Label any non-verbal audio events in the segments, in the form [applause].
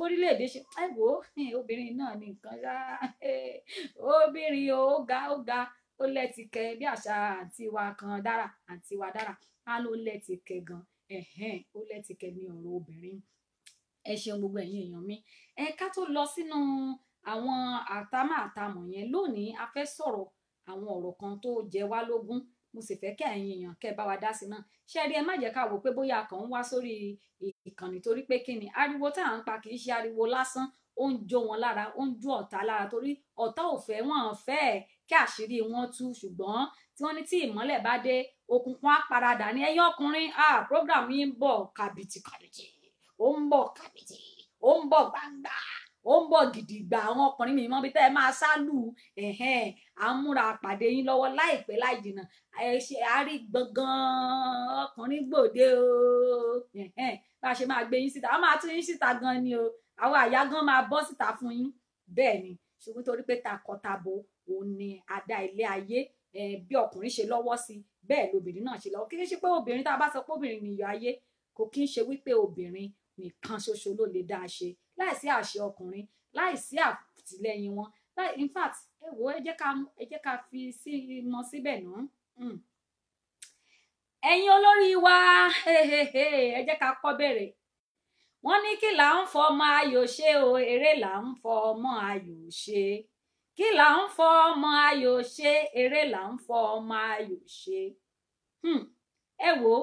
bórílẹ̀-èdè ṣe ẹ wò ó obìnrin náà ní nǹkan ṣá [laughs] obìnrin ó ga ó ga ó lẹ́tìkẹ́ bí àṣà àǹtí wa kan dára àǹtí wa dára á ló lẹ́tìkẹ́ gan ẹ̀hẹ́n ó lẹ́tìkẹ́ ní ọ̀rọ̀ obìnrin ẹ ṣeun gbogbo ẹ̀yin èèyàn mi ẹ tó lọ sínú àwọn àtàmà àtàmọ̀ yẹn lónìí a fẹ́ sọ̀rọ̀ àwọn ọ̀rọ̀ kan tó jẹ wá lógún mo sì fẹ́ kẹ́ ẹ̀yin èèyàn kẹ́ ẹ bá wa dá sí náà ṣe rí ẹ má jẹ́ ká wò pé bóyá kàn ń wá sórí ìkànnì torí pé kí ni ariwo tá à ń pa kì í ṣe ariwo lásán ó ń jó wọn lára ó ń jó ọ̀tá lára torí ọ̀tá ò fẹ́ wọn fẹ́ kí àṣírí wọn tú ṣùgbọ́n tí wọ́n ní tí ìmọ́lẹ̀ bá dé òkùnkùn á paradà ní ẹyọ ọkùnrin a program yìí ń bọ̀ kàbìtì kàbìtì ó ń bọ̀ kàbìtì ó ń bọ̀ gbangba ó ń bọ̀ gidi gbà àwọn ọkùnrin mi mọ́ bí tẹ́ ẹ máa sálù ẹ̀hẹ́n à ń múra pàdé yín lọ́wọ́ láìpẹ́ láì dènà ẹ ṣe àárí gbọ̀ngàn ọkùnrin gbòde o ẹ̀hẹ́n bá a ṣe máa gbé yín síta a máa tún yín síta gan ni o àwọn àyà gan máa bọ́ síta fún yín bẹ́ẹ̀ ni ṣùgbọ́n torí pé takọtabo òun ni adá ilé ayé bí ọkùnrin ṣe lọ́wọ́ sí bẹ́ẹ̀ lobìnrin náà ṣe lọ́wọ́ kí n ṣe pé obìnrin tá a bá sọ nìkan ṣoṣo ló lè dá a ṣe láìsí àṣẹ ọkùnrin láìsí àtìlẹ́yìn wọn in fact ẹ wo ẹ jẹ́ ká ẹ jẹ́ ká fi sí mọ síbẹ̀ náà hmm. ẹ̀yin olórí wa ẹ jẹ́ ká kọ́ bẹ̀rẹ̀ wọ́n ní kí là ń fọ ọmọ ayò ṣe o eré là ń fọ ọmọ ayò ṣe kí là ń fọ ọmọ ayò ṣe eré là ń fọ ọmọ ayò ṣe hmm. ẹ wo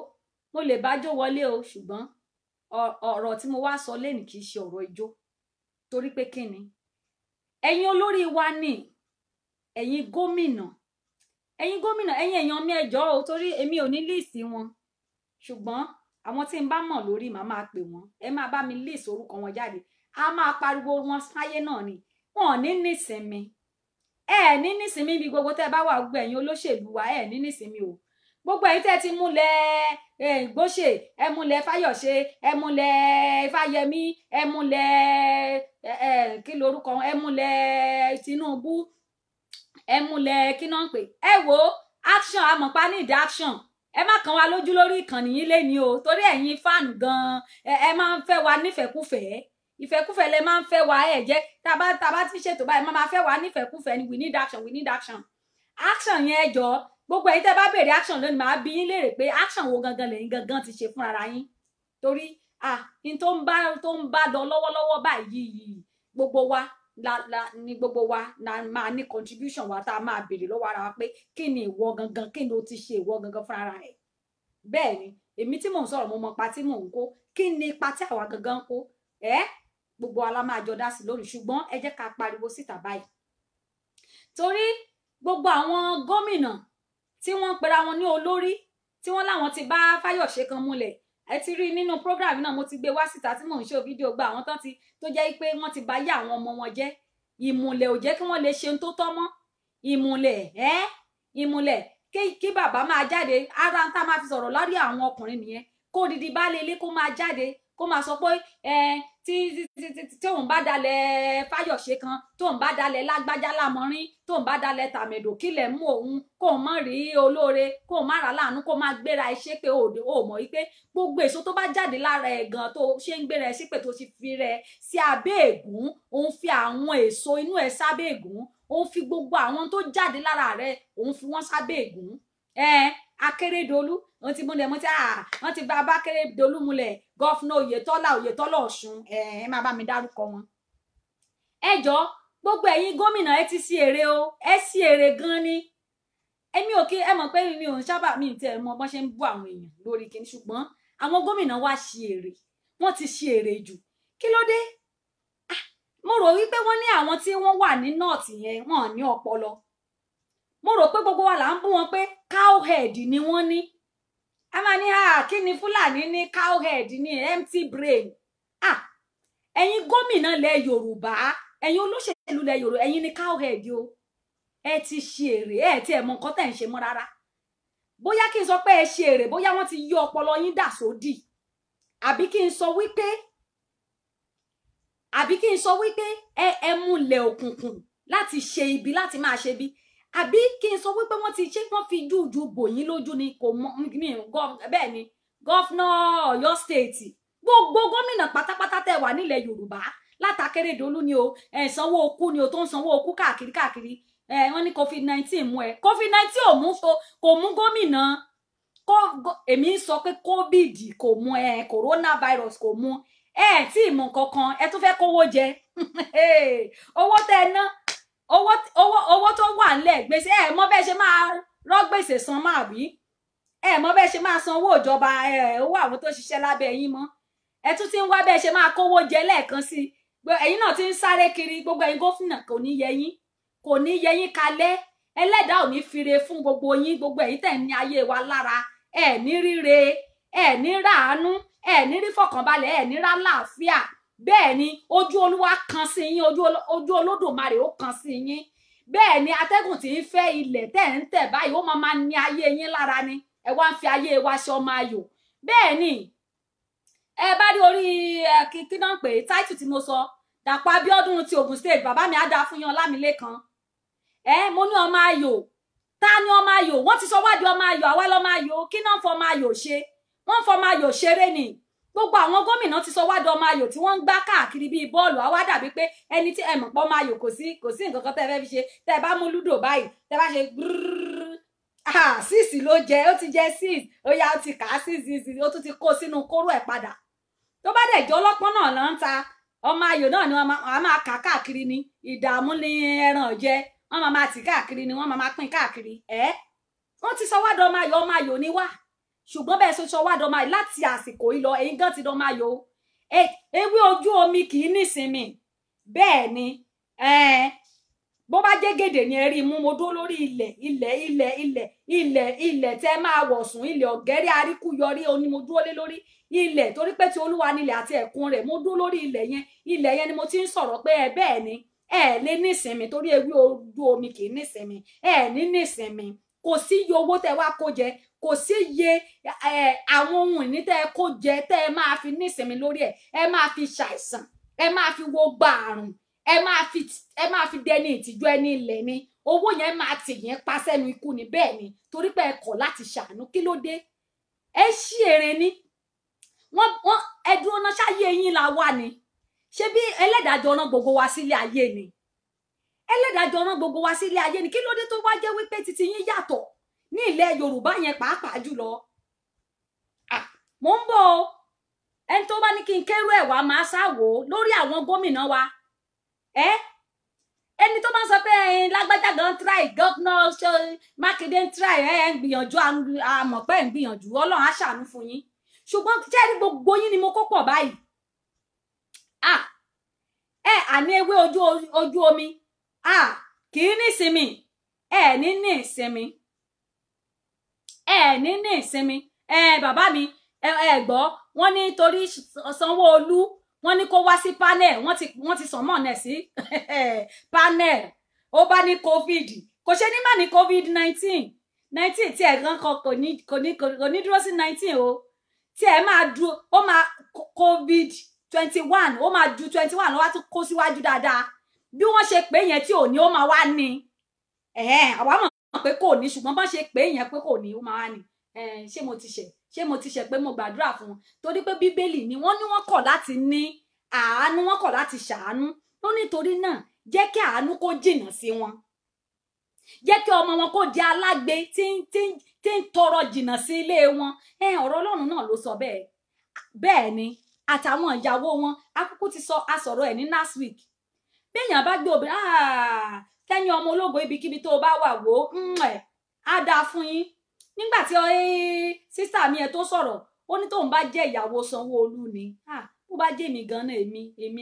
mo lè bájó wọlé o ṣùgbọ́n ọ̀rọ̀ tí mo wá sọ lẹ́nìí kì í ṣe ọ̀rọ̀ ijó torí pé kí ni ẹ̀yin olórí wa ni ẹ̀yin gómìnà ẹ̀yin gómìnà ẹ̀yin èèyàn mi ẹ̀jọ́ o torí èmi ò ní líìsì wọn ṣùgbọ́n àwọn tí n bá mọ̀ lórí màá máa pè wọ́n ẹ máa bá mi líìsì orúkọ wọn jáde a máa pariwo wọn sáyé náà ni wọn ò ní nísinmi ẹ ní nísinmi bí gbogbo tẹ́ bá wà gbogbo ẹ̀yin olóṣèlú wa ẹ ní nísinmi o gbogbo ẹ̀yin tẹ́ ti múlẹ̀ gbóṣe ẹ múlẹ̀ fáyọ̀ṣe ẹ múlẹ̀ fáyẹmí ẹ múlẹ̀ kí lorúkọ ẹ múlẹ̀ tinubu ẹ múlẹ̀ kí náà ń pè ẹ wo action amọ̀pá ní ìdá action ẹ má kàn wá lójú lórí ìkànnì yín léni o torí ẹ̀yin fan gan ẹ máa ń fẹ́ wa nífẹ̀ẹ́kúfẹ̀ẹ́ ìfẹ́kúfẹ̀ẹ́ lẹ máa ń fẹ́ wa ẹ̀ jẹ́ tábà tábà ti ṣètò báyìí máa máa fẹ́ wa nífẹ̀ẹ́kúfẹ̀ẹ́ ni we need action we need action action yẹn ẹ gbogbo ẹ̀yin tẹ́ bá béèrè action lónìí màá bi yín léèrè pé action wo gangan lẹ́yìn gangan ti ṣe fún ara yín torí ah in tó ń bá tó ń bá lọ lọ́wọ́lọ́wọ́ báyìí yìí gbogbo wa la la ni gbogbo wa la máa ní contribution wa tá a máa béèrè lọ́wọ́ ara wa pé kí ni ìwọ gangan kí ni o ti ṣe ìwọ gangan fún ara rẹ̀ bẹ́ẹ̀ ni èmi tí mò ń sọ̀rọ̀ mo mọ ipa tí mò ń kó kí ni ipa tí àwa gangan ń kó ẹ́ gbogbo wa la máa jọ dá sí lónìí ṣùgbọ́n ẹ jẹ́ ká pariwo síta báyìí torí gbogbo àwọn gómìnà tí wọ́n ń pera wọn ní olórí tí wọ́n láwọn ti bá Fáyọ̀ṣe kan múlẹ̀ ẹ ti rí nínú program náà mo ti gbé wá síta tí mò ń ṣe fídíò gba àwọn tán ti tó jẹ́ pé wọ́n ti bá yá àwọn ọmọ wọn jẹ́ ìmùlẹ̀ ò jẹ́ kí wọ́n lè ṣe ohun tó tọ́ mọ́ ìmùlẹ̀ ẹ́ ìmùlẹ̀ kí bàbá máa jáde ara ń tá máa fi sọ̀rọ̀ lórí àwọn ọkùnrin nìyẹn kó didi bá lélẹ̀ kó máa jáde kó máa sọ pé ẹ tí tóun bá dalẹ̀ fáyọ̀ṣe kan tóun bá dalẹ̀ lágbájá lámọrin tóun bá dalẹ̀ tàmẹ̀dò kílẹ̀ mú òun kóun má rí olóore kóun má rà láàánú kó máa gbéra ẹ ṣépè ò mọ̀ wípé gbogbo èso tó bá jáde lára ẹ̀ gan tó ṣe ń gbéra ẹ ṣépè tó ti fi rẹ sí abẹ́ ègún òun fi àwọn èso inú ẹ̀ sábẹ́ ègún òun fi gbogbo àwọn tó jáde lára rẹ̀ òun fi wọ́n sábẹ́ ègún ẹ̀ akérèdọlù wọn ti múlẹ̀ wọn ti ah wọn ti bá akérèdọlù múlẹ̀ gọfúnà oyètọ́lá oyètọ́lá ọ̀ṣun ẹ ẹ má bá mi dárúkọ wọn. ẹ jọ gbogbo ẹ̀yin gómìnà ẹ ti sí èrè o ẹ sí èrè gan ni èmi ò kí ẹ mọ̀ pé mi ò ń sábà mi ì tẹ ẹ mọ bọ́n ṣe ń bú àwọn èèyàn lórí kìíní ṣùgbọ́n àwọn gómìnà wa sí èrè wọ́n ti sí èrè jù kí ló dé ah, mo rò wípé wọ́n ní àwọn tí wọ́n wà ní north yẹn wọ́n ní ọpọlọ mo rò pé gbogbo wa là ń bú wọn pé cowhead ni wọ́n ní a máa ní ah, kí ni fúlàní ní cowhead ní empty brain ah ẹ̀yin gómìnà lẹ̀ yorùbá ẹ̀yin olóṣèlú lẹ̀ yorùbá ẹ̀yin ní cowhead o ẹ ti ṣe èrè ẹ ti ẹ̀ mọ nǹkan tẹ̀ ń ṣe mọ́ rárá bóyá kí n sọ pé ẹ ṣe èrè bóyá wọ́n ti yí ọpọlọ yín dà sódì àbí kí n sọ wípé àbí kí n sọ wípé ẹ ẹ múlẹ̀ òkùnkùn láti ṣe ibi láti máa ṣe bí àbí kí n sọ wípé wọ́n ti ṣe wọ́n fi júùjú bò yín lójú ni kò mọ ní bẹ́ẹ̀ ni gọ́fúnà Ọ̀yọ́ stéètì gbogbo gómìnà pátápátá tẹ̀ wà nílẹ̀ Yorùbá látàkérédolú ni o ẹ̀ sanwó okú ni o tó ń sanwó okú káàkiri káàkiri ẹ̀ wọ́n ní covid nineteen mú ẹ covid nineteen ò mú kò mú gómìnà èmi ń sọ pé covid kò mú ẹ coronavirus kò mú ẹ tí ì mú kankan ẹ tún fẹ́ kówó jẹ [laughs] owó tẹ ẹ ná owó owó owó tó wà nílẹ̀ gbèsè ẹ mọ bẹ́ẹ̀ ṣe máa rọ́ gbèsè san máa bí ẹ mọ bẹ́ẹ̀ ṣe máa san owó ìjọba owó àwọn tó ṣiṣẹ́ lábẹ́ yín mọ́ ẹ tún ti ń wá bẹ́ẹ̀ ṣe máa kówó jẹ lẹ́ẹ̀kan sí i ẹ̀yin náà ti ń sáré kiri gbogbo ẹ̀yin gómìnà kò ní yẹ yín kò ní yẹ yín ẹlẹ́dàá ò ní fire fún gbogbo yín gbogbo ẹ̀yin tẹ̀ ní ayé wa lára ẹ̀ ní ríre ẹ̀ ní ràánú ẹ̀ ní rí fọkànbalẹ̀ ẹ̀ ní rálàáfíà bẹ́ẹ̀ ni ojú olúwa kan sí yín ojú olódùmarè ó kan sí yín bẹ́ẹ̀ ni atẹ́gùn tí ń fẹ́ ilẹ̀ tẹ̀ ń tẹ̀ báyìí ó máa máa ní ayé yín lára ni ẹ wá ń fi ayé wa ṣe ọmọ ayò bẹ́ẹ̀ ni ẹ bá rí orí kí náà pé táìtù tí mo sọ Dàpọ̀ Abíọ́dún ti Ògùn state bàbá mi á dáa fún yan Ọlámilékan ẹ mo ní ọmọ ayò ta ni ọmọ ayò wọ́n ti sọ wádìí ọmọ ayò àwa lọmọ ayò kí náà fọ ọmọ ayò ṣe wọ́n fọ ọmọ ayò ṣeré ni gbogbo àwọn gómìnà ti sọ wá dọmọ ayò tí wọ́n ń gbá káàkiri bíi bọ́ọ̀lù àwa dàbí pé ẹni tí ẹ mọ̀ pọ́ máa yò kò sí kò sí nǹkan kan tẹ́ fẹ́ fi ṣe tẹ́ bá mú lúdò báyìí tẹ́ bá ṣe síìsì ló jẹ ó ti jẹ síìsì ó yá ó ti kà á síìsì ó tún ti kó sínú kóró ẹ̀ padà tó bá dẹ̀ jọ ọlọ́pọ́n náà lọ ń ta ọmọ ayò náà ni wọ́n máa kà káàkiri ni ìdààmú ni ẹran jẹ wọ́n máa máa tì káàkiri ni wọ́n máa máa pín káàkiri ẹ wọ́n ti sọ wá dọmọ ọmọ ayò ni wá ṣùgbọ́n bẹ́ẹ̀ ṣe sọ wá dán máa láti àsìkò yìí lọ ẹ̀yin gan ti dán máa yọ ewé ojú omi kì í nísinmi bẹ́ẹ̀ ni bó bá jẹ́ gèdè ni ẹ rí i mú mo dó lórí ilẹ̀ ilẹ̀ ilẹ̀ ilẹ̀ ilẹ̀ ilẹ̀ tẹ́ máa wọ̀ ilẹ̀ ọ̀gẹ́rẹ́ aríkú yọrí oní mo dúró lé lórí ilẹ̀ torí pé ti olúwa nílẹ̀ àti ẹ̀kún rẹ̀ mo dúró lórí ilẹ̀ yẹn ilẹ̀ yẹn ni mo ti ń sọ̀rọ̀ pé ẹ bẹ́ẹ̀ ni ẹ lè nísinmi torí ewé ojú omi kì í nísinmi ẹ ní nísinmi kò sí iye owó tẹ wá kó jẹ kò sí iye àwọn ohun ìní tẹ́ ẹ kó jẹ tẹ́ ẹ máa fi nísinmi lórí ẹ̀ ẹ máa fi ṣàìsàn ẹ máa fi wo gba àrùn ẹ máa fi ẹ máa fi dẹni ìtìjú ẹni ilẹ̀ ni owó yẹn máa tì yẹn pa sẹ́nu ikú ni bẹ́ẹ̀ ni torí pé ẹ kọ̀ láti ṣàánú kí ló dé ẹ ṣí èrè ni wọ́n wọ́n ẹ dúró ṣáyé yín la wà ni ṣé bí ẹlẹ́dàájọ́ rán gbogbo wa sílé ayé ni ẹlẹ́dàájọ́ rán gbogbo wa sílé ayé ni kí ló dé tó wá jẹ́ wípé titi yín yàtọ̀ ní ilẹ̀ yorùbá yẹn pàápàá jùlọ mò ń bọ̀ o ẹni tó bá ní kí n kérú ẹ̀ wá máa ṣàwò lórí àwọn gómìnà wa ẹ ẹni tó máa ń sọ pé ẹyin lágbájá gan try gọ́fúnà mákindé ń try ẹ ẹ ń gbìyànjú àmọ̀ pé ẹ ń gbìyànjú ọlọ́run á ṣàánú fún yín ṣùgbọ́n jẹ́rìí gbogbo yín ni mo kó pọ̀ báyìí ẹ àní ewé ojú omi kì í ní ìsinmi ẹ ní ní ìsinmi ẹ ní ní ìsinmi ẹ bàbá mi ẹ gbọ́ wọ́n ní torí Sanwó-Olú wọ́n ní kó wá sí panel wọ́n ti sàn mọ́ ọ̀nà sí [laughs] panel ó bá ní covid kò ṣe ní má ní covid nineteen nineteen tí ẹ̀ gan kan kò ní dúró sí nineteen o tí ẹ̀ máa dúró ó máa covid twenty one ó máa ju twenty one lọ́wọ́ tó kó síwájú dáadáa bí wọ́n ṣe pé yẹn tí ò ní ó máa wá ní àwa mọ̀ pé kò ní ṣùgbọ́n bá ṣe pé yẹn pé kò ní ó máa ní ṣé mo ti ṣe ṣé mo ti ṣe pé mo gbàdúrà fún wọn torí pé bíbélì ni wọ́n ní wọ́n kọ̀ láti ní àánú wọ́n kọ̀ láti ṣàánú ó nítorí náà jẹ́ kí àánú kó jìnnà sí wọn jẹ́ kí ọmọ wọn kó di alágbe tí ń tí ń tí ń tọrọ jìnnà sí ilé wọn ẹ ọ̀rọ̀ Ọlọ́run náà ló sọ bẹ́ẹ̀ bẹ́ẹ̀ ni àtàwọn ìyàwó wọn akókó ti sọ asọ̀rọ̀ ẹ̀ ní last week béèyàn bá gbé obìnrin tẹ́yìn ọmọ ológo ibikíbi tó o bá wà wò ó mm-hmm, á dáa fún yín nígbà tí sísá mi ẹ tó sọ̀rọ̀ ó ní tóun bá jẹ́ ìyàwó sanwó-olú ni bó bá jẹ́ èmi gan-an èmi èmi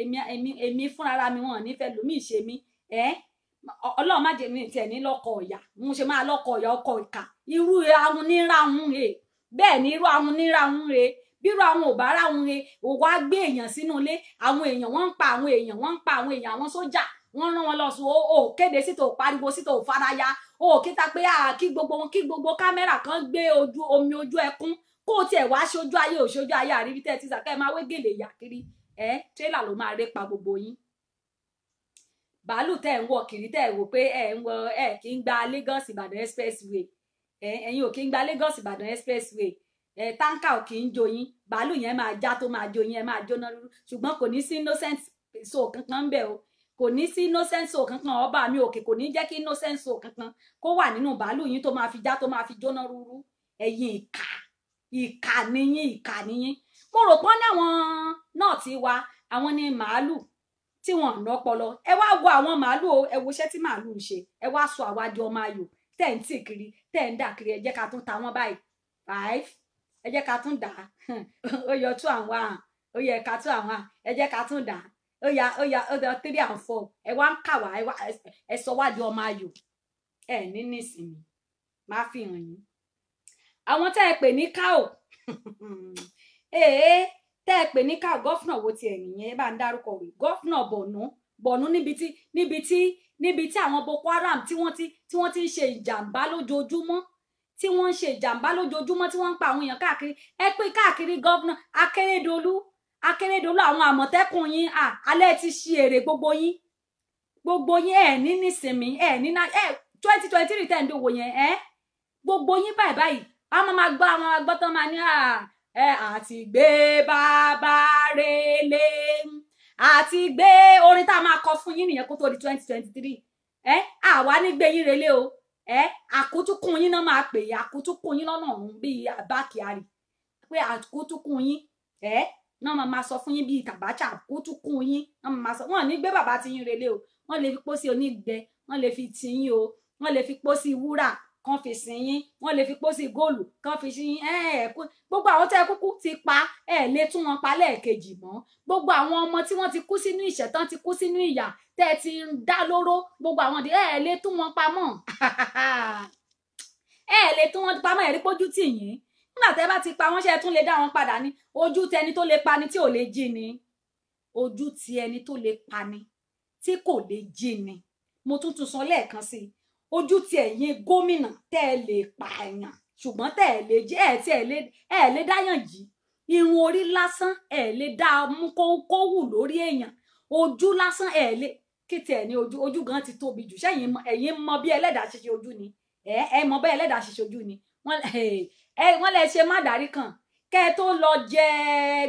èmi èmi èmi fúnra mi wọn nífẹ̀ẹ́ lómi ìṣe mi ẹ́ ọlọ́run má jẹ́ mi tiẹ̀ ní lọ́kọ̀ ọ̀yà mo ṣe máa lọ́kọ̀ ọ̀yà ọkọ̀ ìkà irú ahun nírahun rè bẹ́ẹ̀ ni irú ahun nírahun rè bírò àwọn ò bá ráhun rè ò wá gbé èèyàn sínú ilé àwọn èèyàn wọ́n ń pa àwọn èèyàn wọ́n ń pa àwọn èèyàn àwọn sójà wọ́n rán wọn lọ sùn ó kéde síta ò pariwo síta ò faraya ó kíta pé ah, kí gbogbo kí gbogbo kámẹ́rà kan gbé ojú omi ojú ẹkún kó o tiẹ̀ wá ṣojú ayé ò ṣojú ayé àríwí tẹ́ ẹ ti sàkẹ́ ẹ máa wé gèlè yà kiri ẹ tírélà ló máa ré pa gbogbo yín bàálù tẹ́ ẹ̀ ń wọ kiri tẹ́ ẹ̀ wò pé ẹ̀ ń wọ ẹ̀ kì í gba Lagos Ìbàdàn expressway ẹ̀yin ò kì í gba Lagos Ìbàdàn expressway ẹ táǹkà ò kì í jó yín bàálù yẹn máa já tó máa jó yín ẹ máa jóná rúrú ṣùgbọ́n kò ní sí innocent so kankan bẹ o kò ní sí innocent soul kankan ọba mi òkè kò ní jẹ́ kí innocent kankan kó wà nínú bàálù yín tó máa fi já tó máa fi jóná rúurú ẹ̀yin ìkà ìkà nìyín ìkà nìyín mo rò pọ́n láwọn náà ti wa àwọn ni màálù tí wọn ná ọpọlọ ẹ wá wo àwọn màálù o ẹ wo iṣẹ́ tí màálù ń ṣe ẹ wá sọ àwa di ọmọ ayò tẹ̀ ń tì kiri tẹ̀ ń dà kiri ẹ jẹ́ ká tún ta wọ́n báyìí five ẹ jẹ́ ká tún dà á [laughs] ó yọ tún àwọn àhàn ó yẹ ká tún àwọn ẹ jẹ́ ká tún dà á ó yá ó yá ó dẹ three and four ẹ wá ń kà wá ẹ sọ wá di ọmọ ayò ẹ ní nísìnyí máa fi hàn yín àwọn tẹ́ ẹ pè ní káò ee [laughs] tẹ́ ẹ pè ní káò gọ́fúnà wo ti ẹ̀yìn yẹn bá ń dárúkọ rẹ̀ gọ́fúnà bọ̀nú bọ̀nú níbi tí níbi tí níbi tí àwọn boko haram tí wọ́n ti tí wọ́n ti ń ṣe ìjàmbá lójoojúmọ́ tí wọ́n ń ṣe ìjàmbá lójoojúmọ́ tí wọ́n ń pa àwọn èèyàn káàkiri ẹ pé káàkiri gọ́fúnà akérèdọ́lù akérèdọ́lù àwọn àmọ̀tẹ́kùn yín alẹ́ ti ṣe èrè gbogbo yín gbogbo yín ẹ̀ ní nísìmí ẹ̀ ní ná ẹ̀ twenty twenty three tẹ̀ ń dòwò yẹn ẹ̀ gbogbo yín báyìí báyìí a máa máa gbọ́ àwọn agbọ́tán máa ní ẹ àti gbé bàbá rélé àti gbé orin tá a máa kọ fún yín nìyẹn kó tó di twenty twenty three ẹ àwa ní gbé yín rélé o ẹ àkútúkùn yín náà máa pè é àkútúkùn yín lọ́nà ọ̀hún bíi àbákíárì pé àkútúkùn yín ẹ náà máa ma sọ fún yín bíi kàbáchà kó tún kún yín náà ma sọ wọn ní gbé bàbá ti yín relé o wọn lè fi pósí onígbẹ wọn lè fi tì yín o wọn lè fi pósí wúrà kan fi sìn yín wọn lè fi pósí góòlù kan fi sí yín gbogbo àwọn tẹ́ kúkú ti pa ẹ lè tún wọn pa lẹ́ẹ̀kejì mọ́ gbogbo àwọn ọmọ tí wọ́n ti kú sínú ìṣẹ̀tàn ti kú sínú ìyà tẹ́ ti ń dá lóró gbogbo àwọn ẹ lè tún wọn pamọ́ [laughs] ẹ lè tún wọn pamọ́ ẹ rí pójú tì yín nígbà tẹ́ bá ti pa wọ́n ṣe tún lè dá wọn padà ní ojú ti ẹni tó lè pa ni tí ò lè jí ni ojú ti ẹni tó lè pa ni tí kò lè jí ni mo tún tún sọ lẹ́ẹ̀kan sí i ojú ti ẹ̀yin gómìnà tẹ́ ẹ lè pààyàn ṣùgbọ́n tẹ́ ẹ lè jẹ́ ẹ tí ẹ lè dáyàn yìí irun orí lásán ẹ lè dá mú kó wù lórí èèyàn ojú lásán ẹ lè kí tiẹ̀ ní ojú ojú gan ti tóbi jù ṣẹ́yìn ẹ̀yin mọ bí ẹlẹ́dàá ṣe ṣe ojú ni ẹ ẹ mọ bí ẹlẹ́dàá ṣe ṣe ojú ni wọ́n ẹ wọ́n lẹ ṣe má dárí kan kẹ́ ẹ tó lọ jẹ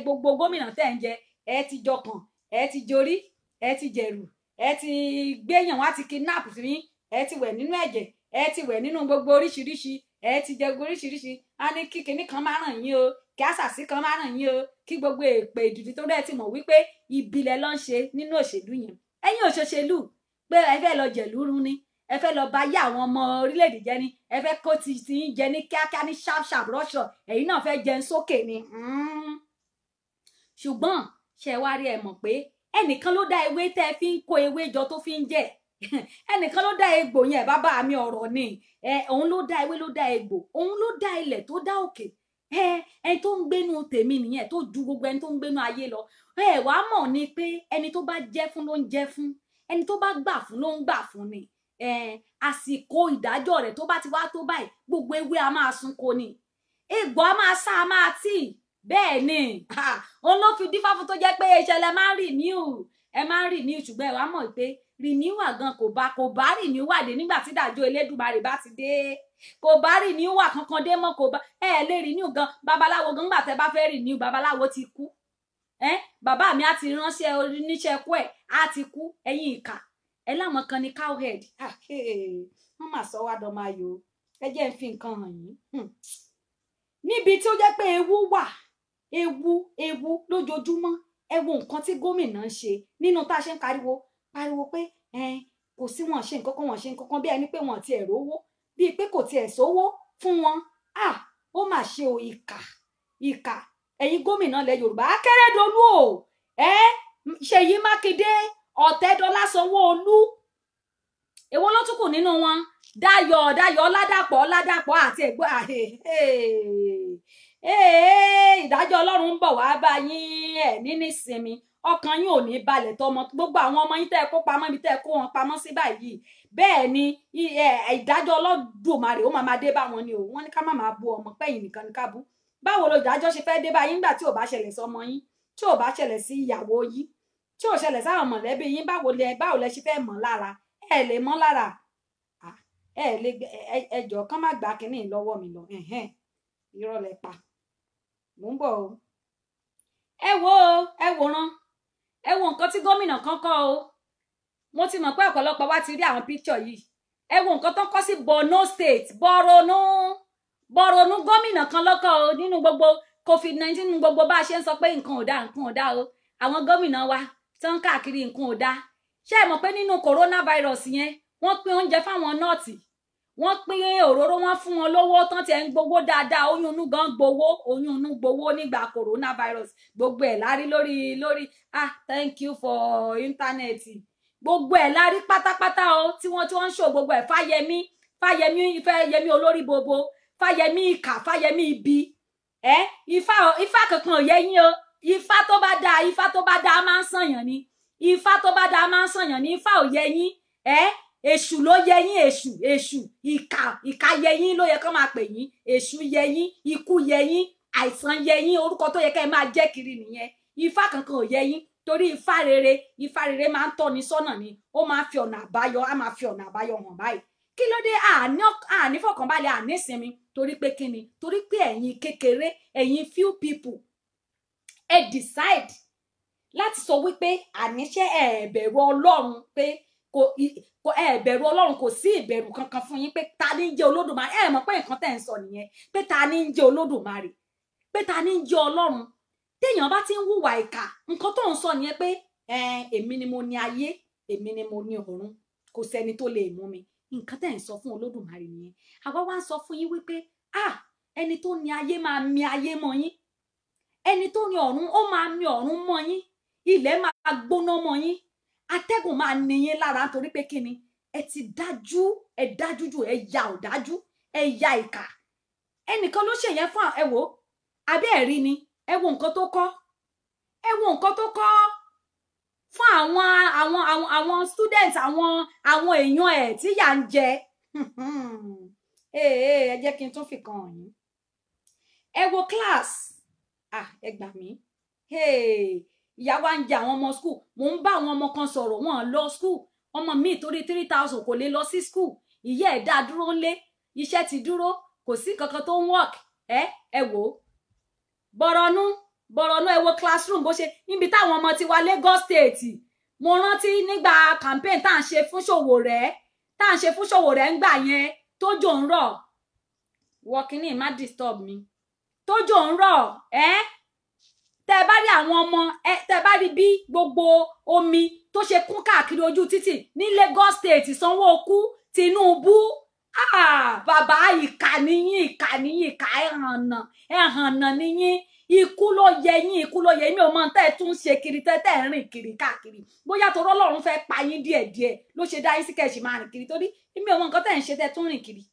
gbogbo gómìnà tẹ́ ń jẹ ẹ ti jọ kàn ẹ ti jorí ẹ ti jẹ̀rù ẹ ti gbéyàn wá ti kidnap sí ẹ ti wẹ̀ nínú ẹ̀jẹ̀ ẹ ti wẹ̀ nínú gbogbo oríṣiríṣi ẹ ti jẹ oríṣiríṣi á ní kí kinní kan má ràn yín o kí àṣàṣì kan má ràn yín o kí gbogbo èpè ìdùnnú tó rẹ̀ ti mọ̀ wípé ìbílẹ̀ ló ń ṣe nínú òṣèlú yẹn ẹ̀yin òṣèṣèlú pé ẹ lọ jẹ̀lú run ni ẹ fẹ́ lọ bá yá àwọn ọmọ orílẹ̀-èdè jẹ ni ẹ fẹ́ kó ti ti ń jẹ ní kíákíá ní sharp sharp rush náà fẹ́ jẹun sókè ni. Hmm. ṣùgbọ́n ṣe wá rí ẹ mọ̀ pé ẹnìkan ló dá ewé tẹ́ ẹ fi ń kó ewé jọ tó fi ń jẹ [laughs] ẹnìkan ló dá egbò yẹn bàbá mi ọ̀rọ̀ ni òun ló dá ewé ló dá egbò òun ló dá ilẹ̀ tó dá òkè ẹni tó ń gbénu tèmi nìyẹn tó ju gbogbo ẹni tó ń gbénu ayé lọ ẹ wàá mọ̀ ni pé ẹni tó bá jẹ́ fún ló ń jẹ́ fún ẹni tó bá gbà fún ló ń gbà fún ni Eh, àsìkò ìdájọ́ rẹ̀ tó bá ti wá tó báyìí gbogbo ewé a máa sunko ni egbò a máa sá a máa tì bẹ́ẹ̀ ni òun ló fi dífá fún tó jẹ́ pé ìṣẹ̀lẹ̀ máa ń rì ní ù ẹ máa ń rì ní ṣùgbọ́n ẹ wá mọ̀ pé rì ní wà gan kò bá kò bá rì ní wà dé nígbà tí ìdájọ́ Elédùmarè bá ti dé kò bá rì ní wà kankan dé mọ́ kò bá ẹ lè rì ní gan babaláwo gan gbà tẹ bá fẹ́ rì ní babaláwo ti kú bàbá mi á ti ránṣẹ́ oníṣẹ́ kú ẹ̀ á ti kú ẹ̀yìn ìkà ẹ láwọn kan ní cowhead wọn mà sọ wá dọmọ ayò ẹ jẹ́ ń fi nǹkan hàn yín hmm. níbi tí ó jẹ́ pé ewu wà ewu ewu lójoojúmọ́ ẹ wo nǹkan tí gómìnà ń ṣe nínú tá a ṣe ń pariwo pariwo pé kò sí wọn ṣe nǹkan kan wọn ṣe nǹkan kan bí ẹni pé wọn ti ẹ̀rọ owó bíi pé kò tiẹ̀ sówó fún wọn à ó mà ṣe o ìkà ìkà ẹ̀yin gómìnà ilẹ̀ Yorùbá Akérédolú o ẹ Ṣèyí Mákindé ọ̀tẹ́dọ́lá sanwó-olú èwo ló tún kù nínú wọn dayọ̀ dayọ̀ ọládàpọ̀ ọládàpọ̀ àti ẹ̀gbọ́n ìdájọ́ ọlọ́run ń bọ̀ wá bá yín ẹ̀ ní nísinmi ọkàn yín ò ní balẹ̀ tọmọ gbogbo àwọn ọmọ yín tẹ́ ẹ kó pamọ́ ibi tẹ́ ẹ kó wọn pamọ́ sí báyìí bẹ́ẹ̀ ni ìdájọ́ ọlọ́dùmarè ó máa máa dé bá wọn ni o wọ́n ní ká má máa bu ọmọ pẹ́yìn nìkan ní ká bú báwo lo ìdájọ́ ṣe fẹ́ dé bá yín nígbà tí ò bá ṣẹlẹ̀ sọmọ yín tí ò bá ṣẹlẹ̀ sí ìyàwó yín tí ò ṣẹlẹ̀ sáwọn mọ̀lẹ́bí yín báwo lẹ báwo lẹ ṣe fẹ́ mọ̀ lára ẹ lè mọ̀ lára ẹ lè ẹjọ́ kán má gbà kínní lọ́wọ́ mi lọ irọ́ lẹ pa mò ń bọ̀ o ẹ wo ẹ wòran ẹ wo nǹkan tí gómìnà kan kọ o mo ti mọ̀ pé ọ̀pọ̀lọpọ̀ wa ti rí àwọn píkṣọ̀ yìí ẹ wo nǹkan tó kọ́ sí Borno State Borno Borno gómìnà kan lọ́kọ̀ o nínú gbogbo COVID-19 nínú gbogbo bá a ṣe ń sọ pé nǹkan ò dáa nǹkan ò dáa o àwọn gómìnà wa tán káàkiri nǹkan ò dáa ṣé ẹ mọ̀ pé nínú coronavirus yẹn wọ́n pín oúnjẹ fáwọn nọ́ọ̀tì wọ́n pín òróró wọn fún wọn lówó tán tiẹ̀ ń gbowó dáadáa oyún inú gan gbowó oyún inú gbowó nígbà coronavirus gbogbo ẹ̀ lárí lori. lórí ah thank you for internet gbogbo ẹ̀ lárí pátápátá o tí wọ́n tí wọ́n ń ṣò gbogbo ẹ̀ fáyẹmí fáyẹmí ìfẹ́ yẹmí olórí bobo fáyẹmí ìkà fáyẹmí ibi ẹ ifá ifá kankan ò yẹ yín o Ifa tó bá dáa ifá tó bá dáa máa ń sànyàn ni ifá tó bá dáa máa ń sànyàn ni ifá ò yẹ yín ẹ èṣù ló yẹ yín èṣù èṣù ìkà ìkà yẹ yín ló yẹ kán máa pè yín èṣù yẹ yín ikú yẹ yín àìsàn yẹ yín orúkọ tó yẹ ká ẹ máa jẹ́ kiri nìyẹn ifá kankan ò yẹ yín torí ifá rere ifá rere máa ń tọ́ni sọ́nà ni ó máa fi ọ̀nà àbáyọ á máa fi ọ̀nà àbáyọ hàn báyìí kí ló dé àní fọkànbalẹ̀ àní sinmi torí pé kíni torí pé ẹ̀yin kékeré ẹ̀yin few people ẹ decide láti sọ wípé àníṣe ẹ bẹ̀rù ọlọ́run pé kò ẹ bẹ̀rù ọlọ́run kò sí ìbẹ̀rù kankan fún yín pé ta ni ń jẹ́ olódùmarè ẹ mọ̀ pé nǹkan tẹ̀ ń sọ nìyẹn pé ta ni ń jẹ́ olódùmarè pé ta ni ń jẹ́ ọlọ́run téèyàn bá ti ń hùwà ìkà nǹkan tó ń sọ nìyẹn pé èmi ni mo ní ayé èmi ni mo ní ọ̀run kò sẹ́ni tó lè mú mi nǹkan tẹ̀ ń sọ fún olódùmarè nìyẹn àwa wá ń sọ fún yín wípé ah ẹni tó ní ayé máa mì ayé mọ́ yín ẹni tó ní ọ̀run ó máa mi ọ̀run mọ́ yín ilẹ̀ máa gbóná mọ́ yín atẹ́gùn máa ní yín lára nítorí pé kíni ẹ ti dájú ẹ dájú jù ẹ ya ọ̀dájú ẹ ya ìkà ẹnìkan ló ṣèyẹn fún ẹ wò abẹ́ ẹ̀rí ni ẹ wo nǹkan tó kọ́ ẹ wo nǹkan tó kọ́ fún àwọn àwọn àwọn àwọn students àwọn àwọn èèyàn ẹ̀ tí yà ń jẹ [laughs] ẹ jẹ́ kí n tún fi kàn yín ẹ wo class ah ẹ gbà mí ìyá wa ń jẹ àwọn ọmọ school mò ń bá àwọn ọmọ kan sọ̀rọ̀ wọn lọ school ọmọ mi torí three thousand kò lè lọ sí school ìyá ẹ̀ dá dúró ńlé iṣẹ́ ti dúró kò sí kankan tó ń work ẹ ẹ wò ó bọ̀rọ̀nú bọ̀rọ̀nú ẹ wo classroom bó ṣe níbi táwọn ọmọ ti wá Lagos State mo rántí nígbà campaign tá à ń ṣe fún ṣòwò rẹ tá à ń ṣe fún ṣòwò rẹ ńgbà yẹn tó jò ń rọ̀ wọkínní má disturb mi tójò ń rọ̀ ẹ́ tẹ́ ẹ bá rí àwọn ọmọ ẹ tẹ́ bá rí bí gbogbo omi tó ṣe kún káàkiri ojú títì ní Lagos State Sanwó-Olú Tinubu bàbá ìkà nìyín ìkà nìyín ìkà ẹ̀hànà ẹ̀hànà nìyín ikú ló yẹ yín ikú ló yẹ yín mi ò mọ tẹ́ ẹ tún ṣe kiri tẹ́ tẹ́ ẹ rìn kiri káàkiri bóyá torọ́ Ọlọ́run fẹ́ pa yín díẹ̀díẹ̀ ló ṣe dá yín sí kẹ́ẹ̀ṣì máa rìn kiri torí mi ò mọ nǹkan tẹ́ ẹ ń ṣe tẹ́ tún rìn kiri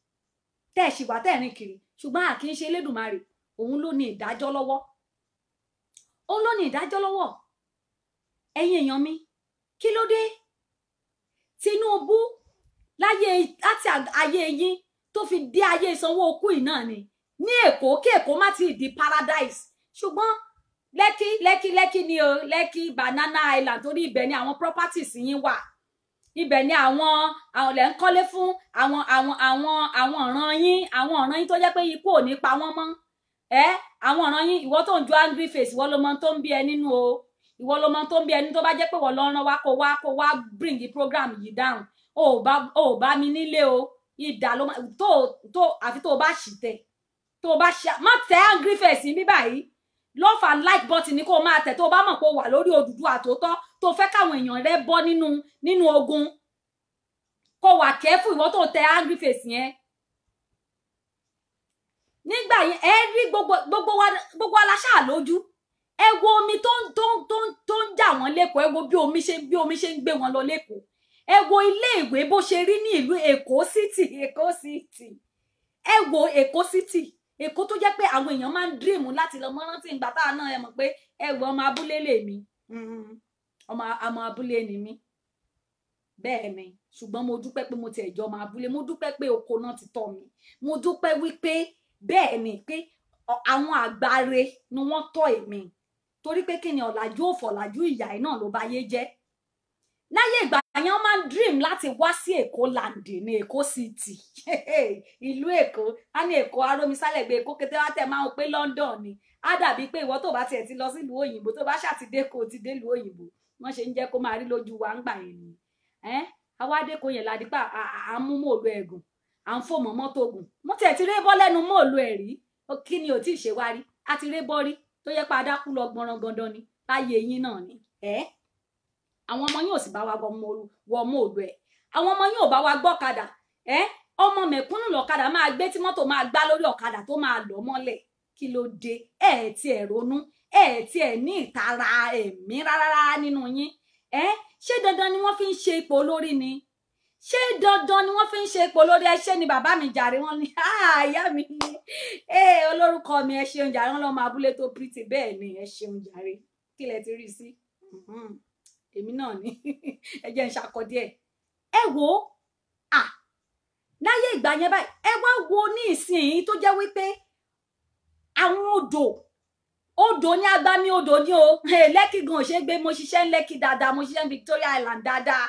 tẹ́ ẹ ṣì wà ẹ rìn kiri ṣùgbọ́n àkínṣe Elédùmarè òun ló ní ìdájọ́ lọ́wọ́ òun ló ní ìdájọ́ lọ́wọ́ ẹ̀yin èèyàn mi kí ló dé Tinubu láyé láti ayé yín tó fi dé ayé Sanwó-Olú yìí náà ni ní Èkó kí Èkó má ti di paradise ṣùgbọ́n lẹ́kí lẹ́kí lẹ́kí ni o lẹ́kí banana island torí ibẹ̀ ni àwọn properties yín wà ibẹ̀ ni àwọn àwọn lẹ́ ń kọ́lé fún àwọn àwọn àwọn àwọn ọ̀ràn yín àwọn ọ̀ràn yín tó jẹ́ pé ikú ò ní pa wọ́n mọ́ ẹ àwọn ọ̀ràn yín ìwọ tó ń ju angry face ìwọ ló mọ tó ń bí ẹ nínú o ìwọ ló mọ tó ń bí ẹ nínú tó bá jẹ́ pé wọ́n lọ rán wa kó wá kó wá bring the program yìí down o ò bá mi nílé o ìdá ló máa tó tó àfi tó o bá ṣì tẹ tó o bá ṣe má tẹ angry face mi báyìí ló fà like button ni kó o máa tẹ tó o bá mọ̀ pé o wà lórí òdùdú àtòótọ́ tó fẹ́ káwọn èèyàn rẹ bọ́ nínú nínú ogun kó wà kẹ́fù ìwọ tó tẹ angry face yẹn nígbà yẹn ẹ rí gbogbo gbogbo wa gbogbo aláṣà lójú ẹ wo omi tó ń tó ń tó ń tó ń jà wọ́n lẹ́kọ̀ọ́ ẹ wo bí omi ṣe bí omi ṣe ń gbé wọn lọ lẹ́kọ̀ọ́ ẹ wo iléèwé bó ṣe rí ní ìlú èkó city èkó city ẹ wo èkó city èkó tó jẹ́ pé àwọn èèyàn máa ń dírìmù láti lọ mọ́rán tí ìgbà táà náà ẹ mọ̀ pé ẹ wo ọmọ abúlé lèmi mm-hmm. ọmọ ọmọ abúlé ni mí bẹ́ẹ̀ ni ṣùgbọ́n mo dúpẹ́ pé mo tiẹ̀ jọ ọmọ abúlé mo dúpẹ́ pé oko náà ti tọ́ mi mo dúpẹ́ wípé bẹ́ẹ̀ ni pé àwọn àgbáre ni wọ́n tọ́ èmi torí pé kí ni ọ̀làjú òfọ̀làjú ìyá ẹ̀ náà ló bá yé jẹ́ láyé ìgbà yẹn máa ń dream láti wá sí èkó landi [laughs] ní èkó city ìlú èkó á ní èkó arómisálẹ̀gbé èkó kété wá tẹ̀ máa ń pé London ni á dàbí pé ìwọ́ tó bá tiẹ̀ ti lọ sílùú òyìnbó tó bá ṣàtidé kó ti dé ìlú òyìnbó wọ́n ṣe ń jẹ́ kó máa rí lójú wa ń gbà yẹn ni àwa dé kó yẹn ládìpá àmúmòlò ẹ̀gùn à ń fò mọ́ mọ́tò ogun mo tiẹ̀ ti rébọ́ lẹ́nu mọ́ òlu ẹ̀ rí kí ni ò tí ì ṣe wá rí a ti rébọ́ rí tó yẹ pa adákú lọ gbọ́nràn gandan ni láyé yín náà ni ẹ́ àwọn ọmọ yín ò sì bá wa wọ ọmọ òlu ẹ̀ àwọn ọmọ yín ò bá wa gbọ́kadà ẹ́ ọmọ mẹ̀kúnnù lọ́kadà máa gbé tí mọ́tò máa gbá lórí ọ̀kadà tó máa lọ mọ́lẹ̀ kí ló dé ẹ̀ ẹ̀ tiẹ̀ ronú ẹ̀ ẹ̀ tiẹ̀ ní ìtara ẹ̀mí rárá nínú yín ẹ́ ṣé dandan ni wọ́n fi ń ṣe ipò olórí ni ṣé dandan ni wọ́n fi ń ṣe ipò lórí ẹṣẹ́ ni bàbá mi jàre wọ́n ní àyà ah, mi ee olórúkọ mi ẹ ṣeun jàre wọ́n lọ́mọ abúlé tó pírítì bẹ́ẹ̀ ni ẹ ṣeun jàre kí lẹ ti rí sí mm-hmm. èmi náà ni [laughs] ẹ jẹ́ ń ṣakọ díẹ̀ ẹ wo à láyé ìgbà yẹn báyìí ẹ wá wo ní ìsinyìí tó jẹ́ wípé àwọn odò odò ní agbami odò ní o [laughs] lẹ́kì gan ò ṣe é gbé mo ṣiṣẹ́ ń lẹ́kì dáadáa mo ṣiṣẹ́ ń Victoria Island dáadáa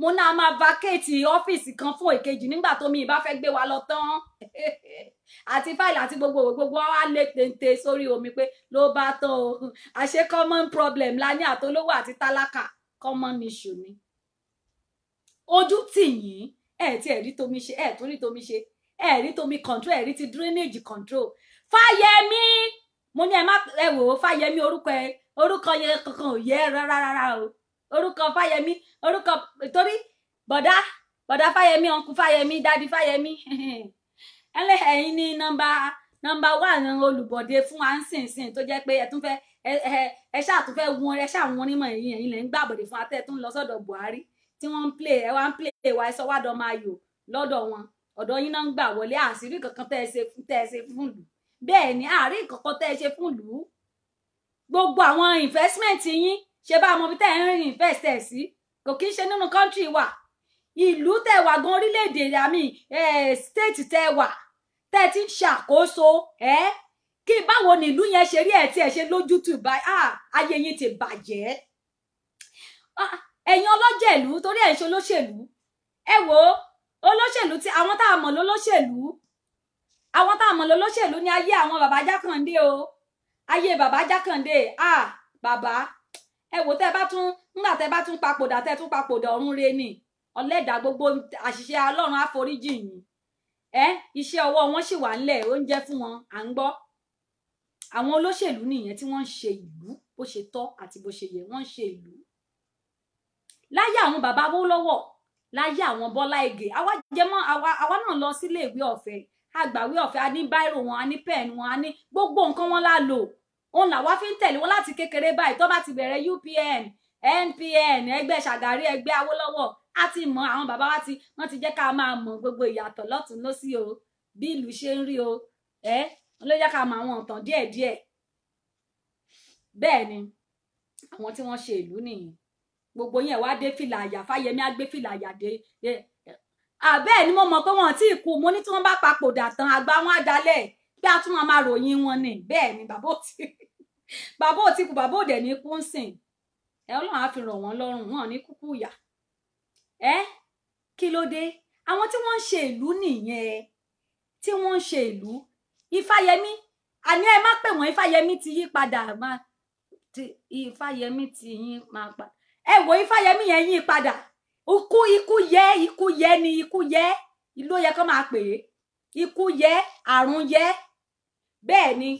mo náà máa vacate ọ́fíìsì kan fún èkejì nígbà tó mi ìbá fẹ́ gbé wa lọ tán [laughs] àti fáìlì àti gbogbo gbogbo wa lè téńté sórí omi pé ló bá tán o [laughs] àṣé common problem la ní àtolówó ati talaka common issue ni ojú tì e ẹ tí ẹ rí tomi ṣe ẹ tún rí tomi ṣe ẹ rí tomi control e rí ti drainage control fáyẹmí mo ní ẹ ma e wo ó fáyẹmí orúkọ ẹ orúkọ yẹn kankan ye ra ra ra o orúkọ fáyẹmí orúkọ torí bọ̀dá bọ̀dá fáyẹmí ọ̀nkú fáyẹmí dádì fáyẹmí [laughs] ẹlẹ́ ẹ̀yin ní nọ́mbà nọ́mbà wà ní olùbọ̀dé fún wa ń sìn sìn tó jẹ́ pé ẹ tún fẹ́ ẹ ṣáà tún fẹ́ wọn ẹ ṣáà wọn onímọ̀ ẹ̀yìn ẹ̀yìn lẹ̀ ń gbàbọ̀dé fún atẹ́ tún lọ sọ́dọ̀ Buhari tí wọ́n ń play ẹ wá ń play wa ẹ sọ wá dọ́ máa yò lọ́dọ̀ wọn ọ̀dọ̀ yín náà ń gbà wọlé àṣírí kankan tẹ́ ẹ ṣe tẹ́ ẹ ṣe fún lù bẹ́ẹ̀ ni àárín kankan tẹ́ ẹ ṣe fún lù gbogbo àwọn investment yín ṣe bá ọmọ ibi tẹ́ ẹ̀ ń invest ẹ̀ sí kò kí ń ṣe nínú country wa ìlú tẹ́ wà gan orílẹ̀ àmì eh, state tẹ́ wà tẹ́ ti ń ṣàkóso ẹ́ kí báwo ni ìlú yẹn ṣe rí ẹ̀ tí ẹ̀ ṣe lójútùú báyìí ayé yín ti bàjẹ́ ẹ̀yin ọlọ́jẹ̀lú torí ẹ̀ ń ṣe olóṣèlú ẹ wo olóṣèlú tí àwọn tá a mọ̀ lólóṣèlú àwọn tá a mọ̀ lólóṣèlú ní ayé àwọn bàbá Jákàndé o ayé bàbá Jákàndé ah bàbá ẹ wò tẹ́ bá tún nígbà tẹ́ bá tún papòdà tẹ́ tún papòdà ọ̀run re ni ọlẹ́dàá gbogbo àṣìṣe ọlọ́run àforíjì yìí ẹ iṣẹ́ ọwọ́ wọn sì wà ńlẹ̀ oúnjẹ fún wọn à ń gbọ́ àwọn olóṣèlú nìyẹn tí wọ́n ń ṣe ìlú bó ṣe tọ́ àti bó ṣe yẹ wọ́n ń ṣe ìlú láyé àwọn bàbá wó lọ́wọ́ láyé àwọn Bọ́lá Ìgè àwa jẹmọ́ àwa náà lọ sílé ìwé ọ̀fẹ́ àgbàwé ọ̀fẹ́ a ní báírò wọn a ní pẹ́ẹ̀n gbogbo nǹkan wọn lá lò òun làwa fi ń tẹ̀lé wọn láti kékeré báyìí tó bá ti bẹ̀rẹ̀ UPN NPN ẹgbẹ́ Ṣàgárì ẹgbẹ́ Awólọ́wọ̀ á ti mọ àwọn bàbá wa ti wọ́n ti jẹ́ ká máa mọ gbogbo ìyàtọ̀ lọ́tún lọ́sí o bí ìlú ṣe ń rí o ẹ ló jẹ́ ká mọ àwọn ọ̀tàn díẹ̀díẹ̀ bẹ́ẹ̀ ni àwọn tí wọ́n ṣe ìlú nìyí gbogbo yẹn wá dé fìlà àyà Fáyẹmí á gbé fìlà àyà dé àbẹ́ẹ̀ ni mo mọ̀ pé wọ́n ti kú mo ní tí wọ́n bá papòdà tán àgbà wọn á dalẹ̀ pé a tún máa máa ròyìn wọn ni bẹ́ẹ̀ ni bàbá ò ti bàbá ò ti kú bàbá ò dẹ̀ ní kú ń sìn ẹ ọlọ́run á fi rọ̀ wọ́n lọ́rùn wọn ní kúkú ìyà ẹ kí ló dé àwọn tí wọ́n ń ṣe ìlú nìyẹn tí wọ́n ń ṣe ìlú Ifáyẹmí àní ẹ má pè wọ́n Ifáyẹmí ti yí padà máa ti yín máa pa ẹ wo Ifáyẹmí yẹn yín padà ikú ikú yẹ ikú yẹ ni ikú yẹ ló yẹ kó máa pè é ikú yẹ àrùn yẹ bẹ́ẹ̀ ni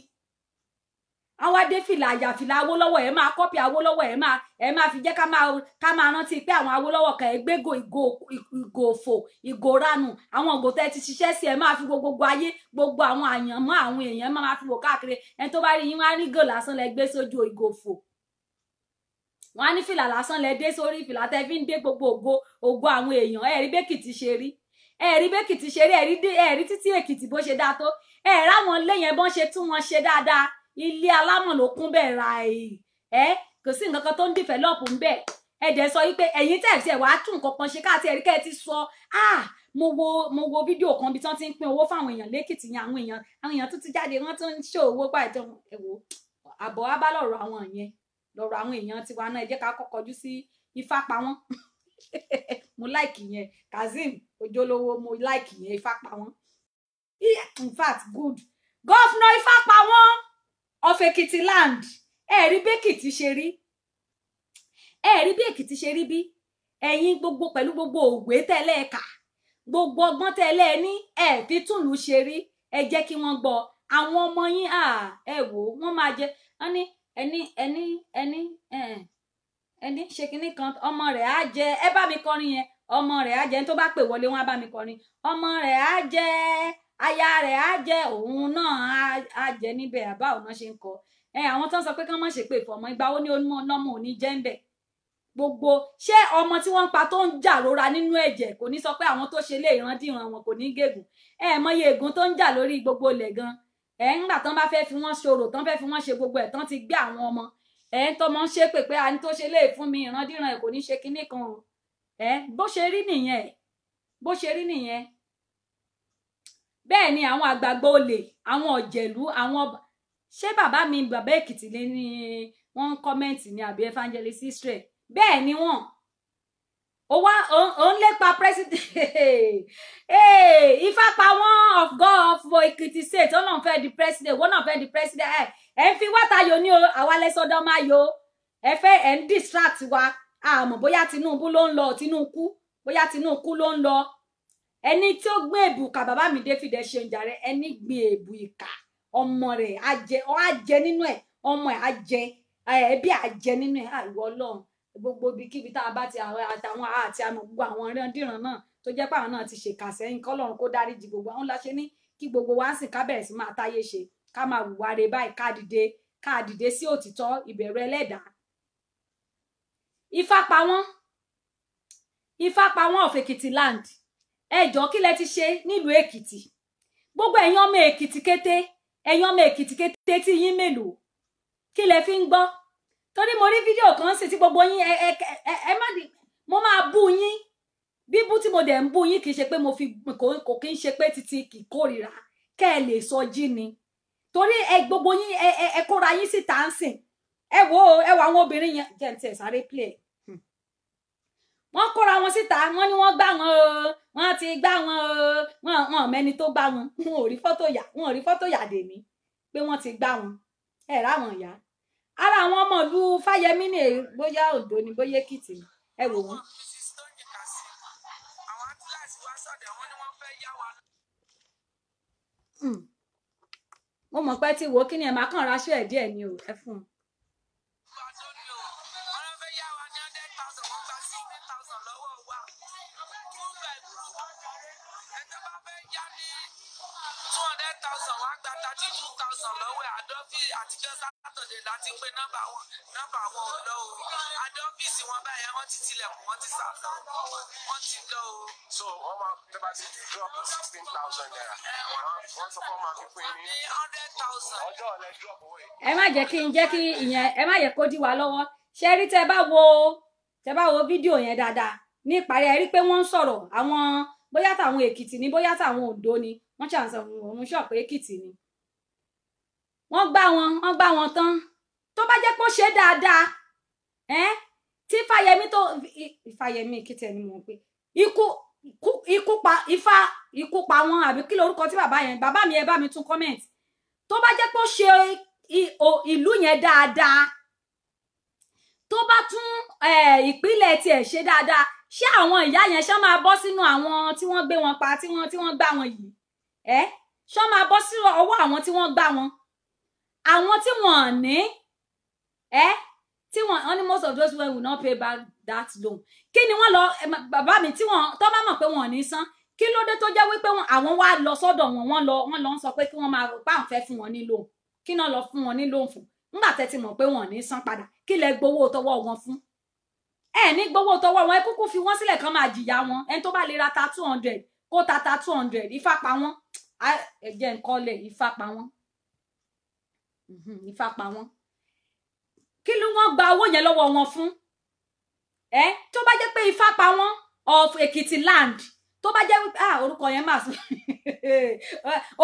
àwọn adéfìlà àyàfìlà Awólọ́wọ̀ ẹ máa kọ́pì Awólọ́wọ̀ ẹ máa ẹ máa fi jẹ́ ká máa ká máa rántí pé àwọn Awólọ́wọ̀ kan ẹ gbégo ìgò ìgòfò ìgòranù àwọn ògò tẹ ti ṣiṣẹ́ sí ẹ máa fi gbogbo ayé gbogbo àwọn àyànmọ́ àwọn èèyàn máa fi wò káàkiri ẹni tó bá rí yín wá rí gò lásán lẹ gbé sójú ìgòfò wọn á ní fìlà lásán lẹ dé sórí fìlà tẹ fi ń dé gbogbo ògo ògo àwọn èèyàn ẹ rí bẹ́kìtì ṣe rí ẹ rí bẹ́kìtì ṣe rí ẹ rí títí Èkìtì bó ṣe dá tó ẹ ráwọn ilé yẹn bọ́n ṣe tún wọn ṣe dáadáa ilé alámọ̀ ló kún bẹ́ẹ̀ ra ẹ kò sí nǹkan kan tó ń dìfẹ́lọ́pù ń bẹ̀ ẹ dẹ̀ sọ wípé ẹ̀yin tẹ̀ tiẹ̀ wàá tún nǹkan kan ṣe káàtì ẹ̀rí kẹ́ ẹ ti sọ ah, mo wo mo wo fídíò kan bí tí wọ́n ti ń pín owó fáwọn èèyàn lẹ́kìtì yẹn àwọn èèyàn àwọn èèyàn tó ti jáde wọ́n tún ń ṣe owó gbà ẹ̀jọ̀ ẹ wo àbọ̀ wá bá lọ̀rọ̀ àwọn yẹn lọ̀rọ̀ àwọn èèyàn tiwa náà ẹ jẹ́ ká kọ́kọ́jú sí ifá pa wọ́n [laughs] mo láìkì yẹn Kazeem ojúlówó mo láìkì yẹn ifá pa wọ́n in fact good gọ́fúnà Ifápáwọn of Ekiti land ẹ̀rí bí Èkìtì ṣe rí ẹ̀rí bí Èkìtì ṣe rí bí ẹ̀yin gbogbo pẹ̀lú gbogbo òwe tẹ́lẹ̀ ẹ̀ka gbogbo ọgbọ́n tẹ́lẹ̀ ní ẹ fi túlù ṣe rí ẹ jẹ́ kí wọ́n gbọ́ àwọn ọmọ yín ẹ wò wọ́n máa jẹ ẹni ẹni ẹni ẹni ẹni ṣe kinní kan ọmọ rẹ̀ á jẹ ẹ bá mi kọrin yẹn ọmọ rẹ̀ á jẹ ẹni tó bá pè wọlé wọn á bá mi kọrin ọmọ rẹ̀ á jẹ aya rẹ̀ á jẹ́ òun náà á jẹ́ níbẹ̀ àbá ọ̀nà ṣe ń kọ ẹ àwọn tó ń sọ pé kán má ṣe pé ìfọmọ ìgbà wo ni onímọ̀ nọ́mọ òní jẹ́ ń bẹ̀ gbogbo ṣé ọmọ tí wọ́n ń pa tó ń jà rora nínú ẹ̀jẹ̀ kò ní sọ pé àwọn tó ṣe lé ìrandíran wọn kò ní gègùn ẹ mọye ègún tó ń jà lórí gbogbo ilẹ̀ gan ẹ ńgbà tán bá fẹ́ fi wọ́n ṣòro tán fẹ́ fi wọ́n ṣe gbogbo ẹ̀ tán ti gbé àwọn ọmọ ẹ ń tọmọ ń ṣépè pé a tó ṣe lé fún mi ìrandíran ẹ kò ní ṣe kinní kan o ẹ bó ṣe rí nìyẹn bó ṣe rí nìyẹn bẹ́ẹ̀ ni àwọn àgbààgbà olè àwọn ọ̀jẹ̀lú àwọn ọba ṣé bàbá mi bàbá èkìtì lé ní wọ́n ń kọ́mẹ́ǹtì ní àbí evangelist Israel bẹ́ẹ̀ ni wọ́n ó wá ó ń lépa president [laughs] ifá pa wọn of God for Ekiti state ó náà the president wọ́n náà fẹ́ di president ẹ̀ ẹ̀ ń fi wáta yo ní àwa lẹ́sọ̀dọ̀ máa yo ẹ fẹ́ ẹ̀ ń distract wa àmọ́ bóyá Tinubu ló ń lọ Tinubu bóyá Tinubu ló ń lọ ẹni tí ó gbé èbù bàbá mi David ṣe ń jàre ẹni gbé èbù ìka ọmọ rẹ ajẹ ọ ajẹ nínú ẹ ọmọ ẹ ajẹ ẹbí ajẹ nínú ẹ àìwọ Ọlọ́run gbogbo ibikíbi tá a bá ti àwọn àtàwọn àti gbogbo àwọn ìrandíran náà tó jẹ́ pé àwọn náà ti ṣèkà sẹ́yìn kọ́lọ́run kó dáríjì gbogbo àwọn la ṣe ní kí gbogbo wa sì ká bẹ̀rẹ̀ sí máa táyé ṣe ká máa wùwà re báyìí ká dìde ká dìde sí òtítọ́ ìbẹ̀rù ẹlẹ́dàá ifá pa wọ́n ifá pa wọ́n of land ẹjọ́ kí lẹ ti ṣe nílùú èkìtì gbogbo ẹ̀yin ọmọ èkìtì kété ẹ̀yin ọmọ èkìtì kété tí yín mélòó kí lẹ fi ń gbọ́ torí mo rí fídíò kan sì tí gbogbo yín ẹ ẹ ẹ ẹ má di mo máa bú yín bíbú tí mo dẹ̀ ń bú yín kì í ṣe pé mo fi kò kí ń ṣe pé títí kì í kórìíra kẹ́ ẹ lè sọ jí ni torí ẹ gbogbo yín ẹ ẹ ẹ kóra yín síta ń ẹ wo ẹ wo àwọn obìnrin yẹn jẹ́ ń tẹ̀ sáré play wọ́n kóra wọn síta wọ́n ní wọ́n gbá wọn o wọ́n ti gbá wọn o wọ́n wọ́n mẹ́ni tó gbá wọn wọn ò rí fọ́tò yà wọn ò rí fọ́tò yà dèmí pé wọ́n ti gbá wọn ẹ ráwọn yá ara àwọn ọmọ ìlú fáyemí ni bóyá Oǹdó ni bóyá Èkìtì ẹ wò wọn. Hmm. mo mọ̀ pé tí wo kí ni ẹ̀ máa kàn ráṣọ ẹ̀ díẹ̀ ni o ẹ fún un. ẹ má jẹ́ kí n jẹ́ kí ìyẹn ẹ má yẹ kó dí wa lọ́wọ́ ṣe rí tẹ bá wo tẹ bá wo fídíò yẹn dáadáa ní ìparí ẹ rí pé wọ́n ń sọ̀rọ̀ àwọn bóyá tàwọn èkìtì ni bóyá tàwọn oǹdó ni wọ́n ṣàǹsọ òun ṣọ pé èkìtì ni wọ́n gbá wọn wọ́n gbá wọn tán tó bá jẹ́ pé ó ṣe dáadáa tí Fáyẹmí tó Fáyẹmí kìtẹ ni mò ń pè ikú ikú pa ifá ikú pa wọn àbí kí lorúkọ tí bàbá yẹn bàbá mi ẹ bá mi tún kọ́mẹ̀ntì tó bá jẹ́ pé ó ṣe ìlú yẹn dáadáa tó bá tún ìpínlẹ̀ tiẹ̀ ṣe dáadáa ṣé àwọn ìyá yẹn ṣá máa bọ́ sínú àwọn tí wọ́n gbé wọn pa tí wọ́n tí wọ́n gbá wọn yìí ẹ ṣá máa bọ́ sí ọwọ́ àwọn tí wọ́n gbá wọn àwọn tí wọ́n ní ẹ tí wọ́n only most of those women will not pay back that loan kí ni wọ́n lọ bàbá mi tí wọ́n tó bá mọ̀ pé wọ́n ní san kí ló dé tó jẹ́ wípé àwọn wá lọ sọ́dọ̀ wọn wọ́n lọ wọ́n lọ ń sọ pé kí wọ́n máa rò pa àǹfẹ́ fún wọn ní lóhùn kí náà lọ fún wọn ní lóhùn fún nígbà tẹ́ ti mọ̀ pé wọn ò ní san padà kí lẹ gbowó tọwọ́ wọn fún ẹ ní gbowó tọwọ́ wọn ẹ kúkú fi wọ́n sílẹ̀ kán máa jìyà wọn ẹni tó bá lè ra ta two hundred kó ta ta two hundred ifá pa wọ́n ẹ jẹ́ nǹkan lẹ̀ ifá pa wọ́n mhm, ifá pa wọ́n kí ló wọ́n gba owó yẹn lọ́wọ́ wọn fún ẹ tó bá jẹ́ pé ifá pa wọ́n of Ekiti land tó bá jẹ́ wípé ah orúkọ yẹn máa sùn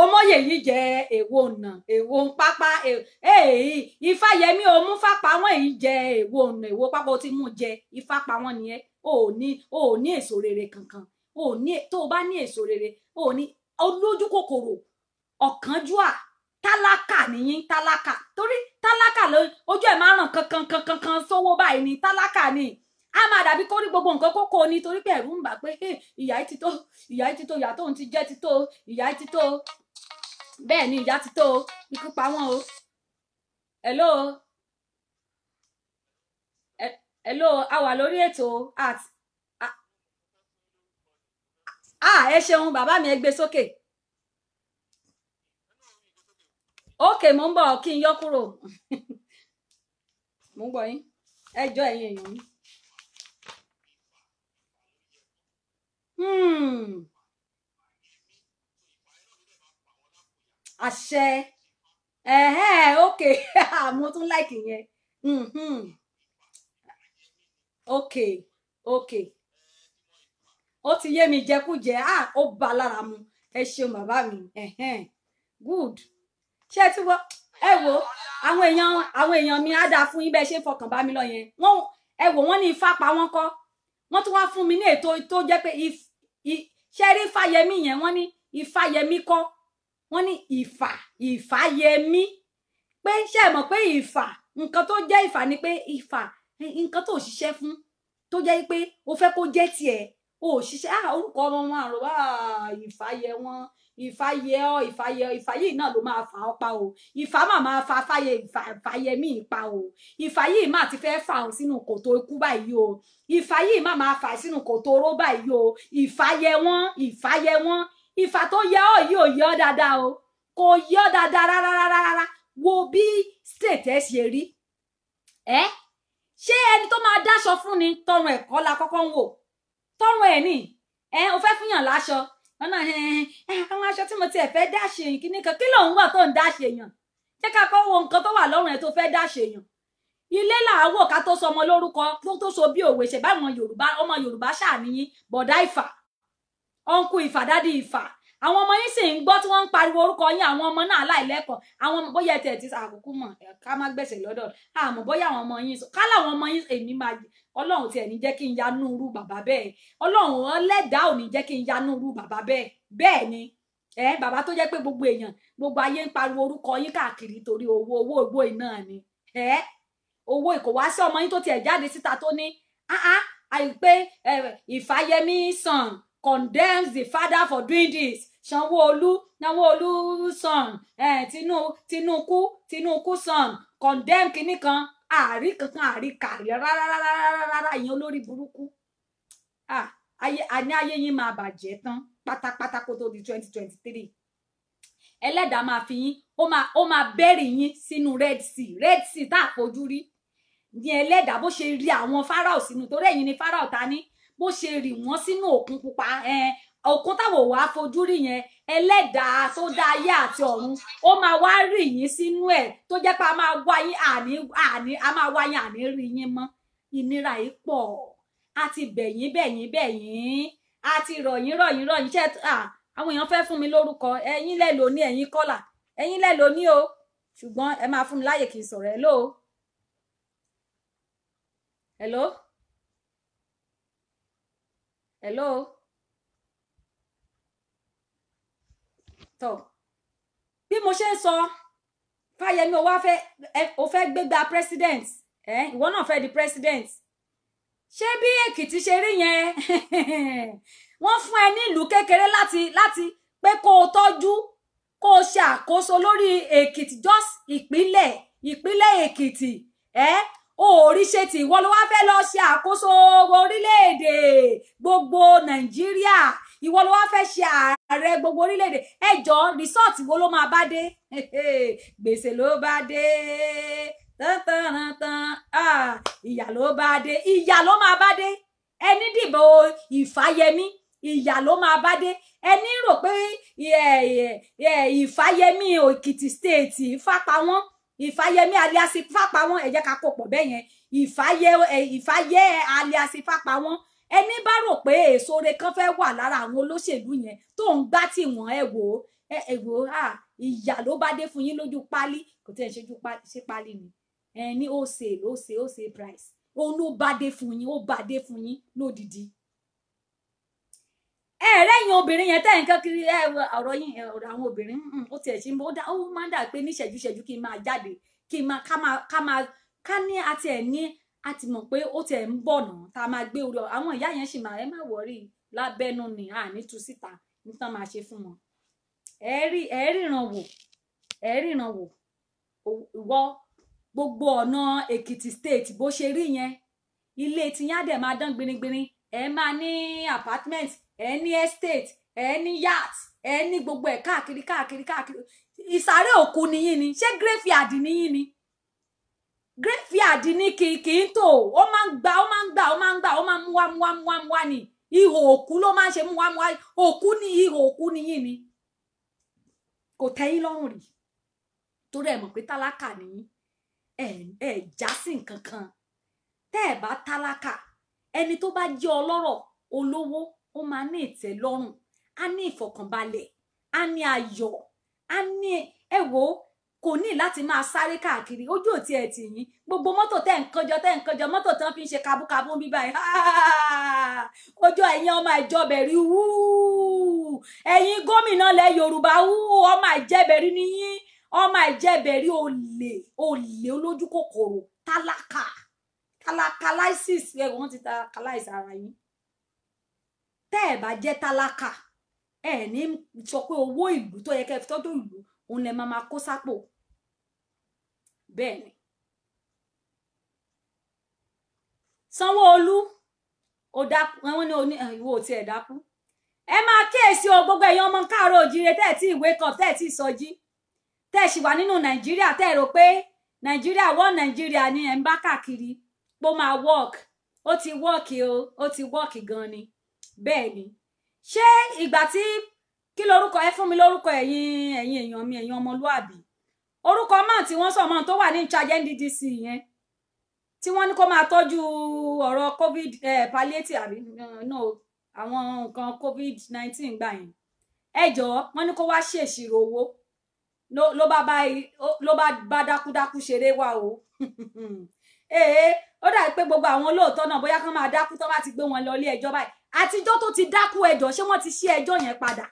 ọmọye yìí jẹ́ èwo nà èwo pápá èyí ìfàyẹmí òmú fápá wọn èyí jẹ́ èwo nà èwo pápá ó ti mú jẹ ìfápá wọn nìyẹn o ò ní o ò ní èso rere kankan o ò ní tó o bá ní èso rere o ò ní olójú kòkòrò ọ̀kánjúà tálákà nìyín tálákà torí tálákà lójú ẹ̀ máa ràn kankan kankan sówó báyìí ni tálákà ni a máa dàbí kó rí gbogbo nǹkan kókó ni torí pé ẹ̀rù ń bà pé ìyá ti tó ìyá ti tó ìyá tóun ti jẹ́ ti tó ìyá ti tó bẹ́ẹ̀ ni ìyá ti tó ikú pa wọ́n o hello hello a wà lórí ètò at a ẹ ṣeun bàbá mi ẹ gbé sókè ókè mo ń bọ̀ kí n yọ kúrò [laughs] mo ń bọ̀ yín ẹ jọ ẹ̀yin èèyàn mi. um àṣẹ ẹhẹn ok [laughs] mo tún like yẹn mhm hmm. ok ok ó ti yé mi jẹkújẹ ah ó ba lára mu ẹ ṣeun bàbá mi good ṣé tí wọ́n ẹ wo àwọn èèyàn àwọn èèyàn mi á dáa fún yín bẹ́ẹ̀ ṣe fọkàn bá mi lọ yẹn wọ́n ẹ wò wọ́n ní ifá pa wọ́n kọ́ wọ́n tún wá fún mi ní ètò tó jẹ́ pé if ṣe rí Ifáyẹmí yẹn wọ́n ní Ifáyẹmí kọ́ wọ́n ní Ifá Ifáyẹmí pé ṣe mọ̀ pé Ifá nǹkan tó jẹ́ Ifá ni pé Ifá nǹkan tó ṣiṣẹ́ fún tó jẹ́ pé o fẹ́ kó jẹ́ tiẹ̀ o ṣiṣẹ́ ah, orúkọ ọmọ wọn àrò ah, Ifá yẹ wọ́n ìfàyè ọ ìfàyè ọ ìfàyè náà ló máa fà ọ pa o ìfà máa máa fa fàyè ìfàyè míì pa o ìfàyè máa ti fẹ́ fà ọ sínú kòtò ikú báyìí o ìfàyè máa máa fà sínú kòtò oró báyìí o ìfàyè wọn ìfàyè wọn ìfà tó yẹ ọ yìí ò yẹ ọ dáadáa o kò yẹ ọ dáadáa rárá rárá rárá wo bí state ẹ ṣe rí ẹ ṣé ẹni tó máa dáṣọ fún ni tọrùn ẹ̀kọ́ la kọ́kọ́ ń wò tọrùn ẹ̀ ní ẹ o fẹ́ fúnyàn láṣọ ọ̀nà àwọn aṣọ tí mo tiẹ̀ fẹ́ dá ṣe èyàn kíní kan kí lòun wà tó ń dá ṣe èyàn jẹ́ ká kọ́ wo nǹkan tó wà lọ́rùn ẹ̀ tó fẹ́ dá ṣe èyàn ilé làáwọ̀ ká tó sọmọ lórúkọ tó tó so bí òwe ṣe báwọn yorùbá ọmọ yorùbá ṣàníyí bọ̀dá ìfà ọ̀nkù ìfà dádì ìfà àwọn ọmọ yín sì ń gbọ́ tí wọ́n ń pariwo orúkọ yín àwọn ọmọ náà láìlẹ́kọ̀ọ́ àwọn ọmọ bóyá ẹ̀ tẹ̀tí àkókò mọ̀ ká má gbẹ̀sẹ̀ lọ́dọ̀ àmọ́ bóyá àwọn ọmọ yín kálá àwọn ọmọ yín èmi máa ọlọ́run tiẹ̀ ní jẹ́ kí n yanú irú bàbá bẹ́ẹ̀ ọlọ́run ọlẹ́dàá ò ní jẹ́ kí n yanú irú bàbá bẹ́ẹ̀ bẹ́ẹ̀ ni ẹ bàbá tó jẹ́ pé gbogbo èèyàn gbogbo ayé ń pariwo orúkọ yín káàkiri torí owó owó ìgbó iná ni ẹ owó ìkówásí ọmọ yín tó tiẹ̀ jáde síta tó ní àìpé ìfàyẹmí condemns the father for doing this sanwóolu sanwóolu sàn tinu tinuku tinuku sàn condemn kinní kan àárí kankan àárí kàrí rárárárárá ìyẹn olórí burúkú àní ayé yín máa bàjẹ́ tán pátápátá kó tó di twenty twenty three ẹlẹ́dàá máa fi yín ó máa ó bẹ́rì yín sínú red sea red sea tá a fojú rí ní ẹlẹ́dàá bó ṣe rí àwọn farao sínú torí ẹ̀yin ni pharaoh ta ní bó ṣe rì wọ́n sínú òkun pupa òkun táwọn wàá fojú rí yẹn ẹlẹ́dàá tó dá ayé àti ọ̀run ó máa wá rì yín sínú ẹ̀ tó jẹ́ pé a máa wá yín àní àní a máa wá yín àní rí yín mọ́ ìnira yìí pọ̀ a ti bẹ̀yìn bẹ̀yìn bẹ̀yìn a ti rọ̀yìn rọ̀yìn rọ̀yìn ṣe àwọn èèyàn fẹ́ fún mi lórúkọ ẹ̀yin lẹ́ lò ní ẹ̀yin kọ́là ẹ̀yin lẹ́ lò ní o ṣùgbọ́n ẹ máa fún mi láyè kí n sọ̀rọ̀ ẹ lò ó. hello hello. hello? tó bí mo ṣe ń sọ Fáyẹmí o wá fẹ́ o fẹ́ gbégbá president ìwọ náà fẹ́ di president ṣé bí Èkìtì ṣe rí yẹn [laughs] wọ́n fún ẹ nílùú kékeré láti láti pé kó o tọ́jú kó o ṣe àkóso lórí Èkìtì just ìpínlẹ̀ ìpínlẹ̀ Èkìtì ẹ òòrí ṣe tí ìwọ ló wá fẹ́ lọ ṣe àkóso orílẹ̀-èdè gbogbo Nàìjíríà ìwọ ló wá fẹ́ ṣe ààrẹ gbogbo orílẹ̀-èdè ẹjọ́ rìsọ́ọ̀tì wo ló máa bá dé [laughs] gbèsè ló bá dé tantanrantan ah, ìyà ló bá dé ìyà ló máa bá dé ẹni dìbò ìfàyẹmí ìyà ló máa bá dé ẹni rò pé ìfàyẹmí òkìtì stéètì fápá wọn ìfàyẹmí aliasi fápá wọn ẹ jẹ́ ká kó pọ̀ bẹ́ẹ̀ yẹn ìfàyẹ aliasi fápá wọn ẹni bá rò pé èso re kan fẹ́ wà lára àwọn olóṣèlú yẹn tó ń gbá tì wọ́n ẹ wò ó ẹ wò ó à ìyà ló bá dé fún yín lójú pálí kò tẹ́ ẹ ṣe ju ṣe pálí ni ẹ ní ó ṣe ló ṣe ó ṣe price òun ló bá dé fún yín ó bá dé fún yín lódìdí ẹ̀rẹ́yìn obìnrin yẹn tẹ́ ẹ̀ ń kán kiri ọ̀rọ̀ yín ọ̀rọ̀ àwọn obìnrin ó tiẹ̀ ṣe ó máa ń dà pé ní ṣẹ̀júṣẹ̀jú kí n máa jáde kí n máa ká máa ká ní àti ẹ̀ ní a ti mọ̀ pé ó tiẹ̀ ń bọ̀ náà tá a máa gbé orí àwọn ìyá yẹn sì máa ẹ má wọrí lábẹ́nu ni a ní tu síta ní máa ṣe fún wọn ẹ rí ẹ wò ẹ ríran wò ìwọ gbogbo ọ̀nà Èkìtì state bó ṣe rí yẹn ilé tiyín á dẹ̀ máa dán gbinigbirin ẹ máa ní apartment ẹ ní estate ẹ ní yacht ẹ ní gbogbo ẹ̀ káàkiri káàkiri káàkiri ìsàrẹ́ òkú nìyí ni ṣé gírèfì àdì nìyí ni graveyard ni kì kì í tò ó máa ń gba ó máa ń gba ó máa ń gba ó máa ń mú wá mú wá mú wá mú wá ni ihò òkú ló máa ń ṣe mú wá mú wá òkú ni ihò òkú ni yín ni kò tẹ́yìn lọ́rùn rí torí ẹ̀ mọ̀ pé tálákà ni ẹ̀ já sí nǹkan kan tẹ́ ẹ̀ bá tálákà ẹni tó bá jẹ́ ọlọ́rọ̀ olówó ó máa ní ìtẹ́lọ́rùn a ní ìfọ̀kànbalẹ̀ á ní ayọ̀ á ní ẹ̀wọ̀ kò ní láti máa sáré káàkiri ojú òtí ẹ tì yín gbogbo mọ́tò tẹ́ ń kanjọ tẹ́ ń kanjọ mọ́tò tán fi ń ṣe kabúkabú bí báyìí [laughs] ojú ẹ̀yin ọmọ ìjọbẹ̀rí wú ẹ̀yin gómìnà lẹ Yorùbá wú ọmọ ìjẹbẹ̀rí ni yín ọmọ ìjẹbẹ̀rí olè olè olójú kòkòrò tálákà tálákà láìsìs ẹ wọ́n ti ta kàláìsì ara yín tẹ́ ẹ̀ bá jẹ́ tálákà ẹ̀ ní sọ pé owó ìlú tó yẹ kẹ́ fi tọ́jú ìlú òun mama máa kó sápò bẹ́ẹ̀ ni Sanwó-Olú ó dákú oní ìwọ tí ẹ o gbogbo ọmọ káàárọ̀ òjíire tẹ́ tí ìwé kan tí ìsọjí tẹ́ ẹ̀ wà nínú nàìjíríà tẹ́ rò pé ni work o ti work o o ti work gan ni bẹ́ẹ̀ ni ṣé ìgbà kí lorúkọ ẹ fún mi lórúkọ ẹ̀yin ẹ̀yin èèyàn mi ẹ̀yin ọmọlúàbí orúkọ máà tí wọ́n sọ mọ́ tó wà ní charge NDDC yẹn tí wọ́n ní kó máa tọ́jú ọ̀rọ̀ covid eh, palliative àbí no àwọn nǹkan covid nineteen gbà yẹn ẹ jọ̀ọ́ wọ́n ní kó wá ṣèṣirò owó ló bá bá ló bá bá dákúdákú ṣeré wa o [laughs] ee ó dàbí pé gbogbo àwọn olóòótọ́ náà bóyá kán máa dákú tán bá ti gbé wọn lọ ilé ẹjọ́ báyìí àtijọ́ tó ti dákú ẹjọ́ ṣé wọ́n ti ṣí ẹjọ́ yẹn padà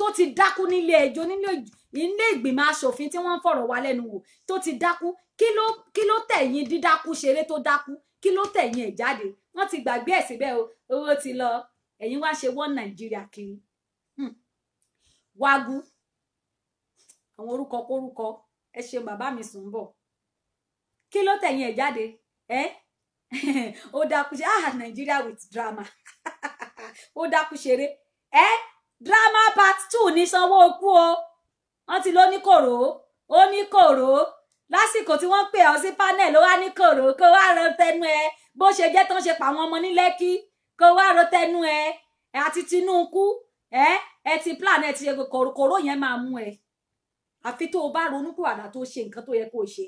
tó ti dákú nílé ẹjọ́ nílé ìgbìmọ̀ asòfin tí wọ́n ń fọ̀rọ̀ wá lẹ́nu wò tó ti dákú kí ló tẹ̀yìn dídákú ṣeré tó dákú kí ló tẹ̀yìn ẹ̀ jáde wọ́n ti gbàgbé ẹ̀ síbẹ̀ o owó ti lọ ẹ̀yin wá ṣe wọ́n nàìjíríà kiri hmm. wágú àwọn orúkọ kórúkọ ẹ ṣe bàbá mi sùn bọ̀ kí ló tẹ̀yìn ẹ̀ jáde ẹ́ [laughs] ó dákú ṣe ah nàìjíríà with drama [laughs] ó dákú ṣeré ẹ́. Eh? drama part two ní sanwó-okú o wọ́n ti lọ ní kòró ó ní kòró lásìkò tí wọ́n pè ọ́ sí panel ó wá ní kòró kó wá rọ tẹnu ẹ bó ṣe jẹ́ tán ṣe pa àwọn ọmọ ní lẹ́kí kó wá rọ tẹnu ẹ àti tinúkú ẹ ẹ ti plan ẹ ti ṣe kòró kòró yẹn máa mú ẹ àfi tó o bá ronúpìwàdà tó ṣe nǹkan tó yẹ kó o ṣe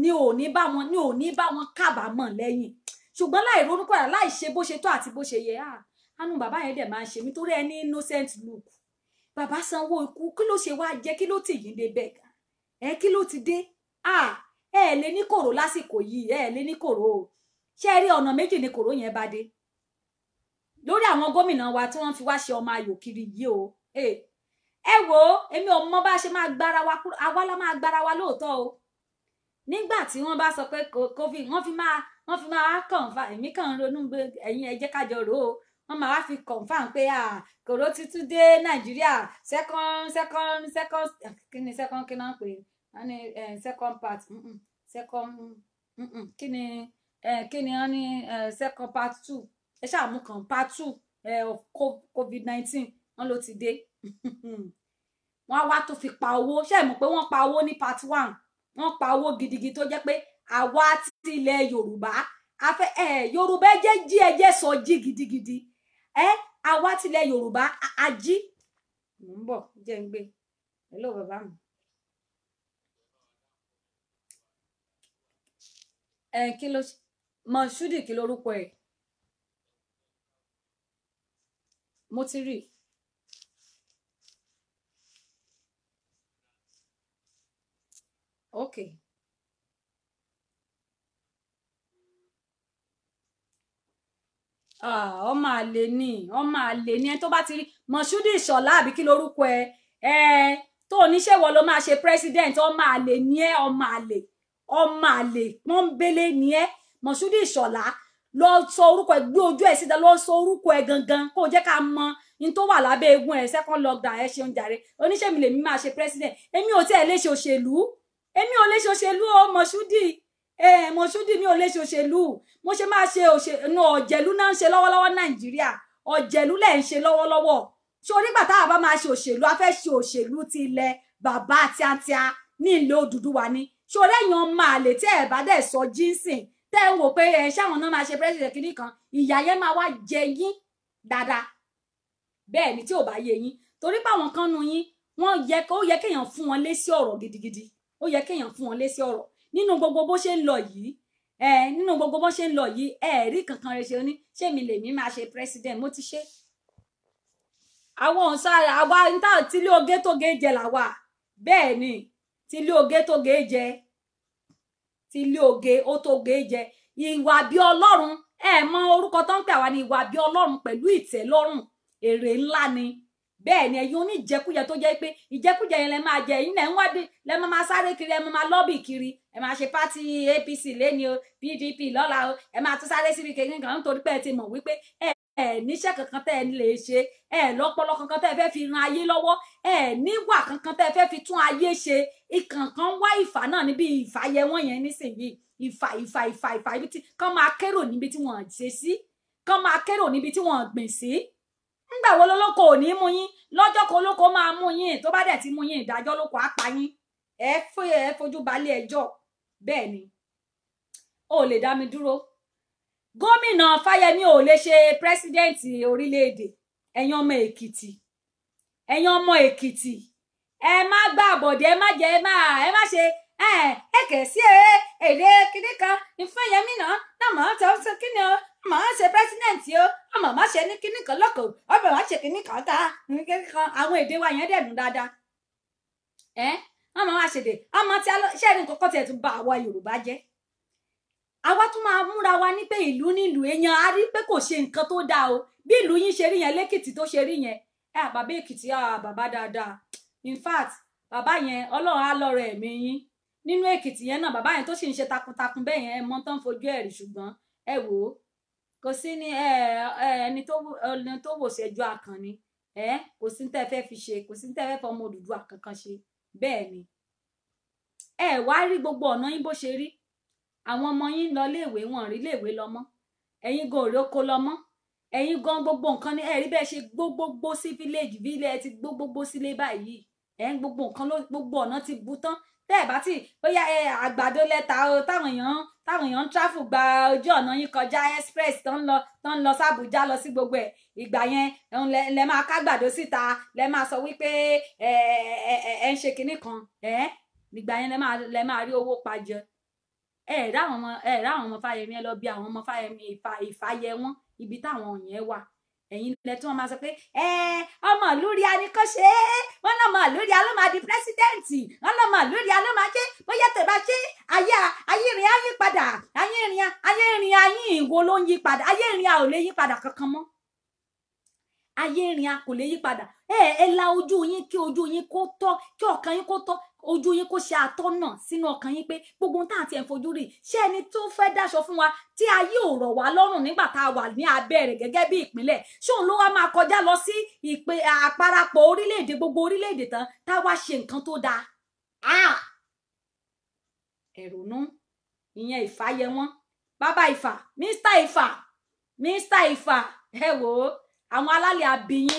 ni ò ní bá wọn ni ò ní bá wọn kábàámọ̀ lẹ́yìn ṣùgbọ́n láì ronúpìwàdà láì ṣe bó ṣe tó àti bó ṣe yẹ ah Anu, bàbá yẹn dẹ̀ máa ń ṣe mí torí ẹni innocent look bàbá sanwó ikú kí ló ṣe wá jẹ kí ló tì yín dé bẹ́ẹ̀ ẹ kí ló ti dé ẹ ẹ lè ní kòrò lásìkò yìí ẹ lè ní kòrò o ṣé ẹ rí ọ̀nà méjì ni kòrò yẹn bá dé lórí àwọn gómìnà wa tí wọ́n fi wá ṣe ọmọ ayò kiri yìí o ẹ wo èmi ò mọ bá ṣe máa gbára wa kúrò àwa la máa gbára wa lóòótọ́ o nígbà tí wọ́n bá sọ pé covid wọ́n fi máa wọ́n fi máa kàn fa èmi kàn ronú pé ẹ̀yin ẹ jẹ́ rò ó wọ́n máa wá fi confam pé kòró títún dé nàìjíríà second second second kí ni second kí náà pè wọ́n ní second part second kí ni kí ni wọ́n ní second part two ẹ ṣáà mú kan part two of covid nineteen wọ́n ló ti dé [laughs] wọ́n á wá tó fi pa owó ṣe é mọ̀ pé wọ́n pa owó ní part one wọ́n pa owó gidigidi tó jẹ́ pé àwa ti ilẹ̀ yorùbá afẹ́ ẹ̀ yorùbá ẹ jẹ́ jí ẹ jẹ́ sọ jí gidigidi ẹ àwa tilẹ̀ yorùbá ají. mò ń bọ̀ jẹ́ ń gbé hello bàbá mi. ẹ kí ló mọ̀ṣúdì kí lorúkọ ẹ̀ mo ti rí okay. ọmọ ah, àlè ni ọmọ àlè ni ẹni tó bá ti rí Mọ̀ṣúdì Ìṣọ̀lá àbí kí lorúkọ ẹ ẹ tó oníṣẹ́wọ̀ ló máa ṣe president ọmọ àlè ni ẹ ọmọ àlè ọmọ àlè pọ́ńbélé ni ẹ Mọ̀ṣúdì Ìṣọ̀lá lọ sọ orúkọ ẹ gbé ojú ẹ síta lọ sọ orúkọ ẹ gangan kó o jẹ́ ká mọ ní tó wà lábẹ́ egun ẹ second lockdown ẹ ṣeun jàre oníṣẹ́mi lèmi máa ṣe president èmi ò tí ẹ léṣe òṣèlú èmi ò léṣe òṣèlú o Mọ̀ṣúdì ẹ mo ṣúdì mi ò lè ṣe òṣèlú mo ṣe máa ṣe òṣèlú ọ̀jẹ̀lú náà ń ṣe lọ́wọ́lọ́wọ́ nàìjíríà ọ̀jẹ̀lú lẹ̀ ń ṣe lọ́wọ́lọ́wọ́ sórí gbà táwa bá máa ṣe òṣèlú a fẹ́ ṣe òṣèlú ti ilẹ̀ bàbá tíátíá ní ilẹ̀ Odùduwà ni sórí èèyàn máa lè tí ẹ̀ bá dẹ̀ sọ jínsìn tẹ́ ń wò pé ẹ ṣáwọn náà máa ṣe pírẹ́sìdẹ̀ kínní kan ìyá yẹn máa wá jẹ yín dáadáa bẹ́ẹ̀ ni tí ò bá yé yín torí páwọn kan nu yín wọ́n yẹ ó yẹ kéèyàn fún wọn lé sí ọ̀rọ̀ gidigidi ó yẹ kéèyàn fún wọn lé sí ọ̀rọ̀ nínú gbogbo bó ṣe ń lọ yìí ẹ nínú gbogbo bó ṣe ń lọ yìí ẹ rí kankan rẹ ṣe ó ní ṣé mi lèmi máa ṣe president mo ti ṣe àwọn ọ̀sára àwa níta tílé oge tóge jẹ làwà bẹ́ẹ̀ ni tílé oge tóge jẹ tílé oge ó tóge jẹ ìwà bí ọlọ́run ẹ mọ orúkọ tó ń pè àwa ni ìwà bí ọlọ́run pẹ̀lú ìtẹ́lọ́rùn èrè ńlá ni bẹ́ẹ̀ ni ẹ̀yin oníjẹkújẹ tó jẹ́ pé ìjẹkújẹ yẹn lẹ máa jẹ ẹ̀yin náà ń wádìí lẹ máa máa sáré kiri ẹ máa máa lọ́bì kiri ẹ máa ṣe pátì APC lẹ́ni o PDP lọ́la o ẹ máa tún sáré síbi kékeré kan nítorí pé ẹ ti mọ̀ wípé ẹ ẹ níṣẹ́ kankan tẹ́ ẹ lè ṣe ẹ lọ́pọlọ kankan tẹ́ ẹ fẹ́ fi ran ayé lọ́wọ́ ẹ níwà kankan tẹ́ ẹ fẹ́ fi tún ayé ṣe ìkànkan wá ìfà náà níbi ìfàyẹ wọn yẹn nísìnyí ìfà ìfà ńgbà wo lolóko ò ní mú yín lọ́jọ́ kan olóko máa mú yín tó bá dẹ̀ ti mú yín ìdájọ́ lóko á pa yín ẹ fojú balẹ̀ ẹjọ́ bẹ́ẹ̀ ni o lè dá mi dúró gómìnà fáyemí ò lè ṣe pírẹsidẹ́ǹtì orílẹ̀-èdè ẹ̀yin ọmọ èkìtì ẹ̀yin ọmọ èkìtì ẹ má gbà bọ̀dẹ̀ ẹ má jẹ́ ẹ má ẹ má ṣe ee ekesi ele kíní kan ìfẹ́yẹmí náà náà màá tọ́ sí o ma o àmọ́ màá ṣe ní kíní kan lọ́kọ̀ ọ̀bẹ̀ màá ṣe kíní kan tá wa yẹn dẹ̀nu dáadáa ẹ́ àmọ́ wa ṣèdè àmọ́ tí ṣe ní kọ́kọ́ tiẹ̀ tún ba Yorùbá jẹ́ àwa tún ma múra wa ní pé ìlú nílùú èèyàn a rí pé kò ṣe nǹkan tó dáa o bí ìlú yín ṣe yẹn lẹ́kìtì tó ṣe yẹn ẹ èkìtì bàbá yẹn nínú èkìtì yẹn náà bàbá yẹn tó sì ń ṣe takuntakun bẹ́ẹ̀ yẹn ẹ mọ tán fojú ẹ̀rí ṣùgbọ́n ẹ wò ó kò sí ní ẹni tó wò sí ẹjọ́ àkànni ẹ kò sí tẹ́ fẹ́ fi ṣe kò sí tẹ́ fẹ́ fọmọ Odùduwà kankan ṣe bẹ́ẹ̀ ni ẹ wá rí gbogbo ọ̀nà yín bó ṣe rí àwọn ọmọ yín lọ léèwé wọn rí léèwé lọmọ ẹ̀yin gan òré oko lọmọ ẹ̀yin gan gbogbo nǹkan ní ẹ̀rí bẹ́ẹ̀ ṣe gbogbogbò sí village village ti gbogbogbò sílé báyìí ẹ ń gbogbo tẹ́ ẹ̀ bá ti bóyá ẹ àgbàdo lẹ́ta o táwọn èèyàn táwọn èèyàn ń tráfù gba ojú ọ̀nà yín kọjá express tó ń lọ tó ń lọ sàbújá lọ sí gbogbo ẹ̀ ìgbà yẹn lẹ lẹ máa kágbàdo síta lẹ máa sọ wípé ẹ ẹ ẹ ń ṣe kinní kan ẹ ìgbà yẹn lẹ máa lẹ máa rí owó pa jẹ ẹ ẹ ráwọn ọmọ ẹ ráwọn ọmọ fáyẹmí ẹ lọ bí àwọn ọmọ fáyẹmí ìfàyẹ wọn ibi táwọn yẹn wà ẹ̀yin ilẹ̀ tí wọ́n máa sọ pé ọmọ ìlúri anikọ́ṣe wọn lọ́mọ ìlúri ló máa di pírẹ́sídẹ́ǹtì wọn lọ́mọ ìlúri ló máa ṣe bóyá tẹ̀ bá ṣe ayé ayé ìrìn ayé padà ayé ìrìn ayé ìrìn ayé ìwo ló ń yí padà ayé ìrìn a ò lè yí padà kankan mọ́ ayé ìrìn a kò lè yí padà ẹ ẹ la ojú yín kí ojú yín kó tọ́ kí ọkàn yín kó tọ́ ojú yín kó ṣe àtọ́nà sínú ọkàn yín pé gbogbo tá à ti ẹ̀ ń fojú rí ṣé ẹni tó fẹ́ dáṣọ fún wa tí ayé ò rọ̀ wá lọ́rùn nígbà tá a wà ní abẹ́ rẹ̀ gẹ́gẹ́ bí ìpínlẹ̀ ṣé òun ló wá máa kọjá lọ sí ìpè àparapọ̀ orílẹ̀-èdè gbogbo orílẹ̀-èdè tán tá a wá ṣe nǹkan tó dáa ẹ̀rònú ìyẹn ìfà yẹ wọ́n bàbá ìfà mínísítà ìfà mínísítà ìfà ẹ wò ó àwọn alálẹ̀ abiyín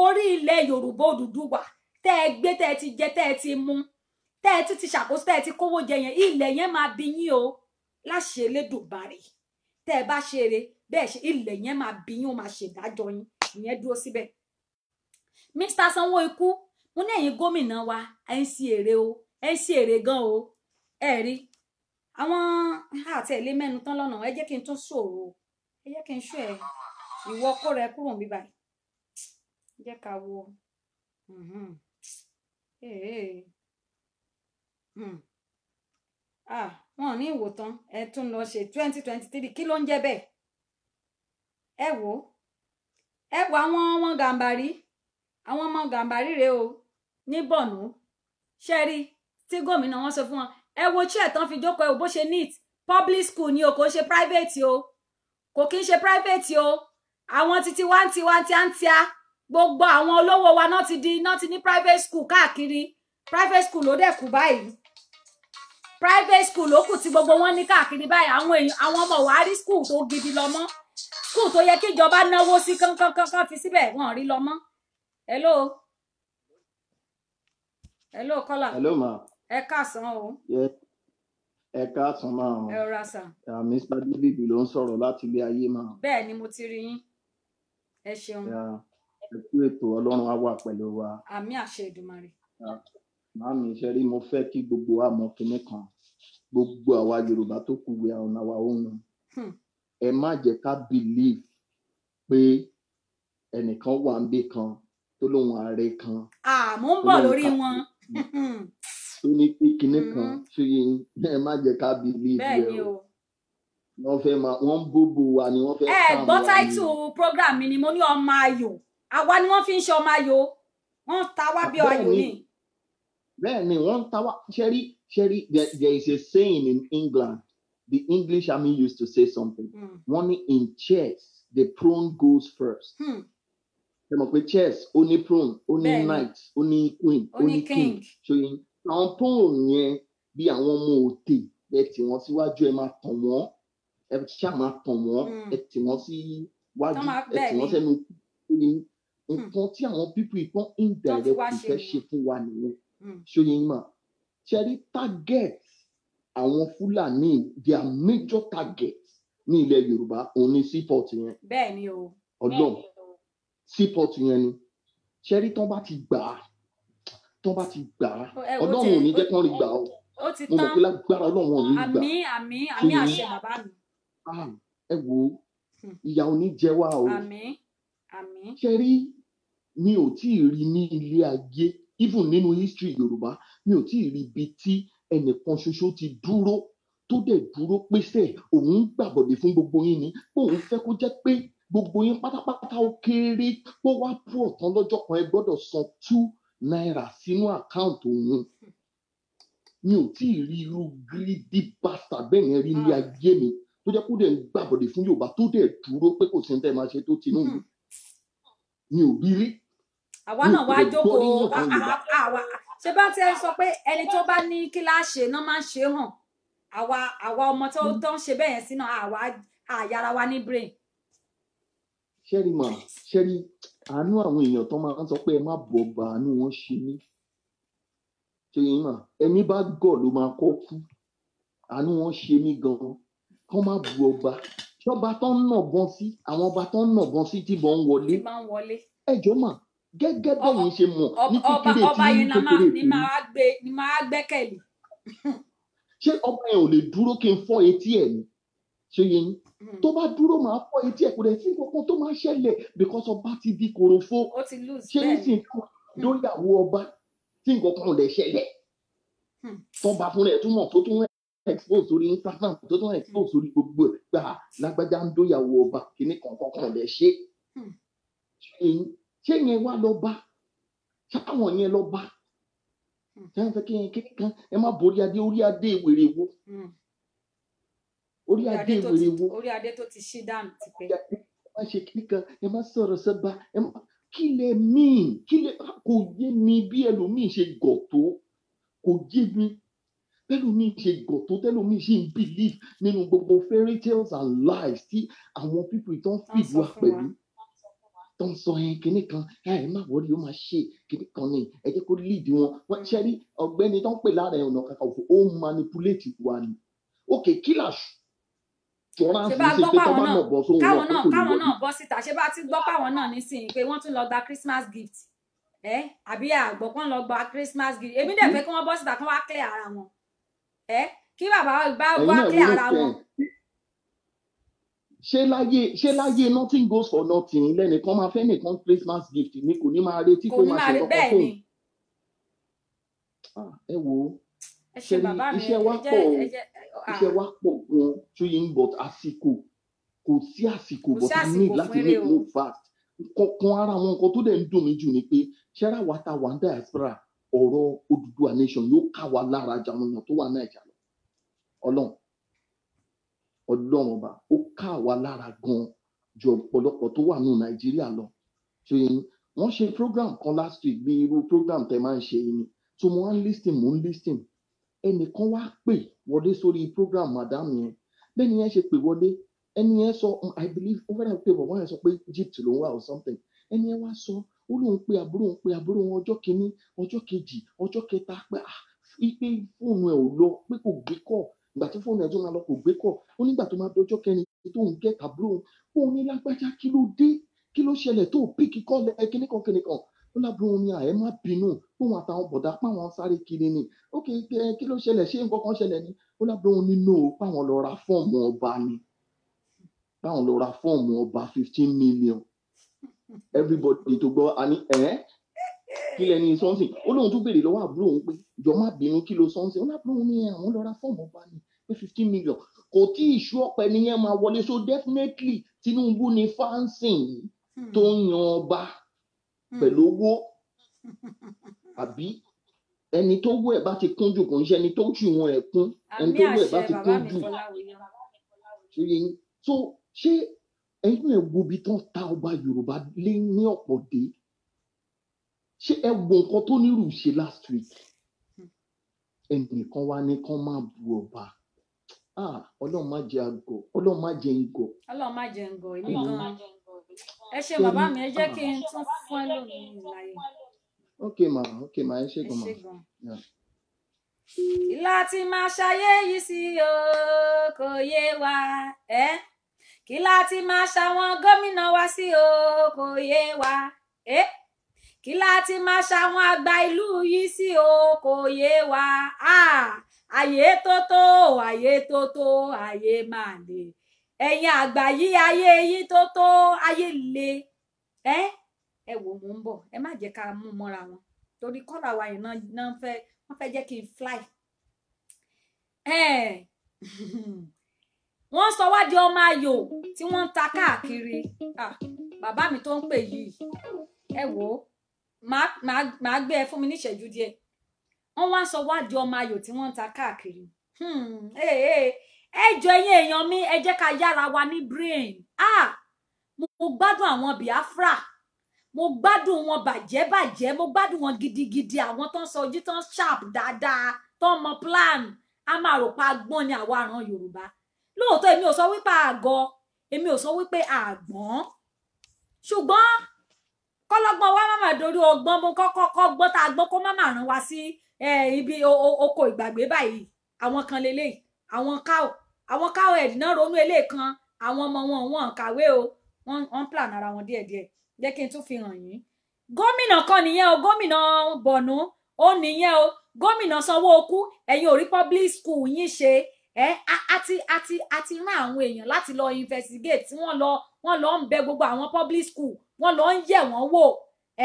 orí ilẹ̀ Yorùbá Odùduwà tẹ́ ẹ gbé tẹ́ ẹ ti jẹ tẹ́ ẹ ti mú tẹ́ ẹ ti ti ṣàkóso tẹ́ ẹ ti kówó jẹ yẹn ilẹ̀ yẹn máa bí yín o láṣẹ elédùnbarè tẹ́ ẹ bá ṣe eré bẹ́ẹ̀ ṣe ilẹ̀ yẹn máa bí yín o máa ṣèdájọ́ yín ìyẹn dúró síbẹ̀. Mr. Sanwó-Ikú mo ní ẹ̀yin gómìnà wa ẹ ń sí èrè o ẹ ń sí èrè gan o ẹ rí àwọn àti ẹ̀ lé mẹ́nu tán lọ́nà ẹ jẹ́ kí n tún ṣòro ẹ jẹ́ kí n ṣó ẹ ìwọ kó rẹ kúrò níbàyìí jẹ́ ká wo. Mm-hmm. Hey, Hmm. Ah! Wọn ò ní ìwòtán ẹ tún lọ ṣe twenty twenty three kí ló ń jẹ́ bẹ́ẹ̀? Ẹ wò ó. Ẹ wò àwọn ọmọ Gàǹbàrí. Àwọn ọmọ Gàǹbàrí rèé o ní Borno. Ṣé ẹ rí tí gómìnà wọn sọ fún wọn? Ẹ wo chair tán fi jókòó ẹ wò bó ṣe neat. Public school ni o kò ṣe private o. Kò kí ń ṣe private o. Àwọn titi wá ń tiwa ń tia ń tia gbogbo àwọn olówó wa náà ti di náà ti ní private school káàkiri private school ló dẹ̀ kù báyìí private school ló kù tí gbogbo wọn ní káàkiri báyìí àwọn èèyàn àwọn ọmọ wa rí school tó gidi lọ mọ́ school tó yẹ kí ìjọba náwó sí kánkánkánkán fi síbẹ̀ wọ́n rí lọ mọ́ hello hello kọ́lá hello ma ẹ káàsán o. Yeah ẹ káàsán máa hàn ẹ rọra sàn. Mr David ló ń sọ̀rọ̀ láti ilé ayé máa. bẹ́ẹ̀ ni mo ti rí yín ẹ ṣeun. Yeah ẹ kú ètò ọlọ́run á wà pẹ̀lú wa. àmì àṣẹ Èdùmàrè. Ah, màámi iṣẹ́ rí mo fẹ́ kí gbogbo wa mọ̀ kinní kan gbogbo àwa Yorùbá tó kù wí àwọn àwa òun ẹ má jẹ́ ká believe pé ẹnìkan wà ń bì kan tó lóun ààrẹ kan. àmọ́ ń bọ̀ lórí wọn. tó hmm. ní pé kinní hmm. kan ṣé ẹ má jẹ́ ká believe rẹ o. bẹ́ẹ̀ ni o wọ́n bóbó wa ni wọ́n fẹ́. ẹ gbọ́ táìtù program mi ni mo ní ọmọ ayò àwa ni wọ́n fi ń ṣe ọmọ ayò wọ́n ta wá bí ayò ni. bẹ́ẹ̀ ni wọ́n ta wá ṣẹ́rí ṣẹ́rí there is a saying in England the English army used to say something hmm. wọ́n ní in chess the pawn goes first. Hmm ẹ mọ̀ pé chess ó ní pawn ó ní knight ó ní queen ó ní king ṣòyìn àwọn pawn yẹn bí àwọn ọmọ òde ẹ tì wọ́n síwájú ẹ máa tàn wọ́n ẹ ṣáà máa tàn wọ́n hmm. ẹ tì wọ́n síwájú ẹ tì wọ́n sẹ́nu nǹkan hmm. tí àwọn pípù ikọ́ indirect ìfẹ́ ṣe fún wa nìyẹn hmm. ṣóyìn mà ṣẹ́rí target àwọn Fúlàní their major target ní ilẹ̀ Yorùbá òun ni seaport yẹn. bẹ́ẹ̀ni o. Ọlọ́run seaport yẹn ni ṣẹ́rí tán bá ti gbà á tán bá ti gbà á Ọlọ́run ò ní jẹ́ kán rí gbà ó mo mọ̀ pé lágbára Ọlọ́run ò ní gbà. àmín àmín àmín àṣẹ bàbá mi. Ah, ẹ wo hmm. ìyà ò ní jẹ wá o. àmín àmín. ṣẹ́rí mi ò tí ì rí ní ilé ayé even nínú history yorùbá mi ò tí ì rí ibi tí ẹnìkan ṣoṣo ti dúró tó dẹ̀ dúró pèsè òun gbàbọ̀dé fún gbogbo yín ni pé òun fẹ́ kó jẹ́ pé gbogbo yín pátápátá ó kéré pé wá bú ọ̀tán lọ́jọ́ kan ẹ gbọ́dọ̀ san two náírà sínú àkáǹtì òun mi ò tí ì rí irú gírídì bàtà bẹ́ẹ̀ yẹn rí ní ah. ayé mi tó jẹ́ kó dẹ̀ ń fún yorùbá tó dẹ̀ dúró pé kò sí ní tẹ́ máa ṣe tó tinúbu hmm. mi ò rí rí àwa náà wá jókòó àwa ṣe bá ti ẹ sọ pé ẹni tó bá ní kíláàsì náà máa ń ṣe hàn àwa àwa ọmọ tó hmm. tó ń ṣe bẹ́ẹ̀ yẹn sínú àwa àyàrá wa ní brain. ṣẹ́rí mà ṣẹ́rí àánú àwọn èèyàn tó máa ń sọ pé ẹ má bọ̀ bá àánú wọn ṣe mí ṣe yín mà ẹni bá gọ̀ ló máa kọ́ kú àánú wọn ṣe mí gan-an kọ́ má bu ọba ṣọba tó ń nàbọn sí àwọn ọba tó ń nàbọn sí ti bọ̀ ń wọlé ẹjọ́ mà gẹ́gẹ́ bẹ́yìn ṣe mọ̀ ní kékeré tí ní kékeré tí ní máa gbẹ́kẹ̀lé. ṣé ọba yẹn ò lè dúró kí n fọ́ etí ẹ̀ ni ṣé yẹn hmm. tó bá dúró máa fọ́ etí ẹ̀ kò dẹ̀ sí kankan tó máa ṣẹlẹ̀ because ọba ti di korofo ṣé nísìnyí hmm. lórí àwo ọba tí nǹkan kan ò lè ṣẹlẹ̀ hmm. tọ́ba fúnra ẹ̀ túmọ̀ tó tún expose sórí Instagram tó tún expose sórí gbogbo ẹ̀ gbà lágbájá ń dóyàwó ọba kìnnìkan kankan lè ṣe kéèyàn wá lọ bá sáwọn yẹn lọ bá sáwọn hmm. fẹ́ kéèyàn kéèyàn kan ẹ má borí adé orí adé wèrè wo hmm. orí adé wèrè wo orí adé tó ti ṣí dáhùn ti pẹ́ ẹ má ṣe kíní kan ẹ má sọ̀rọ̀ sọ́ba ẹ má kí lẹ míì kí lẹ kò yé mi bí ẹlòmíì ṣe gọ̀ tó kò yé mi tẹlómìn ṣe gọ̀ tó tẹlómìn ṣe ń believe nínú gbogbo fairy tales and lies tí àwọn people ìtàn fìlú àpẹ̀lú tó ń sọ yẹn kinní kan ẹ má wọrí ó máa ṣe kinní kan ni ẹ jẹ́ kó líìdì wọn wọ́n ṣe rí ọ̀gbẹ́ni tó ń pè lára ẹ̀hún ọ̀kàkà òfò ó manipulate wa ni òkè kílàsù ṣe bá mọ̀ bọ́ náà kó kò káwọn náà bọ́ síta ṣé bá ti gbọ́ káwọn náà nísìnyí pé wọ́n tún lọ gba Christmas gift ẹ àbí àgbọ̀ lọ gba Christmas gift èmi dẹ̀ fẹ́ kí wọ́n bọ́ síta kí wọ́n wá clear ara wọn ẹ kí bàbá wa clear ara wọn ṣé láyé ṣé láyé nothing goes for nothing lẹ́nìkan máa fẹ́ nìkan Christmas gift ni kò ní máa retí kó máa ṣe kọ́kọ́ fóun. Ah, ẹ wo ṣẹlí iṣẹ́ wa pọ̀ ah. iṣẹ́ wa pọ̀ gan tuyin but àsìkò kò sí àsìkò but i need láti make move fast kankan ara wọn nǹkan tó dẹ̀ ń dùn mí jù ni pé ṣẹ́ra wa ta wà ń diaspora ọ̀rọ̀ Odùduwà nation yóò ká wa lára jà wọn yàn tó wà Nàìjíríà lọ ọlọ́run ọlọ́run ọba ó ká wa lára gan ju ọ̀pọ̀lọpọ̀ tó wà nù nàìjíríà lọ ṣe wọ́n ṣe program kan last week bí irú program tẹ máa ń ṣe ni so mo wá ń listing mo ń listing ẹnìkan wá pè wọlé sórí program madam yẹn bẹ́ẹ̀ ni yẹn ṣe pè wọlé ẹni yẹn sọ i believe ó fẹ́rẹ̀ pé bọ̀bọ̀ yẹn sọ pé Egypt ló ń wà or something ẹni yẹn wá sọ ó lóun pe àbúrò òun pe àbúrò òun ọjọ́ kìíní ọjọ́ kejì ọjọ́ kẹta pé ah ipe fóònù ẹ̀ ò lọ pé kò gbé kọ́ ìgbà tí fóònù ẹjọ́ máa lọ kò gbé kọ̀ ó nígbà tó máa dọjọ́ kẹrin tó ń gẹ́ tàbúrò òun ní lágbájá kí ló dé kí ló ṣẹlẹ̀ tó pí kíkọ́ lẹ kíníkan kíníkan ó lábúrò ní àyẹ̀ má bínú fóun àtàwọn bọ̀dá páwọn sáré kiri ni ó kì í kí ló ṣẹlẹ̀ ṣé nǹkan kan ṣẹlẹ̀ ni ó lábúrò nínú páwọn lọ ra fọ́ọ̀mù ọba ni báwọn lọ ra fọ́ọ̀mù ọba fifteen million everybody tó gbọ́ a ní ẹ̀ kí lẹni sọ́nsìn ó lóun tún béèrè lọ́wọ́ àbúrò òun pé ìjọ má bínú kí ló sọ́nsìn ó lábúrò òun ní àwọn lọ́ra fọ́ọ̀mù ọba ni pé fifteen million kò tí ì ṣú ọ̀pẹ nìyẹn máa wọlé so definitely Tinubu ni fáǹsìn hmm. tó ń yan ọba hmm. pẹ̀lú owó àbí ẹni tó wú ẹ̀ bá ti kún jù kò ń ṣe ẹni tó jù wọn ẹ̀ kún ẹni tó wú ẹ̀ bá ti kún jù so ṣé ẹ̀yin ẹ̀ wo ibi tán ta ọba Yorùbá lé ní ọ̀pọ̀ dé ṣé ẹ wo nǹkan tó nírú ṣe last week ẹnìkan wá ní kán máa bu ọba ah, ọlọ́run má jẹ́ àgọ́ ọlọ́run má jẹ́ ngọ́. ọlọ́run má jẹ́ ngọ́ èmi gan ẹ ṣe bàbá mi ẹ jẹ́ ah. kí n tún fún ẹ lónìí láyé. ok ma ok ma ẹ ṣe gan ma. láti máa ṣayé yìí sí o kò yé wa ẹ kí láti máa ṣàwọn gómìnà wa sí o kò yé wa ẹ. Eh? kí láti máa ṣàwọn àgbà ìlú yìí sí o kò yé wa àyè tó tó àyè tó tó àyè máa lè ẹ̀yin àgbà yìí ayé yín tó ayé le ẹ ẹ wò mò ń bọ̀ ẹ má jẹ́ ká mú mọ́ra wọn torí kọ́là wa yìí náà fẹ́ wọ́n fẹ́ jẹ́ kí n fly [laughs] wọ́n sọ wá di ọmọ ayò tí wọ́n ń ta káàkiri bàbá mi tó ń pè yìí ẹ wò ó màá gbé ẹ fún mi níṣẹ́jú díẹ̀ wọ́n wá sọ wádìí ọmọ ayò tí wọ́n ń ta káàkiri hmm, eh, eh. ẹjọ ẹ̀yin èèyàn mi ẹ ká yára wa ní brain ah mo gbádùn àwọn Biafra mo gbádùn wọn bàjẹ́ bàjẹ́ mo gbádùn wọn gidigidi àwọn tó ń sọ ojú tó ń sharp dáadáa tó ń mọ plan a máa rò pa agbọ́n ni àwa àran Yorùbá lóòótọ́ èmi ò sọ wípé àgọ́ èmi ò sọ wípé àgbọ́n ṣùgbọ́n kọ́lọ́gbọ́n wa má má dorí ọgbọ́n mo kọ́kọ́ kọ́ gbọ́n tá a gbọ́n kó má má rán wa sí ibi oko ìgbàgbé báyìí àwọn kan lélẹ́yìí àwọn cow àwọn cow head náà ronú eléyìí kan àwọn ọmọ wọn wọn kàwé o wọn plan ara wọn díẹ̀díẹ̀ jẹ́ kí n tún fi hàn yín gómìnà kan nìyẹn o gómìnà bọ̀nú ó nìyẹn o gómìnà sanwó-okú ẹ̀yin ò rí public school yín ṣe ẹ àti àti àti rán àwọn èèyàn láti lọ investigate tí wọ́n lọ wọ́n lọ ń bẹ gbogbo àwọn public school wọ́n lọ ń yẹ̀ wọ́n wò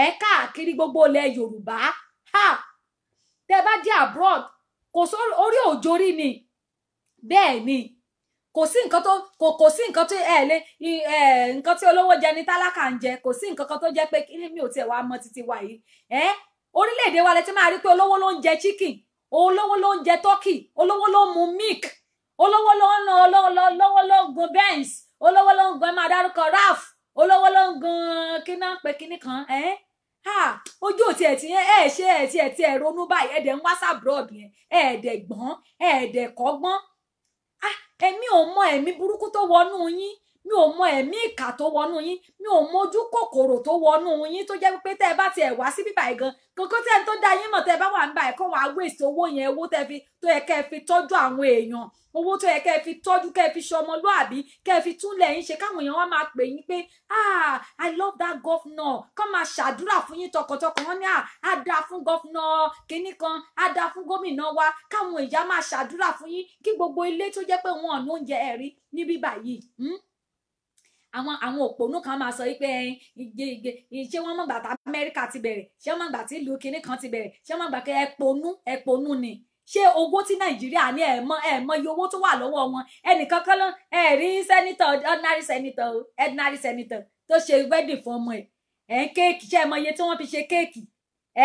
ẹ̀ káàkiri gbogbo ilẹ̀ yorùbá ha tẹ bá dé abroad kò sórí òjòrí ni bẹ́ẹ̀ ni kò sí nǹkan tó kò kò sí nǹkan tó ẹ lé ẹ nǹkan tí olówó jẹ ní tálákà ń jẹ kò sí nǹkan kan tó jẹ pé kí mi ò tiẹ̀ wá mọ títí wa yìí ẹ orílẹ̀-èdè wa lẹ ti máa rí pé olówó ló ń jẹ chicken olówó ló ń jẹ turkey olówó ló ń mu milk olówó ló ń lọ olówó ló ń gun benz olówó ló ń gun ẹ máa dárúkọ raf olówó ló ń gan kíná pé kíní kan ẹ ojú òtí ẹtì yẹn ẹ ṣe ẹtì ẹtì ẹ ronú báyìí ẹdẹ ń wá sábúrọd yẹn ẹdẹ gbọ́n ẹdẹ kọ́gbọ́n ah! èmi ò mọ ẹ̀mí burúkú tó wọnú yín mi ò mọ ẹ̀mí ìkà tó wọnú yín mi ò mọ kòkòrò tó wọnú yín tó jẹ́ wípé tẹ́ ẹ bá tiẹ̀ wá sí bíbá ẹ̀ gan kankan tẹ́ ẹ tó dá yín mọ̀ tẹ́ ẹ bá wà ń bá ẹ̀ kọ́ wàá wéèsì owó yẹn owó tẹ́ fi tó yẹ kẹ́ ẹ fi tọ́jú àwọn èèyàn owó tó yẹ kẹ́ ẹ fi tọ́jú kẹ́ ẹ fi ṣe kẹ́ ẹ fi túnlẹ̀ yín ṣe káwọn èèyàn wá máa pè yín pé ah i love that governor kán máa ṣàdúrà fún yín tọkàntọkàn wọn ní à ah, á dáa fún governor kinní kan wa káwọn ìyá máa ṣàdúrà fún yín kí gbogbo ilé tó jẹ́ pé wọn Hmm? àwọn àwọn òpónú kan máa sọ wípé ige ige ṣé wọ́n mọ̀ gbà tá Amẹ́ríkà ti bẹ̀rẹ̀ ṣé wọ́n mọ̀ gbà tí ìlú kinní kan ti bẹ̀rẹ̀ ṣé wọ́n mọ̀ gbà kẹ́ ẹ̀pọ̀nú ẹ̀pọ̀nú ni ṣé owó tí nàìjíríà ní ẹ̀mọ́ ẹ̀mọ́ iye owó tó wà lọ́wọ́ wọn ẹnìkan kan lọ ẹ̀ rí sẹ́nitọ̀ ordinary senator ordinary senator tó ṣe wedding fún ọmọ ẹ̀ ẹ̀ ń kéèkì ṣé ẹ̀mọ́ iye tí wọ́n fi ṣe kéèkì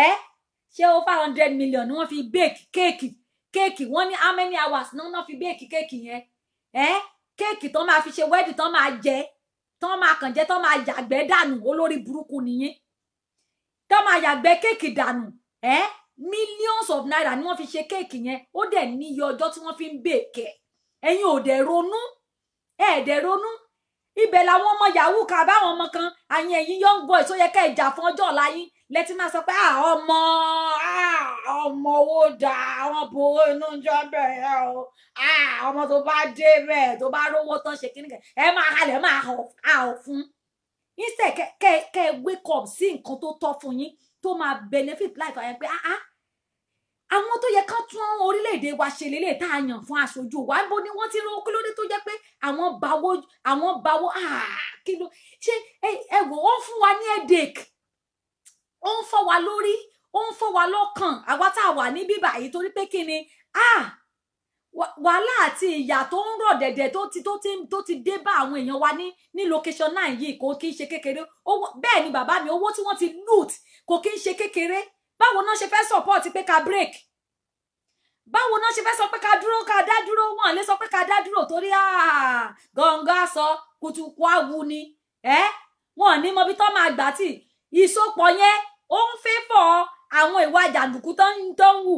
ẹ̀ ṣé ó five hundred million ni wọ́n fi bake kéèkì kéèkì wọ́n ní how many hours ni wọ́n fi bake kéèkì yẹn ẹ̀ kéèkì tó máa fi ṣe wedding tó máa jẹ́ tán máa kàn jẹ́ tán máa yàgbẹ́ dànù olori burúkú nìyẹn tán máa yàgbẹ́ kéèkì dànù eh? millions of naira ni wọ́n fi ṣe kéèkì yẹn ó dẹ̀ níye ọjọ́ tí wọ́n fi ń bèèkẹ́ ẹ̀yin ò dẹ̀ ronú ẹ̀ dẹ̀ ronú ibẹ̀ làwọn ọmọ yahoo kà báwọn ọmọ kan àyìn ẹ̀yin young boy so yẹ ká ẹ̀ jà fún ọjọ́ ọ̀la lẹ́tí máa sọ pé ah, ọmọ ah, ọmọ owó dà ọmọ bòwó inú jọ bẹ̀rẹ̀ o ah, ọmọ tó bá dé bẹ̀ tó bá rówó tán ṣe kíní kẹ ẹ máa halẹ̀ máa hàn fún instead kẹ kẹ wake up sí nǹkan tó tọ́ fún yín tó máa benefit life àyẹ̀ pé àwọn tó yẹ kán tún orílẹ̀-èdè wa ṣe lélẹ̀ tá a yàn fún aṣojú wa bó ni wọ́n ti rán kí ló dé tó jẹ́ pé àwọn bawó àwọn bawó kí ló ṣe ẹ wò ó fún wa ní headache ó ń fọ́ wa lórí ó ń fọ́ wa lọ́kàn àwa tá a wà ní bíbà yìí torí pé kí ni ah wàhálà àti ìyà tó ń rọ̀ dẹ̀dẹ̀ tó ti tó ti tó ti dé bá àwọn èèyàn wa ní ní location nine yìí kò kí n ṣe kékeré owó bẹ́ẹ̀ ni bàbá mi owó tí wọ́n ti loot kò kí n ṣe kékeré báwo náà ṣe fẹ́ support pé ká break báwo náà ṣe fẹ́ sọ pé ká dúró ká dá dúró wọn lè sọ pé ká dá dúró torí gọ̀ǹgà sọ kùtùkù àwù ni ẹ wọn ní mọbi tó máa gbà tí ìsopọ̀ yẹn ó ń fẹ́ fọ́ àwọn ìwà jàǹdùkú tó ń wù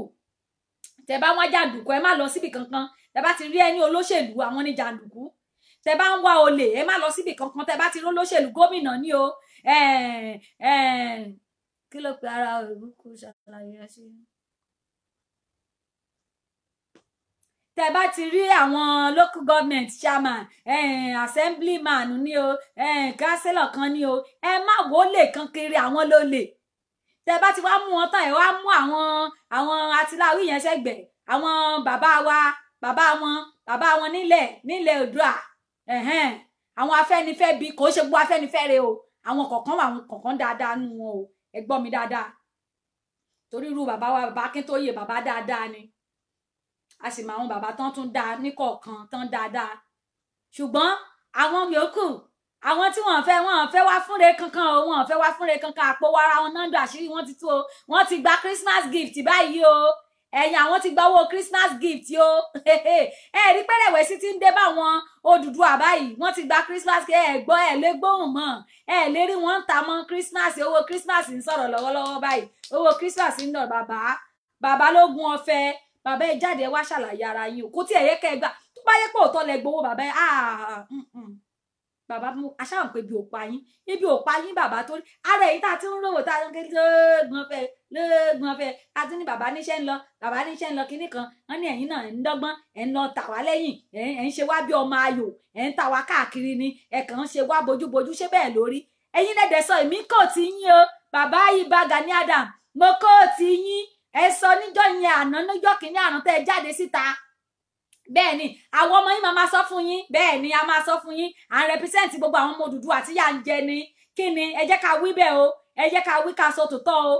tẹ bá wọn jàǹdùkú ẹ má lọ síbi kankan tẹ bá ti rí ẹni olóṣèlú àwọn ní jàǹdùkú tẹ bá ń wá olè ẹ má lọ síbi kankan tẹ bá ti rí olóṣèlú gómìnà ni o kí ló pe ara òru kò ṣàlàyé ẹ sí i. tẹ bá ti rí àwọn local government chairman eh, assemblyman ni o eh, councillor kan ni o ẹ eh, má wọlé kan kiri àwọn lólè tẹ bá ti wá mú wọn tán ẹ wá mú àwọn àwọn atiláwí yẹn sẹgbẹ àwọn bàbá wa bàbá wọn bàbá wọn nílẹ̀ nílẹ̀ Oòduà àwọn Afẹ́nifẹ́re bíi kò ṣe gbọ Afẹ́nifẹ́re o àwọn kọ̀ọ̀kan wà àwọn kọ̀ọ̀kan dáadáa nù wọn o ẹ gbọ́ mi dáadáa torí irú bàbá wa bàbá Akíntóyè bàbá dáadáa ni a sì máa àwọn bàbá tán tún dáa níkọ̀ọ̀kan tán dáadáa ṣùgbọ́n àwọn yòókù àwọn tí wọ́n fẹ́ wọ́n fẹ́ wá fúnre kankan o wọ́n fẹ́ wá fúnre kankan àpò wàrà wọn náà dùn àṣírí wọ́n ti tó o wọ́n ti gba Christmas gift báyìí o ẹ̀yin àwọn ti gba owó Christmas gift o [laughs] ẹ rí pẹ́rẹ́wẹ̀sì tí ń dé bá wọn Odùduwà báyìí wọ́n ti gba Christmas ẹ gbọ́ ẹ lé gbóhùn mọ́ ẹ lè rí wọn ń ta mọ́ Christmas owó Christmas ń sọ̀rọ̀ lọ́wọ́lọ́wọ́ báyìí owó Christmas ń lọ bàbá bàbá ló gun ọ̀fẹ́ bàbá ẹ jáde wá ṣàlàyé ara yín o kò tí ẹ yẹ kẹ ẹ gbà tó bá yẹ pé òótọ́ lẹ gbowó bàbá ẹ ah, ah, ah, mm, mm. bàbá mú aṣáà pé bí òpa yín ibi òpa yín bàbá torí ara èyí tá a ti ń rówó tá a ń ké lóògùn fẹ lóògùn fẹ a ti ní bàbá níṣẹ́ ń lọ bàbá níṣẹ́ ń lọ kinní kan wọ́n ní ẹ̀yin náà ń dọ́gbọ́n ẹ̀ ń lọ tà wá lẹ́yìn ẹ̀ ń ṣe wá bí ọmọ ayò ẹ̀ ń tà wá káàkiri ni ẹ̀ kàn ń ṣe wá bojúbojú ṣé bẹ́ẹ̀ lórí ẹ̀yin lẹ́dẹ̀ sọ èmi kò tí yín o bàbá yìí Gani Adam mo kò tí yín ẹ sọ níjọ́ yẹn àná níjọ́ kìíní àná tẹ́ ẹ jáde síta bẹ́ẹ̀ ni àwọn ọmọ yín máa ma sọ fún yín bẹ́ẹ̀ ni a máa sọ fún yín à ń represent gbogbo àwọn ọmọ Odùduwà àti yà ń jẹ ni kí ni ẹ jẹ́ ká wí bẹ́ẹ̀ o ẹ jẹ́ ká wí ká sọ tòótọ́ o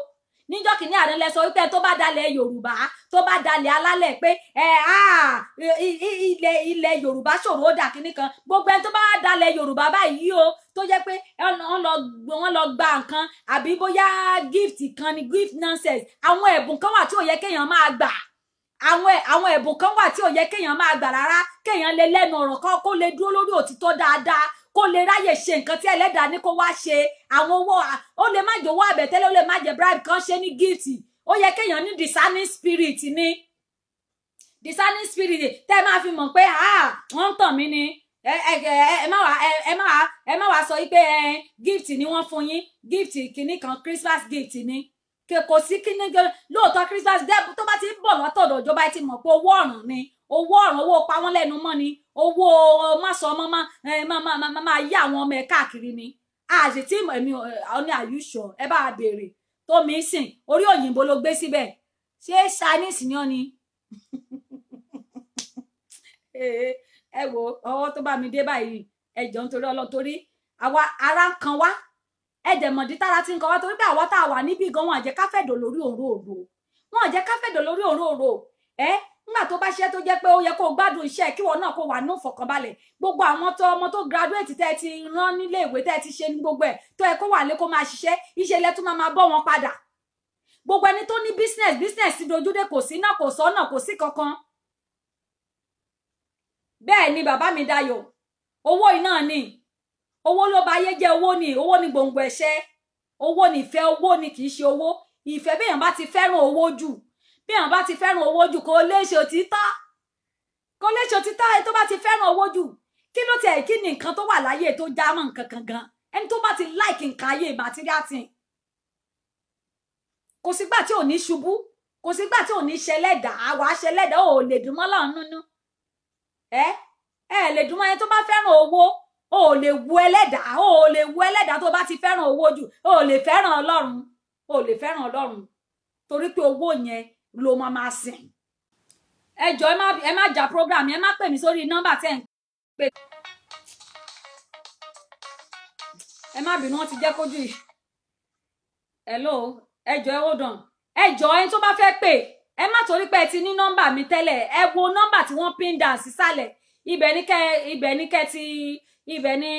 níjọ́ kìíní àná lẹ sọ wípé tó bá dalẹ̀ yorùbá tó bá dalẹ̀ alálẹ̀ pé ẹ á ah, ilẹ̀ ilẹ̀ yorùbá ṣòro ó dà kìíní kan gbogbo ẹni tó bá dalẹ̀ yorùbá báyìí o tó jẹ́ pé wọ́n lọ gba nǹkan àbí bóyá gift kan ni gift nonsense àwọn ẹ̀bùn kan wà tí ò yẹ kéèyàn máa gbà àwọn àwọn ẹ̀bùn kan wà tí ò yẹ kéèyàn máa gbà rárá kéèyàn lè lẹ́nu ọ̀rọ̀ kó lè dúró lórí òtítọ́ dáadáa kó lè ráyè ṣe nǹkan tí ẹlẹ́dàá ní kó wá ṣe àwọn owó ó lè má jòwó àbẹ̀tẹ́lẹ̀ ó lè má jẹ bribe kan ṣe ní gift ó yẹ kéèyàn ní discerning spirit ní discerning spirit tẹ́ máa fi mọ̀ pé wọ́n ń tàn mí ni ẹ má wá ẹ má wá ẹ má wá sọ pé gift ni wọ́n fún yín gift kìíní kan Christmas gift ni kò sí kíní lóòótọ́ Christmas dẹ́bù tó bá ti ń bọ̀ lọ́tọ̀dọ̀ ìjọba ti mọ̀ pé owó ọ̀ràn ni owó ọ̀ràn owó pa wọ́n lẹ́nu mọ́ ni owó mọ́sọ̀ ọmọ máa yá àwọn ọmọ ẹ̀ káàkiri ni àṣì tí èmi ọ̀ní àyùṣọ ẹ bá béèrè tó mi sìn orí òyìnbó ló gbé síbẹ̀ ṣé chinese ni ọ́ ni [laughs] eh, ẹ wo ọwọ́ tó bá mi dé báyìí ẹ jọ nítorí ọlọ́ torí àwa ara ń kan wá ẹ dẹ̀mọ̀dí tára ti ń kan wá torí pé àwa tá a wà níbí gan wọn àjẹ́ káfẹ́dọ̀ lórí òróòro wọn àjẹ́ káfẹ́dọ̀ lórí òróòro ẹ nígbà tó bá ṣiṣẹ́ tó jẹ́ pé ó yẹ kó gbádùn iṣẹ́ kíwọ náà kó wà ní ìfọ̀kànbalẹ̀ gbogbo àwọn tó ọmọ tó graduate tẹ́ ti rán nílé ìwé tẹ́ ti ṣe ní gbogbo ẹ̀ tó yẹ kó wà lé kó máa ṣiṣẹ́ iṣẹ́ ilẹ̀ tó máa máa bọ́ wọn padà gbogbo ẹni tó ní business business dojúdé kò sí náà kò sọ́nà kò sí kankan bẹ́ẹ̀ ni bàbá mi dayọ̀ owó iná ni owó ló ba ayé jẹ́ owó ni owó ni gbòǹgbò ẹ̀ṣẹ̀ owó ni ìfẹ́ owó ni kì í ṣe owó ìfẹ́ bẹ́ẹ̀ yẹn bá ti fẹ́ràn owó jù bí àwọn bá ti fẹ́ràn owó jù kó lè ṣe òtítọ́ kó lè ṣe òtítọ́ ẹ tó bá ti fẹ́ràn owó jù kí ló tiẹ̀ kí ni nǹkan tó wà láyé tó já mọ́ nǹkan kan gan ẹni tó bá ti láìkì nǹkan ayé material thing kò sígbà tí ò ní ṣubú kò sígbà tí ò ní ṣẹlẹ́dà àwa ṣẹlẹ́dà ò lè dùn mọ́ láwọn nínú ẹ ẹ lè dùn mọ́ ẹni tó bá fẹ́ràn owó ò lè wu ẹlẹ́dà ò lè wu ẹlẹ́dà tó bá ti fẹ́ràn owó jù ò lè fẹ́ràn ọlọ́run ò lè fẹ́ràn ọlọ́run torí pé owó yẹn ló máa máa sìn ẹ jọ ẹ má ẹ má jà program ẹ má pè mí sórí nọ́mbà tẹ́ ń pè ẹ má bínú ti jẹ́ kójú hello ẹ jọ ẹ hold on ẹ jọ ẹni tó bá fẹ́ pè ẹ má torí pé ti ní nọ́mbà mi tẹ́lẹ̀ ẹ wo nọ́mbà tí wọ́n pin down sísàlẹ̀ ibẹ̀ ní kẹ́ ibẹ̀ ní kẹ́ ti ibẹ̀ ní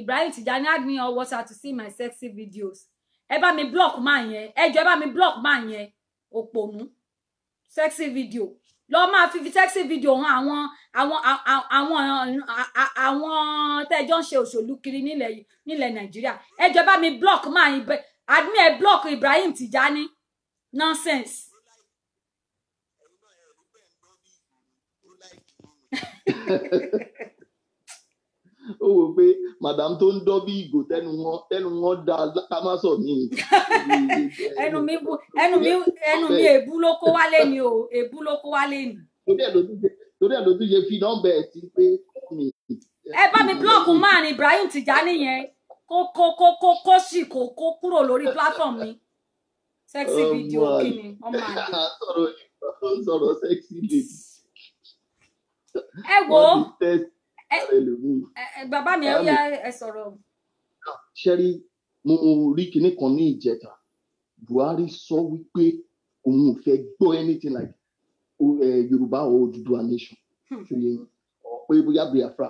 Ibrahim Tijani add me on WhatsApp to see my sexy videos ẹ bá mi block máa yẹn ẹ jọ ẹ bá mi block máa yẹn òpònú sexy video lọ máa fi fi sexy video hàn àwọn àwọn àwọn àwọn tẹjọ ń ṣe òṣèlú kiri nílẹ̀ nílẹ̀ nàìjíríà ẹjọ bá mi block máa ibẹ admin ẹ block Ibrahim Tijani nonsense. [laughs] ó wò pé madam tó ń dọ́ bí ìgò tẹnu wọn tẹnu wọn dá ká má sọ mí. ẹnu mi bú ẹnu mi ẹnu mi èbú ló kó wálé ni o èbú ló kó wálé ni. torí ẹ̀ ló tún ṣe torí ẹ̀ ló tún ṣe fi nọ́mbà ẹ̀ sí pé kọ́ mi. ẹ bá mi búlọ́ọ̀kù máa ní Ibrahim Tijani yẹn kó kó kó kó kó sì kó kó kúrò lórí platform mi sexy oh, video kí ni ọmọ [laughs] àlè. sọ̀rọ̀ sexy lady. ẹ wo. wọ́n ti tẹ́sí bàbá mi ẹ yá ẹ sọ̀rọ̀. Ah, ṣẹ́rí mo rí kinní kan ní ìjẹta Buhari sọ wípé òun ò fẹ́ gbọ́ anything like Yorùbá or Odùduwà nation hmm. ṣòye yín pé bóyá Biafra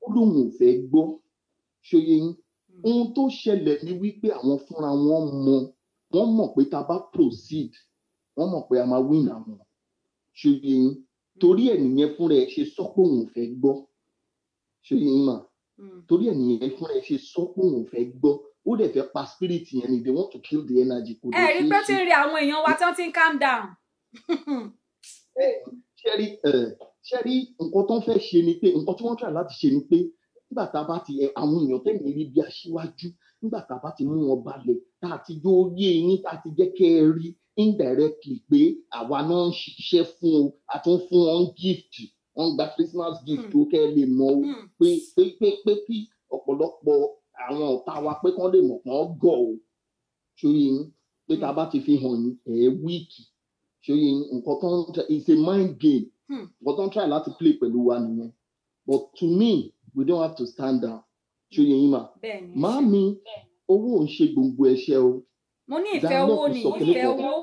ó lóun ò fẹ́ gbọ́ ṣòye hmm. ohun tó ṣẹlẹ̀ ni wípé àwọn fúnra wọn mọ wọ́n mọ̀ pé tá a bá proceed wọ́n mọ̀ pé a máa win àwọn ṣòye yín hmm. torí ẹ̀ nìyẹn fúnra ẹ̀ ṣe sọ pé òun ò fẹ́ gbọ́ ṣé yín mà hmm. torí ẹ̀ nìyẹn fúnra ẹ̀ ṣe sọ pé òun fẹ́ gbọ́ ó dẹ̀ fẹ́ pa spirit yẹn ni they want to kill the energy. ẹ rí pé tí ń rí àwọn èèyàn wa tí wọ́n ti ń calm down. ṣé rí ṣé rí nǹkan tó ń fẹ́ ṣe ni pé nǹkan tí wọ́n try láti ṣe ni pé nígbà tá a bá ti àwọn èèyàn tẹ̀yìn rí bí aṣíwájú nígbà tá a bá ti mú wọn balẹ̀ tá a ti jó orí eyín tá a ti jẹ́ kẹ́ ẹ rí indirectly pé àwa náà ń ṣiṣẹ́ fún o a tún fún wọn gift wọ́n gba Christmas gift hmm. tó kẹ́ lè mọ hmm. pé pé pé pé kí ọ̀pọ̀lọpọ̀ àwọn ọ̀tá wa pé kán lè mọ̀ pọ́n gọ̀ o ṣòye yín pé tá a hmm. bá ti fi hàn yín ẹ̀ wíìkì ṣòye yín nǹkan tó ń tẹ it's a mind game nǹkan tó ń try láti play pẹ̀lú wa nìyẹn but to me we don't have to stand down ṣòye yín mà màámi owó ò ń ṣe gbòǹgbò ẹ̀ṣẹ̀ o. mo ní ìfẹ́ owó ni ìfẹ́ owó.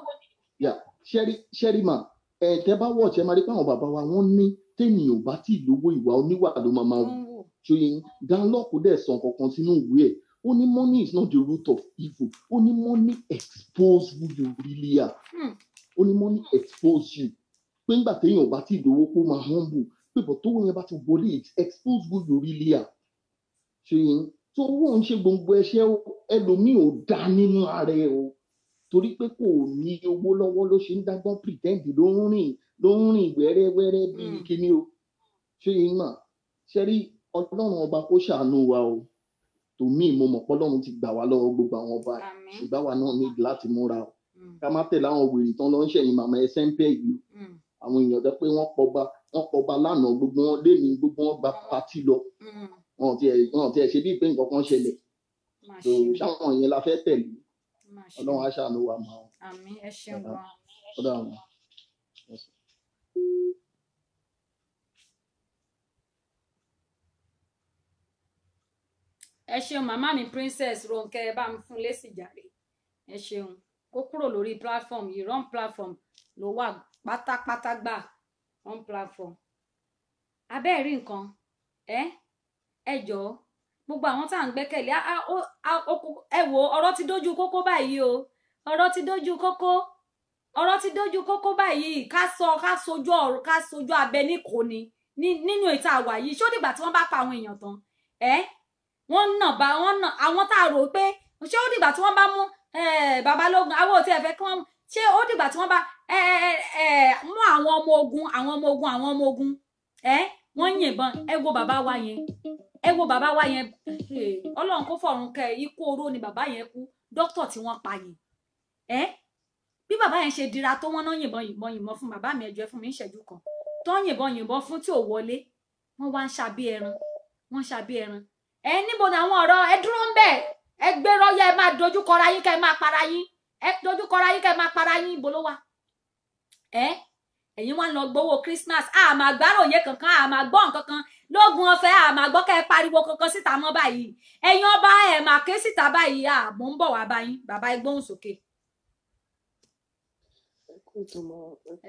ṣẹ́rí ṣẹ́rí mà ẹ tẹ bá wọ̀ tí ẹ máa rí pé àwọn bàbá wa wọ́n ní tẹ́ni ò bá tí lówó ìwà oníwà ló máa máa wù ṣòyìn Dunlop dẹ̀ sàn kankan sínú ìwé ẹ̀ ó ní money is not the root of evil ó ní money expose who you really are hmm. ó ní money expose you pé ńgbà téèyàn ò bá tí lówó kó máa humble pé bọ̀ tó yẹn bá ti wọlé it expose who you really are ṣòyìn tó wọ́n ń ṣe gbogbo ẹ̀ṣẹ̀ ẹlòmíì ò dá nínú ara ẹ̀ o torí pé kò ní owó lọ́wọ́ ló ṣe ń dágbọ́n pretend ló ń rìn ló ń rìn wẹ́rẹ́wẹ́rẹ́ bíi hmm. kíní o ṣé yín mà ṣe rí ọlọ́run ọba kó ṣàánú wa o tòmí mo mọ̀ pọ́lọ́run ti gbà wá lọ́wọ́ gbogbo àwọn ọba ṣùgbọ́n wa náà ní láti múra o hmm. ká má tẹ̀lé àwọn wèrè tán lọ́ ń ṣẹ̀yìn màmá ẹsẹ̀ ń pẹ́ yìí hmm. àwọn èèyàn jẹ́ pé wọ́n pọba wọ́n pọba lánàá gbogbo wọn lémi gbogbo wọn gba pati lọ wọn ò tiẹ̀ ṣe bíi pé nǹkan kan ṣẹlẹ̀ ṣáwọn yẹn la fẹ́ tẹ̀lé ọlọ́run á ṣàánú wa máa wọn. àmín ẹ ṣeun wa. ọ̀dọ̀ àwọn. ẹ ṣeun màmá mi princess Ronke ẹ bá mi fún lésì jàre ẹ ṣeun kó kúrò lórí platform yìí run platform ló wà pátápátá gbà run platform abẹ́ẹ̀rí nǹkan ẹ ẹ jọ̀ọ́ gbogbo àwọn tá à ń gbẹ́kẹ̀lé ẹ wo ọ̀rọ̀ ti dójú kókó báyìí o ọ̀rọ̀ ti dójú kókó ọ̀rọ̀ ti dójú kókó báyìí ká sọ ká sojú ọ̀rọ̀ ká sojú abẹ níkò ni nínú ìta àwà yìí ṣó dìgbà tí wọ́n bá pa àwọn èèyàn tán ẹ wọ́n nà bá wọ́n nà àwọn tá a rò pé ṣé ó dìgbà tí wọ́n bá mú babalógun àwọn òtí ẹ̀fẹ́ kí wọ́n ṣé ó dìgbà tí wọ́n bá mú àwọn ọmọ ogun àwọn ọmọ ogun àwọn ọmọ ogun ẹ wọ́n yìnbọn ẹ wo bàbá wa yẹn ẹ wo bàbá wa yẹn eh, ọlọ́run kó fọ̀run kẹ ikú oró ni bàbá yẹn kú dókítà tí wọ́n pa yẹn ẹ bí bàbá yẹn ṣe dira tó wọ́n náà yìnbọn yìnbọn yìnbọn fún bàbá mi ẹjọ́ fún mi ìṣẹ́jú kan tó ń yìnbọn yìnbọn fún tí ò wọlé wọ́n wá ń ṣàbí ẹran wọ́n ń ṣàbí ẹran ẹ níbo ni àwọn ọ̀rọ̀ ẹ dúró ń bẹ̀ ẹ gbé rọ́yà ẹ máa dojú kọra yín kẹ máa para yín ẹ dojú kọra yín kẹ máa para yín ibo ló wà ẹ ẹ̀yin wá lọ gbowó Christmas a máa gbáròyé kankan a máa gbọ́ nǹkan kan lógun ọ̀fẹ́ a máa gbọ́ kẹ́ ẹ pariwo kankan síta mọ́ báyìí ẹ̀yin ọba ẹ̀ máa ké síta báyìí a mò ń bọ̀ wá báyìí bàbá ẹ gbóhùn sókè.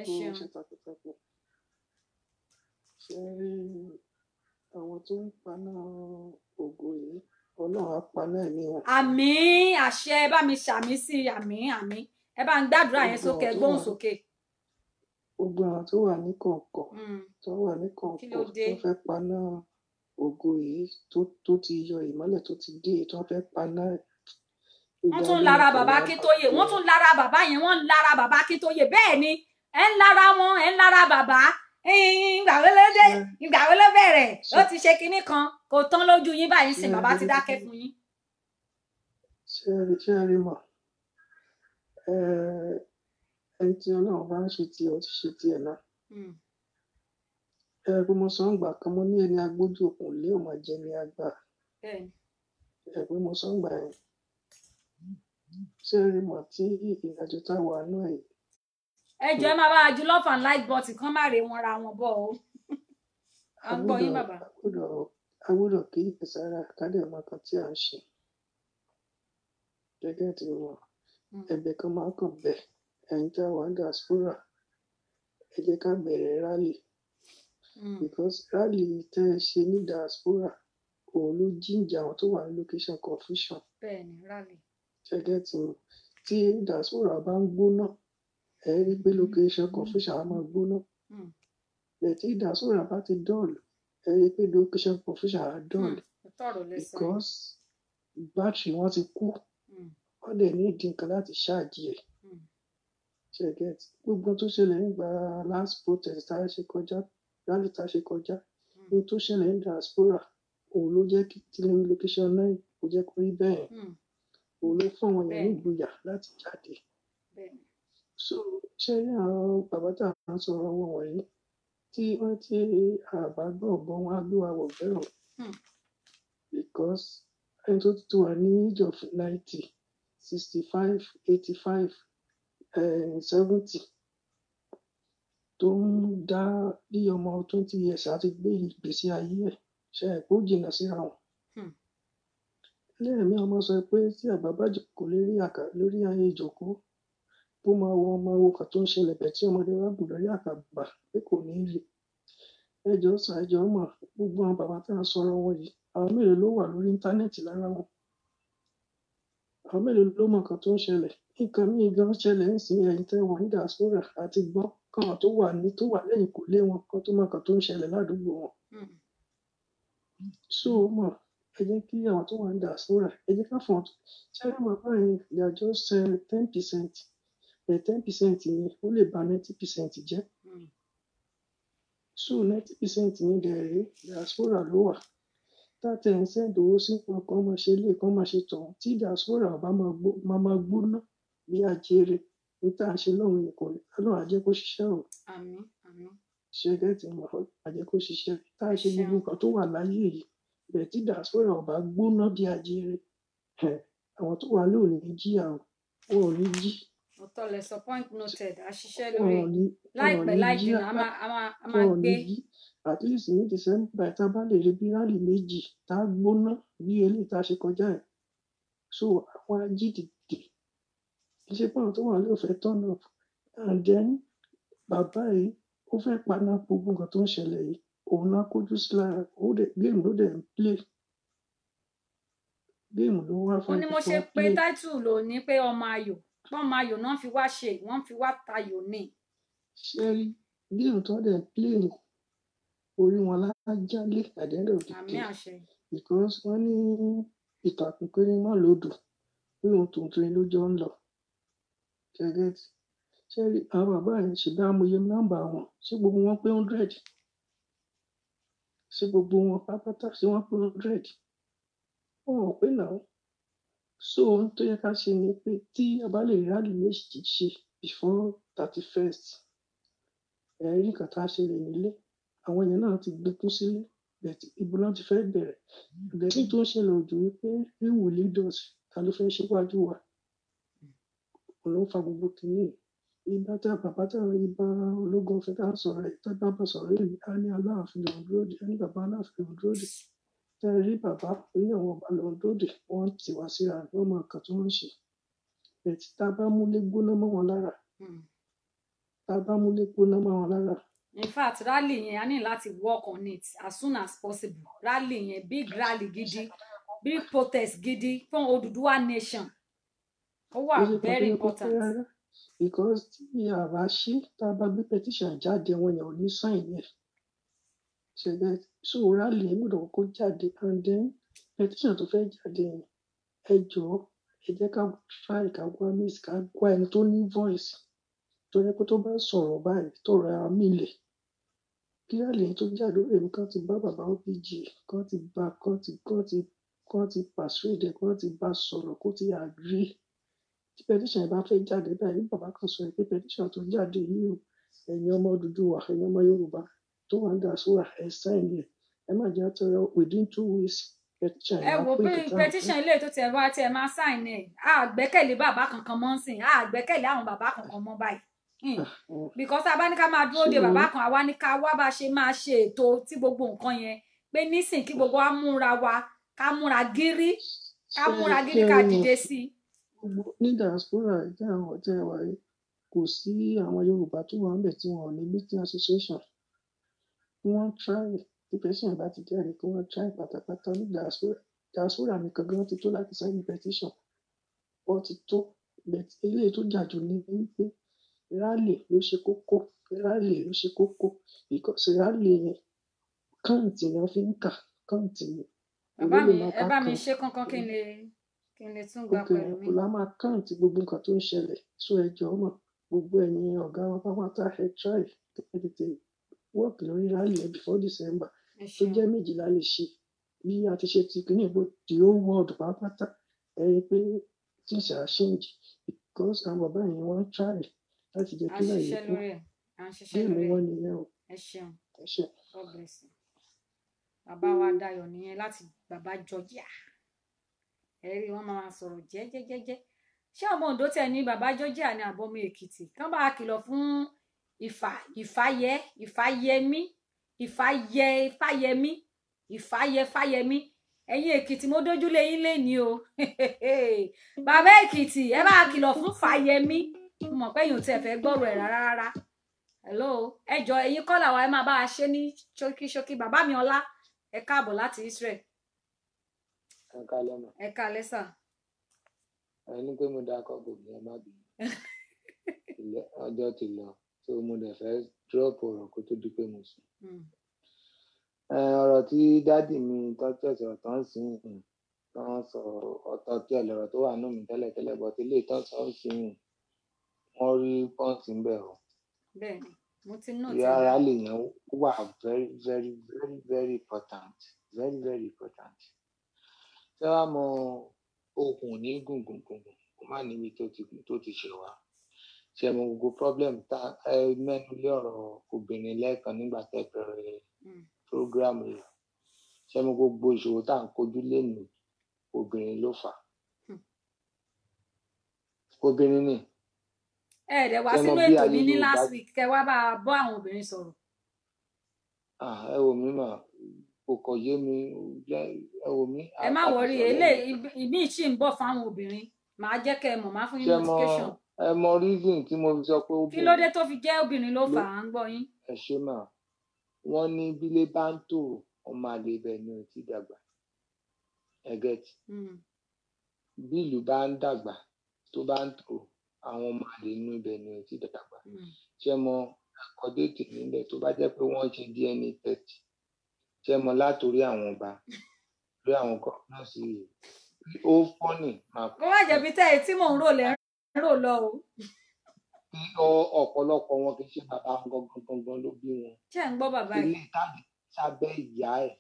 ẹ ṣeun ṣe àwọn tó ń paná ògo yìí ọlọ́run á paná ẹ̀mí wọn. àmín àṣẹ ẹ bá mi ṣàmì sí àmín àmín ẹ bá ń gbàdúrà yẹn sókè gbóhùn sókè gbogbo àwọn tó wà ní kọ̀ọ̀kan hmm. tó wà ní kọ̀ọ̀kan tó fẹ́ paná ògo yìí tó ti yọ ìmọ́lẹ̀ tó ti dé tó fẹ́ paná wọ́n tún lára bàbá Akíntóyè wọ́n tún lára bàbá yẹn wọ́n ń lára bàbá Akíntóyè bẹ́ẹ̀ ni ẹ̀ ń lára wọn ẹ̀ ń lára bàbá ìgbàwélódé ìgbàwélóbẹ̀rẹ̀ ó ti ṣe kinní kan kò tán lójú yín báyìí sìn bàbá ti dákẹ́ fún yín. ṣé ẹ rí ṣé ẹ rí mọ ẹni tí ọlọ́run bá ń ṣe tiẹ̀ ó ti ṣe tiẹ̀ náà. Hmm. ẹ pé mo sọ ń gbà kan mo ní ẹni agbójú òkun lé ò máa jẹ ní àgbà ẹ pé mo sọ ń gbà yẹn ṣé rí mọ̀ tí ìrìnàjò tá a wà náà yìí. ẹ jẹ́ máa bá ajú love and light bọ́ọ̀tì kan má rè wọn ra wọn bọ́ o. a ń gbọ́ yín bàbá. a gbọ́dọ̀ kí ìpèsára kádẹ́ ọmọ kan tí à ń ṣe gẹ́gẹ́ tí wọn hmm. ẹ̀bẹ̀ kan máa kàn bẹ́ẹ̀ ẹ̀yin tí a wà ní diaspora ẹ jẹ́ ká bẹ̀rẹ̀ rally mm. because rally tẹ́ ẹ ṣe ní diaspora òun ló jíjà àwọn tó wà ní location confusion. bẹ́ẹ̀ni rally. ṣẹgẹ́ tí tí diaspora bá ń gbóná ẹ rí pé location hmm. confusion á máa gbóná hmm. bẹ̀tí diaspora bá ti dọ́ọ̀lù ẹ rí pé location confusion dull. dọ́ọ̀lù hmm. because battery wọn ti kú wọ́n dẹ̀ ní ìdí nǹkan láti ṣáàjì ẹ̀ ṣẹ̀gẹ̀t gbogbo tó ṣẹlẹ̀ ń gba last protest tá a ṣe kọjá rally tá a ṣe kọjá hmm. ohun tó ṣẹlẹ̀ ń diaspora òun ló jẹ́ kí tilẹ̀ location náà kò jẹ́ kó rí bẹ́ẹ̀ hmm. òun ló fún àwọn èèyàn nígboyà láti jáde so ṣé àwọn bàbá tá a ń sọ̀rọ̀ wọn wọ̀nyí tí wọ́n ti àbágbọ̀ ọ̀gbọ́n wọn á gbé wa wọ̀ bẹ́ẹ̀ o hmm. because ẹni tó ti tó wà ní age of ninety sixty five eighty five um seventy tó ń dá bí ọmọ twenty years àti gbé ìgbésí ayé ẹ̀ ṣe ẹ̀kọ́ jìnnà síra wọn. Hmm. lẹ́ẹ̀mí ọmọ sọ pé tí àgbà bá jòkó lórí àkà lórí ayé ìjòkó bó máa wọ ọmọ òkà tó ń ṣẹlẹ̀ bẹ̀ tí ọmọdé wa gùn lórí àkàbà pé kò ní í rí ẹjọ́ sà ẹjọ́ mọ̀ gbogbo àwọn bàbá tá a sọ̀rọ̀ wọn yìí àwọn mélòó ló wà lórí íńtánẹ́ẹ̀tì lára wọn àwọn ló mọ nǹkan tó ń ṣẹlẹ̀ nǹkan míì gan ṣẹlẹ̀ ń sin ẹ̀yin tẹ́ wọ́n ní diaspora àti gbọ́ káwọn tó wà ní tó wà lẹ́yìn kò lé wọn kan tó mọ nǹkan tó ń ṣẹlẹ̀ ládùúgbò wọn. Hmm. so mọ ẹ jẹ́ kí àwọn tó wà ní diaspora ẹ jẹ́ ká fọ̀n ṣẹ́yìn bàbá yẹn they are just ten percent ten percent yẹn ó lè ba ninety percent jẹ́ hmm. so ninety percent yẹn dẹ̀ rèé diaspora ló wà tààtì ń sẹ́ǹdì owó sí wọn kan máa ṣe ilé kan máa ṣe tọ̀hún tí diaspora ọba máa gbóná bí ajere ní tá à ṣe lọ́run yìí kò ní lọ́run ṣiṣẹ́ o. àmín àmín. ṣe gẹ́tì mọ̀ àjẹ́ kó ṣiṣẹ́ tá a ṣe gbogbo nǹkan tó wà láyé yìí bẹ̀ tí diaspora ọba gbóná bí ajere àwọn tó wà lóò ní jí àwọn wọn ò ní jí. ọ̀tọ̀ lẹ̀ sọ point noted àṣìṣe at least ní december tá a bá lè rí bí rálì méjì tá a gbóná bí eléyìí tá a ṣe kọjá ẹ̀ so àwọn ajídìde iṣẹ́ pọ́n tó wà ló fẹ́ turn up and then bàbá yìí ó fẹ́ paná gbogbo nǹkan tó ń ṣẹlẹ̀ yìí òun náà kójú sí lára géèmù ló dẹ̀ ń play géèmù ló wá fún ìfọ́n ó ní mo ṣe pé táìtù ló ní pé ọmọ ayò pọ́nmọ ayò náà fi wá ṣe wọ́n fi wá tayò ní. ṣé géèmù tó dẹ̀ ń play orí wọn lájálé àdéhùn òdìdí because wọn ní ìtàkùn péré mọ́ lòdù pé òun tuntun ló jọ ń lọ gẹ́gẹ́ ṣé àwọn bàbá yẹn ṣèbá amòye nọ́mbà wọn ṣé gbogbo wọn pé hundred ṣé gbogbo wọn pápátá ṣé wọn pé hundred wọn ò pé náà so ohun tó yẹ ká ṣe ni pé tí a bá lè rálì méjì ṣe before thirty first ẹ̀rí kan tá a ṣe lè nílé àwọn èèyàn náà ti gbé kú sílé bẹ̀t ibo náà ti fẹ́ bẹ̀rẹ̀ bẹ̀t ní tó ń ṣẹlẹ̀ òjò wípé wíwù leaders ta ló fẹ́ ṣíwájú wa ọ̀rọ̀ ń fa gbogbo kìíní ibà tá bàbá tá ibà ológun ọ̀fẹ́ tá sọ̀rọ̀ ẹ̀ tá bàbá sọ̀rọ̀ yìí á ní aláàfin lòun dúró dé á ní bàbá aláàfin lòun dúró dé tá rí bàbá ní àwọn ọba lòun dúró wọ́n ti wá síra wọ́n mọ nǹkan tó ń ṣe bẹ̀t tá bá múlé gbóná mọ́ wọn lára hmm. tá bá múlé gbóná mọ́ wọn lára in fact rally yẹn a ní láti work on it as soon as possible rally yẹn big rally gidi big protest gidi fún Odùduwà nation ó wà very important. because tí a bá ṣe tá a bá gbé petition jáde àwọn èèyàn ò ní sign yẹn ṣe bẹ́ẹ̀ so rally yẹn gbọ́dọ̀ kó jáde and then petition tó fẹ́ jáde yẹn ẹ jọ̀ọ́ ẹ jẹ́ ká fáì ká gbọ́ miss ká gbọ́ ẹni tó ní voice tó yẹ kó tó bá sọ̀rọ̀ báyìí tó ra mílẹ̀ kí àlìyá tó jà lórí mi ti bá bàbá OPG kán ti bá kán ti kán ti kán ti persuade kán ti bá sọ̀rọ̀ kó ti agree tí petition yìí bá jáde báyìí bàbá kan sọ pé petition tó jáde yìí o ẹ̀yin ọmọ dúdú wà ẹ̀yin ọmọ Yorùbá tó wà ń dà sóra ẹ̀ sáìn yẹn ẹ má jẹ́ àtọ́yọ within two weeks petition yìí wá pé ẹ wò pé petition ilé tó tiẹ̀ wá tiẹ̀ máa sáìn ẹ̀ àgbẹ́kẹ̀lé bàbá kankan mọ́ ń sìn àgbẹ́kẹ̀lé àwọn bàbá kankan mọ́ báyìí Hmm. because abá ní ká máa dúró de bàbá kan àwa ní ká wá bá ṣe máa ṣe ètò tí gbogbo nǹkan yẹn pé nísìn kí gbogbo wa múra wa ká múra gírí ká múra gírí ká dìde sí i. diaspora ìdá àwọn ọjọ́ ẹ̀wà yìí kò sí àwọn Yorùbá tó wà níbẹ̀ tí wọn meeting association kí try the person bá ti jẹ́rìí kí wọ́n try pátápátá ní diaspora diaspora mi kan gan ti tó láti sign petition wọ́n ti tó eléyìí tó jà jù ní wípé rally ló ṣe kókó rally ló ṣe kókó because rally yẹn count ni wọ́n fi ń kà count ni. bàbá mi ẹ bá mi ṣe kankan kí n lè kí n lè tún gbà pẹ̀lú mi. òkèlè máa count gbogbo nǹkan tó ń ṣẹlẹ̀ so ẹ jọ̀ọ́ mọ̀ gbogbo ẹ̀yin ọ̀gá wa pápátá ẹ try tètè work lórí rally yẹn before December tó jẹ́ méjìlá lè ṣe bí a ti ṣe ti kíní ìbò the whole world pápátá ẹ̀yin pé things are changed because àwọn bàbá yẹn wọ́n try láti jẹ́ kí láyé fún bí ìmú wọn nìyẹn o. ẹ ṣeun ẹ ṣe. bàbá wa Dayọ̀ nìyẹn láti bàbá Georgia ẹ rí wọn máa sọ̀rọ̀ jẹ́jẹ́jẹ́jẹ́ ṣé ọmọ Ondo tẹ ní bàbá Georgia ní àbọmọ Èkìtì kán bá a kìlọ̀ fún ìfà ìfàyẹ ìfàyẹmí ìfàyẹ ìfàyẹmí ìfàyẹ fàyẹmí ẹ̀yin èkìtì mo dójúlé yín lé ní o [laughs] bàbá èkìtì ẹ bá kìlọ̀ fún fàyẹmí mọ̀ pé èyàn ò tiẹ̀ fẹ́ gbọ́rọ̀ ẹ̀ rárá rárá hello ẹ jọ ẹ̀yin kọ́ làwọn ẹ máa bá a ṣe ní ṣókíṣókí bàbá mi ọlá ẹ káàbọ̀ láti Israel. ẹ kálẹ́ mà. ẹ kálẹ́ sà. ẹ ní pé mo dákọ̀ gbogbo ẹ má bínú [laughs] ọjọ́ ti lọ tó mo dẹ̀ fẹ́ dúrọ́pù ọ̀rọ̀ kó tó di pé mo sùn. Hmm. ọ̀rọ̀ tí dádì mi tọ́jú ẹ̀sẹ̀ ọ̀tọ̀ ń sìn hmm, tán sọ ọ̀tọ̀ tí ọ̀lẹ̀rọ̀ tó wà nù mí tẹ́lẹ̀tẹ́lẹ̀ bọ́ tí ilé ìtọ́sọ̀ ń sìn hmm, wọ́n rí pọ́ǹtì ń bẹ̀ o. bẹ́ẹ̀ni mo ti náà ti rà. yàrá lè yàn wà very very very very important very very important. ṣé wàá mọ okùn ní gùngùngùn kó má níbi tó ti tó ti ṣe wá ṣe mo gbogbo problem ta ẹ mẹ́nu lé ọ̀rọ̀ obìnrin lẹ́ẹ̀kan nígbà tẹ́ bẹ̀rẹ̀ hmm. program rẹ̀ ṣe mo gbogbo ìṣòro tá à ń kojú lẹ́nu obìnrin ló fà hmm. obìnrin ni ẹ dẹ̀ wá sínú ètò mi ní last week kẹ wá bá a bọ́ àwọn obìnrin sọ̀rọ̀. ẹ wò mí mà kò kọ̀ yé mi ẹ wò mí. ẹ má wọrí ilé ìmí ìṣì ń bọ̀ fáwọn obìnrin màá jẹ́ kẹ́ ẹ mọ̀ má fún yín notification. ẹ mọ reason tí mo fi sọ pé obìnrin. kí ló dé tó fi jẹ́ obìnrin ló fà á ń gbọ́ yín. ẹ ṣe mà wọ́n ní bílé bá ọmọ àlè ni ò ti dàgbà ẹ gẹ́tì hmm. bílù bá ń dàgbà tó bá ń tò àwọn ọmọ àlè inú ibẹ̀ ni ò ti dàgbà hmm. ṣé mo àkọdéètì nílẹ̀ tó bá jẹ́ pé wọ́n ṣe DNA test ṣé mo látòrí àwọn ọba lórí àwọn gómìnà sí i ó fọ́nì máa kọ́. bọ́wá jẹ̀bi tẹ́ ẹ tí mò ń rò lẹ́rò lọ o. ọ̀pọ̀lọpọ̀ wọn kì í ṣe bàbá wọn gangan gangan ló bí wọn. ṣé ń gbọ́ bàbá yìí. ilé ìtàgé sábẹ́ ìyá ẹ̀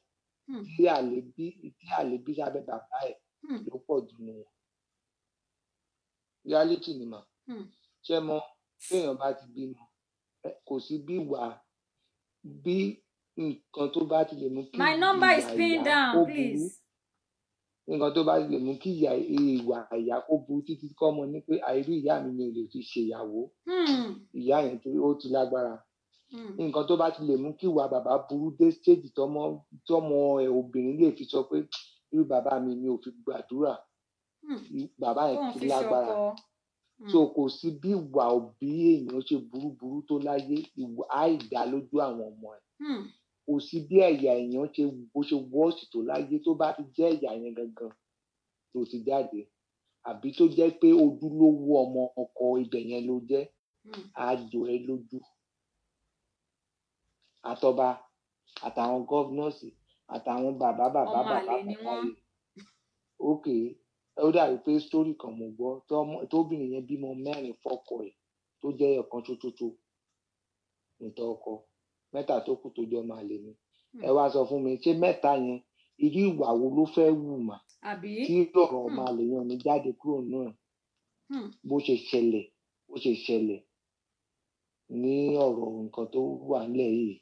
hmm. tí àlébí tí àlébí sábẹ́ bàbá ẹ̀ hmm. ló pọ̀ jù nù reality ni mà. Hmm. ṣe mọ téèyàn bá ti bímọ kò sí bí wà bí nǹkan tó bá ti lè mú kí ìyá ìyá kó burú nǹkan tó bá ti lè mú kí ìyá ìwà ìyá kó burú títí kọ́mọ ní pé àìrí ìyá mi ni lè fi ṣèyàwó hmm. ìyá yẹn tó ó ti lágbára hmm. nǹkan tó bá ti lè mú kí ìwà bàbá burú dé stéèjì tọmọ tọmọ ẹ obìnrin lè fi sọ pé irú bàbá mi mi ò fi gbàdúrà bàbá yẹn ti lágbára Hmm. so kò sí bí ìwà òbí èèyàn ṣe burú burú tó láyé ìwà àìdálójú àwọn ọmọ ẹ hmm. kò sí bí ẹ̀yà èèyàn ṣe bó ṣe wọ́ọ̀sì tó láyé tó bá ti jẹ́ ẹ̀yà yẹn gangan tó ti jáde àbí tó jẹ́ pé ojúlówó ọmọ ọkọ ibẹ̀ yẹn ló jẹ́ àjò hmm. ẹ lójú àtọba àtàwọn gọ́fúnọ̀sì àtàwọn bàbá bàbá bàbá bàbá ok ó dàbí pé sítórì kan mo gbọ́ tóbìnrin yẹn bímọ mẹ́rin fọ́kọ ẹ̀ tó jẹ́ ọ̀kan tuntun nìtọ́ ọkọ mẹ́ta tó kù tó jọ máa lè ní hmm. ẹ wá sọ fún mi ṣé mẹ́ta yẹn irú ìwà wo ló fẹ́ wù mà kí lọ̀rọ̀ hmm. máa lè yan ní jáde kúrò náà hmm. bó ṣe ṣẹlẹ̀ bó ṣe ṣẹlẹ̀ ní ọ̀rọ̀ nǹkan tó wà nílẹ̀ yìí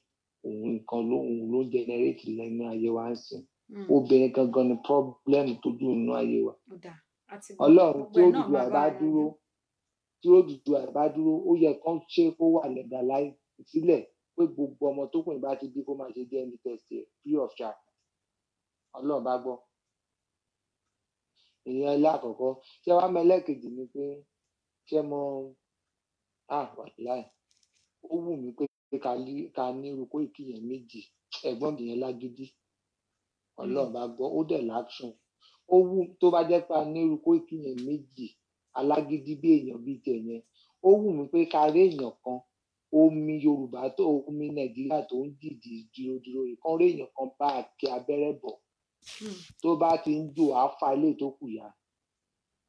òun nǹkan lóhun ló ń jẹnẹrétì lẹ́nu ayé wa ń sìn Hmm. obìnrin gangan ni pọ́blẹ́mù tó dùn nínú ayé wa ọlọ́run tí ó dùdú àbá dúró tí ó dùdú àbá dúró ó yẹ kán ṣe kó wà lẹ́gà láì sílẹ̀ pé gbogbo ọmọ tó kùn bá ti bí kó máa ṣe dna test ẹ̀ free of charge ọlọ́run bá gbọ́ ìyẹn lákọ̀ọ́kọ́ ṣé wàá mẹ́lẹ́kejì ni pé ṣé mo àwàláì ó wù mí pé ká ní irú kó ìkíyẹn méjì ẹ̀gbọ́n mi yẹn lágídí ọlọ́run mm. bá gbọ́ ó dẹ̀ láction ó wù tó bá jẹ́ pé a ní irú Koiki yẹn méjì alágídí bí èèyàn bíi tiẹ̀ yẹn ó wù mí pé ká rí èèyàn kan omi Yorùbá tó omi Nàìjíríà tó ń dìdì dúródúró ìkan rí èèyàn kan bá a kí abẹ́rẹ́ bọ̀ mm. tó bá ti ń jò á fa ilé tó kù yá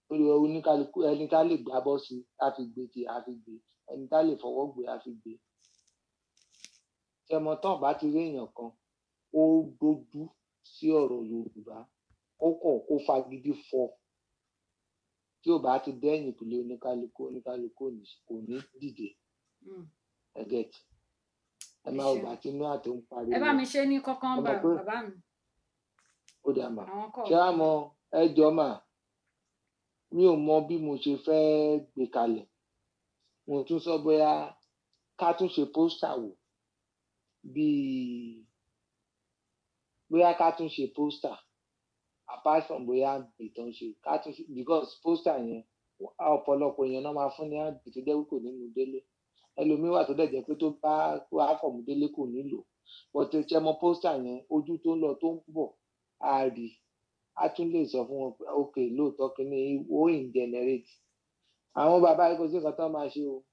lórí oníkálukú ẹni tá lè gbá bọ́ sí á fi gbé ti á fi gbé ẹni tá lè fọwọ́ gbé á fi gbé tẹmọtán bá ti rí èèyàn kan ó dojú sí ọ̀rọ̀ Yorùbá kó kàn kó fagídí fọ tí ò bá ti dẹ́yìn ìpìlẹ oníkálukú oníkálukú kò ní dìde ẹgẹt hmm. ẹ máa ọgbà tí inú àti ń pariwo ẹ bá mi ṣe ní kọkàn bá bàbá mi. ó dà mà ṣé a mọ ẹ jọ mà mi ò mọ bí mo ṣe fẹ́ gbé kalẹ̀ mo tún sọ bóyá ká tún ṣe pósítà wò bíi bóyá ká tún ṣe póstà apart from bóyá ìtàn ṣe ká tún ṣe because póstà yẹn ọ̀pọ̀lọpọ̀ èèyàn náà máa fún ní àgbè tó jẹ́ pé kò nínú délé ẹlòmíín wà tó dẹ̀ jẹ́ pé tó bá tó àfọ̀mù délé kò nílò but ṣe mọ pósítà yẹn ojú tó ń lọ tó ń bọ̀ á rí a tún lè sọ fún wọn pé ok lóòótọ́ kínní ó ń generate àwọn bàbá yìí sí nǹkan tó máa ṣe o tí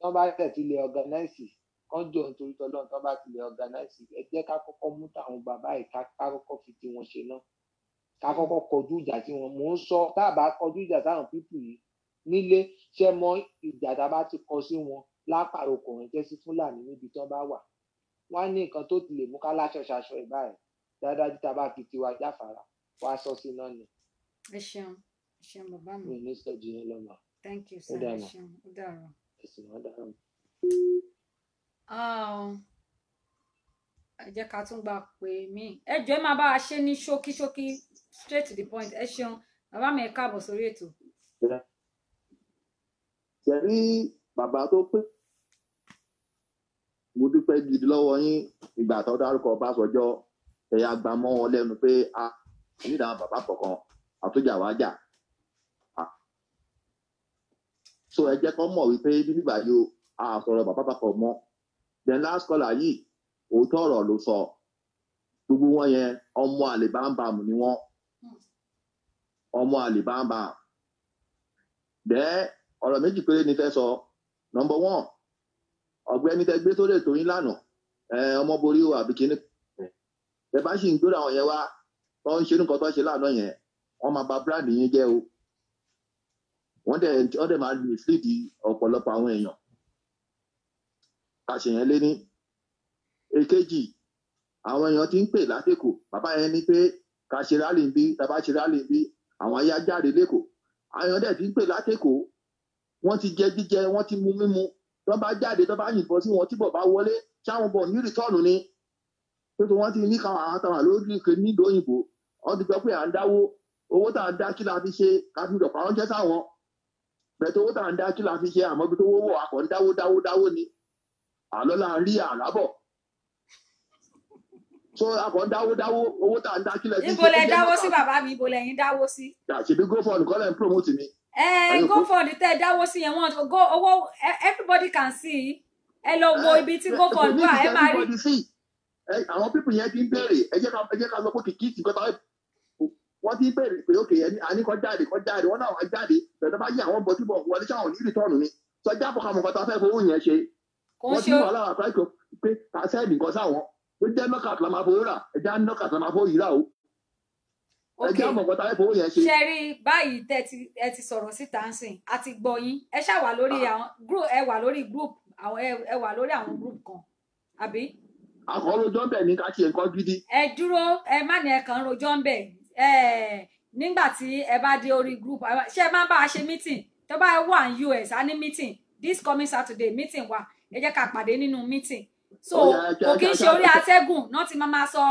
wọ́n bá tẹ̀sí lè organize kán jọ nítorí tọ́lọ́ tán bá tilẹ̀ organize ẹ jẹ́ ká kọ́kọ́ mú tàwọn bàbá yìí ká kọ́kọ́ fi ti wọn ṣe náà ká kọ́kọ́ kọjú ìjà tí wọn mò ń sọ tá a bá kọjú ìjà táwọn pípù yìí nílé ṣe mọ ìjà tá a bá ti kọ sí wọn lápàrọ̀ ọkùnrin jẹ́ sí fúlàní níbi tán bá wà wọ́n á ní nǹkan tó ti lè mú ká láṣọ ṣaṣọ ẹ̀ báyìí dáadáa tá a bá fi tiwa jáfara wàá sọ sí náà ni. ẹ ṣeun ẹ ṣeun bàbá mi. mi ò ní sọ jù yẹn lọ́mọ. thank you sir ẹ ṣeun ó dàrọ̀. Ah, ẹ jẹ́ ká tún gba pè mí ẹ jọ̀ọ́ ẹ máa bá a ṣe ní ṣókí straight to the point ẹ ṣeun bàbá mi ẹ káàbọ̀ sórí ètò. ṣe rí bàbá tó pé mo dúpẹ́ gidi lọ́wọ́ yín ìgbà tó dárúkọ Ọbásanjọ́ ẹ̀yà gbà mọ́ wọn lẹ́nu pé a nídà àwọn bàbá kọ̀ọ̀kan àtúnjà wá jà so ẹ jẹ́ kó mọ̀ wípé bíbí bàyò àsọ̀rọ̀ bàbá bàkọ̀ mọ́ then last caller yìí òótọ́ ọ̀rọ̀ ló sọ gbogbo wọn yẹn ọmọ àlèbáńbàmù ni wọ́n ọmọ àlèbáńbàmù bẹ́ẹ̀ ọ̀rọ̀ méjì péré ni fẹ́ sọ number one ọ̀gbẹ́ni tẹ gbé tó lè tó yín lánàá ọmọ borí o àbí kíní ẹ bá sì ń gbéra àwọn yẹn wá tó ń ṣe nǹkan tó ń ṣe lánàá yẹn wọ́n máa bà bíráàdì yín jẹ́ o wọ́n dẹ̀ wọ́n dẹ̀ máa lè fìdí ọ̀pọ̀lọpọ̀ àwọn èèyàn àṣeyàn lé ní. èkejì àwọn èèyàn ti ń pè látẹ̀kọ̀ bàbá yẹn ní pé ká ṣe rálì ń bí bàbá ṣe rálì ń bí àwọn ayé ajáre lẹ́kọ̀ọ́ àwọn èèyàn ti ń pè látẹ̀kọ̀ wọ́n ti jẹ jíjẹ wọ́n ti mu mímu tó bá jáde tó bá yìnbọn sí wọn tí bọ̀ bá wọlé sáwọn bọ̀ ní rìtọ́ọ̀nù ni tó wọ́n ti ní káwọn àwọn àtàwọn lórí ìkè nílùú òyìnbó wọ́n ti gbọ́ pé à ń dáwó owó tá à dá kí la fi ṣe ká fi dọ̀pọ̀ àwọn jẹ́ sáwọn bẹ̀tẹ̀ owó tá à dá kí la fi ṣe àmọ́ bí tó wọ́wọ́ akọ̀ ń dáwó dáwó dáwó ni àlọ́ là ń rí àràbọ̀ so akọ̀ ń dáwó dáwó owó tá à ń dá kílẹ̀ bí. níbo lẹ dáwó sí bàbá mi ibo lẹ̀yin dáwó sí. àṣebí gofund kọ́lẹ̀ ń promote mi. ẹ gofund tẹ dáwó sí yẹn wọn go owó e, everybody can see ẹ lọ wo ibi tí eh, eh, gofund wà ẹ máa rí. àwọn pípù yẹn ti ń béèrè ẹ jẹ́ ká sọ pé kìkì ti gbọ́dọ̀ wọ́n ti ń béèrè pé òkè ẹni àní kan jáde kan jáde wọ́n náà wá jáde pẹ̀lú bá yí àwọn bọ́tí bọ̀ wọlé sáwọn ní rìtọ́ọ̀nù ni sọ jábọ̀ kàmùkọ́ta fẹ́ fowó yẹn ṣe wọ́n ti wà láwọn àtàkùn pé ta sẹ́ẹ̀dì nǹkan sáwọn ó jẹ́ nọ́kàtà la máa fowó rà ẹ̀já nọ́kàtà la máa fowó yìí rà o ẹ̀já mọ̀kọ́ta ẹ̀ fowó yẹn ṣe. ṣe rí báyìí tẹ ẹ ti sọ̀rọ̀ síta ń sìn àti gbọ́ yín ẹ ṣáà wà lórí ah. àwọn group ẹ wà lórí group àwọn ẹ wà lórí àwọn group kan àbí. àkọlójọ́ ń bẹ̀ ní ká ṣe nǹkan gidi. ẹ dúró ẹ má ní ẹ rojọ́ ń bẹ̀ nígbà tí ẹ bá dé orí group ṣé ẹ má bá a ṣe meeting tó bá wà ní US a ní meeting this coming Saturday meeting wà. Wow ẹ jẹ́ ká pàdé nínú meeting so kò kí n ṣe orí atẹ́gùn náà ti máa sọ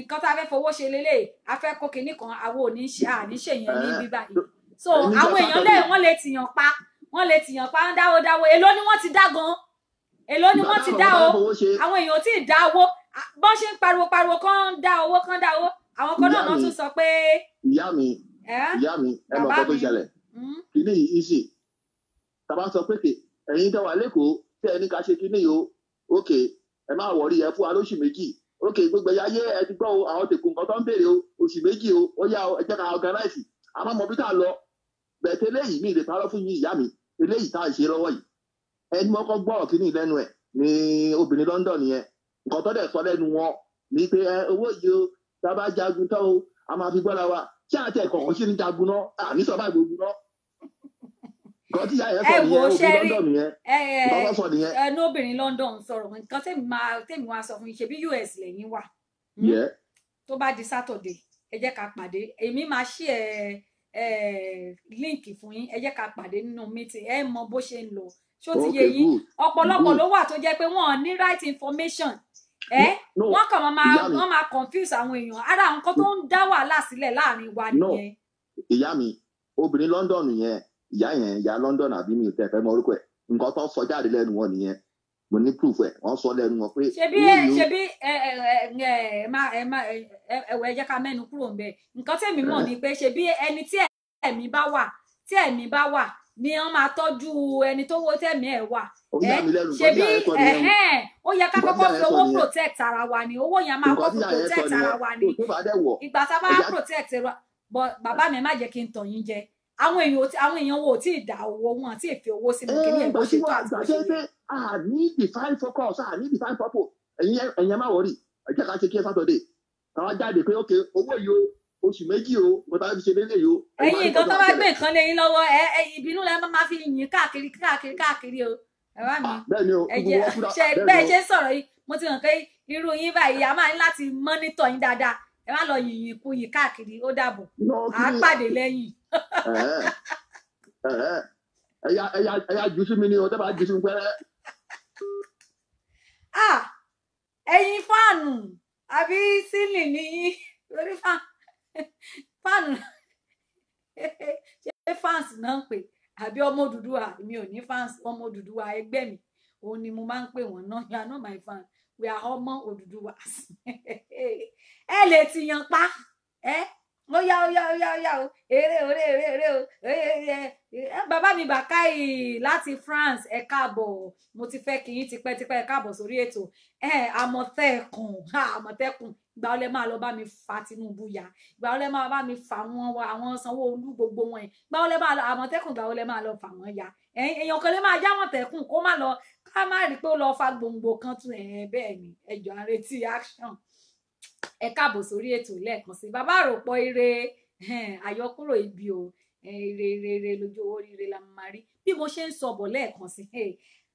nǹkan tá a fẹ́ fowó ṣe lélẹ̀ a fẹ́ kó kinní kan àwọn òní ṣe àní ṣèyàn ní bíbá yìí so àwọn èèyàn lẹ́yìn wọ́n lè tìyàn pa wọ́n lè tìyàn pa ń dáwó dáwó èló ni wọ́n ti dá gan èló ni wọ́n ti dá o àwọn èèyàn ò tí ì dá owó bọ́n ṣe ń pariwo pariwo kán dá owó kán dá owó àwọn kan náà tún sọ pé. ìyá mi ìyá mi ẹ mọ̀ ọkọ tó ṣẹlẹ̀ hmm? kí ni easy sọ pé kè ẹ̀yin tẹ́ wà lẹ́kọ̀ọ́ tẹ́ ẹni ká ṣe kíní o ok ẹ má wọrí ẹ fún wa lóṣù méjì ok gbogbo ẹ̀yà ayé ẹ ti gbọ́ o àwọn tèkù nǹkan tó ń béèrè o oṣù méjì o ó yá o ẹ jẹ́ ká organize àmọ́ mọ̀ bí tá a lọ bẹ̀tẹ̀ eléyìí mi lè parọ́ fún yín ìyá mi eléyìí tá a ṣe lọ́wọ́ yìí ẹni mọ́kọ́ gbọ́rọ̀ kíní lẹ́nu ẹ̀ ní obìnrin London yẹn nǹkan tó dẹ̀ sọ lẹ́nu wọn ni pé owó yìí o tá a bá jagun tán o a máa fi gbọ́ra wa ṣé àti ẹ̀kọ́ nǹkan tí yàrá sọ nìyẹn òbí London nìyẹn nǹkan tó sọ nìyẹn. ẹ ní obìnrin London sọ̀rọ̀ nǹkan tèmi máa tèmi wá sọ fún yín ṣebí US lẹ́yìn wà. Hmm? tó bá di Saturday ẹ jẹ́ ká pàdé èmi máa ṣí ẹ ẹ líǹkì fún yín ẹ jẹ́ ká pàdé nínú meeting ẹ mọ bó ṣe ń lọ ṣó ti yé yín ọ̀pọ̀lọpọ̀ ló wà tó jẹ́ pé wọ́n ní right information ẹ wọ́n kàn máa wọ́n máa confuse àwọn èèyàn ara nǹkan tó ń dá wàhálà sílẹ̀ láàrin wa nìyẹn. ìyá mi obìnrin London yẹn ìyá yẹn ìyá London àbí mi tẹ fẹ́ mọ orúkọ sọ jáde lẹ́nu wọn nìyẹn mo proof sọ wọn pé. ṣebí ẹ ṣebí ẹ ẹ ẹ ẹ ẹ ẹ ká kúrò eh. ẹni tí ẹ̀mí bá wà tí ẹ̀mí bá wà ni wọn máa tọ́jú ẹni tó tẹ̀mí wà eh, ṣebí ó yẹ ká kọ́kọ́ fi owó protect ara wa ni owó yẹn máa kọ́kọ́ protect ara wa ni ìgbà tá protect àwọn èèyàn àwọn èèyàn wo tí ì dá owó wọn àti èfi owó sínú kìnìún eh, ẹgbẹ́ ṣe tó àgbà ṣe pé a ní define focus a ní define purpose ẹ̀yin ẹ̀yin má wọrí ẹ̀jẹ̀ ká ṣe kí ẹ Saturday táwa jáde pé ok owó yìí o oṣù méjì o mo ta fi ṣe lélẹ̀ yìí o. ẹ̀yin nǹkan tó bá gbé nǹkan lé yín lọ́wọ́ ẹ ẹ ìbínú lẹ máa fi yìn káàkiri káàkiri káàkiri o ẹ bá mi ah, ẹ̀jẹ̀ ṣe bẹ́ẹ̀ ṣe sọ̀rọ̀ yìí mo ti hàn pé irú yín báyìí a máa ń láti mọ́nítọ̀ yín dáadáa ẹ ẹ̀yà ẹ̀yà ẹ̀yà jù sí mi ni o tẹ́ bá jù sí mi pẹ́rẹ́. ẹ̀yin fáànù àbí sílì ni yín lórí [laughs] fáànù [laughs] ṣé fáǹsì náà ń pè àbí ọmọ Odùduwà mi ò ní fáǹsì ọmọ Odùduwà ẹgbẹ́ mi òun ni mo máa ń pè wọ́n náà you are not my fan we are ọmọ Odùduwà [laughs] ẹ lè ti yan pa ẹ. Eh? ó yá ó yá ó yá ó yá ó eré òré òré òré ó ẹ bàbá mi bàkáì láti France ẹ káàbọ̀ mo ti fẹ́ kí yín tipẹ́tipẹ́ ẹ káàbọ̀ sórí ètò ẹ àmọ̀tẹ́kùn àmọ̀tẹ́kùn ìgbà ọlẹ máa lọ bá mi fa Tinubu ya ìgbà ọlẹ máa bá mi fa wọn wa àwọn Sanwó-Olú gbogbo wọn yẹn ìgbà ọlẹ máa lọ àmọ̀tẹ́kùn ìgbà ọlẹ máa lọ fà wọn ya èèyàn kan lè máa já àmọ̀tẹ́kùn kó má lọ ká má rí i pé ó lọ fa gbòǹgbò kan tún ẹ bẹ́ẹ̀ ni ẹjọ àrètí action ẹ káàbọ̀ sórí ètò lẹ́ẹ̀kan sí bàbá àròpọ̀ ire àyọkúrò ibi o ire ire ire lójú owó rire la máa rí bí mo ṣe ń sọ bọ̀ lẹ́ẹ̀kan sí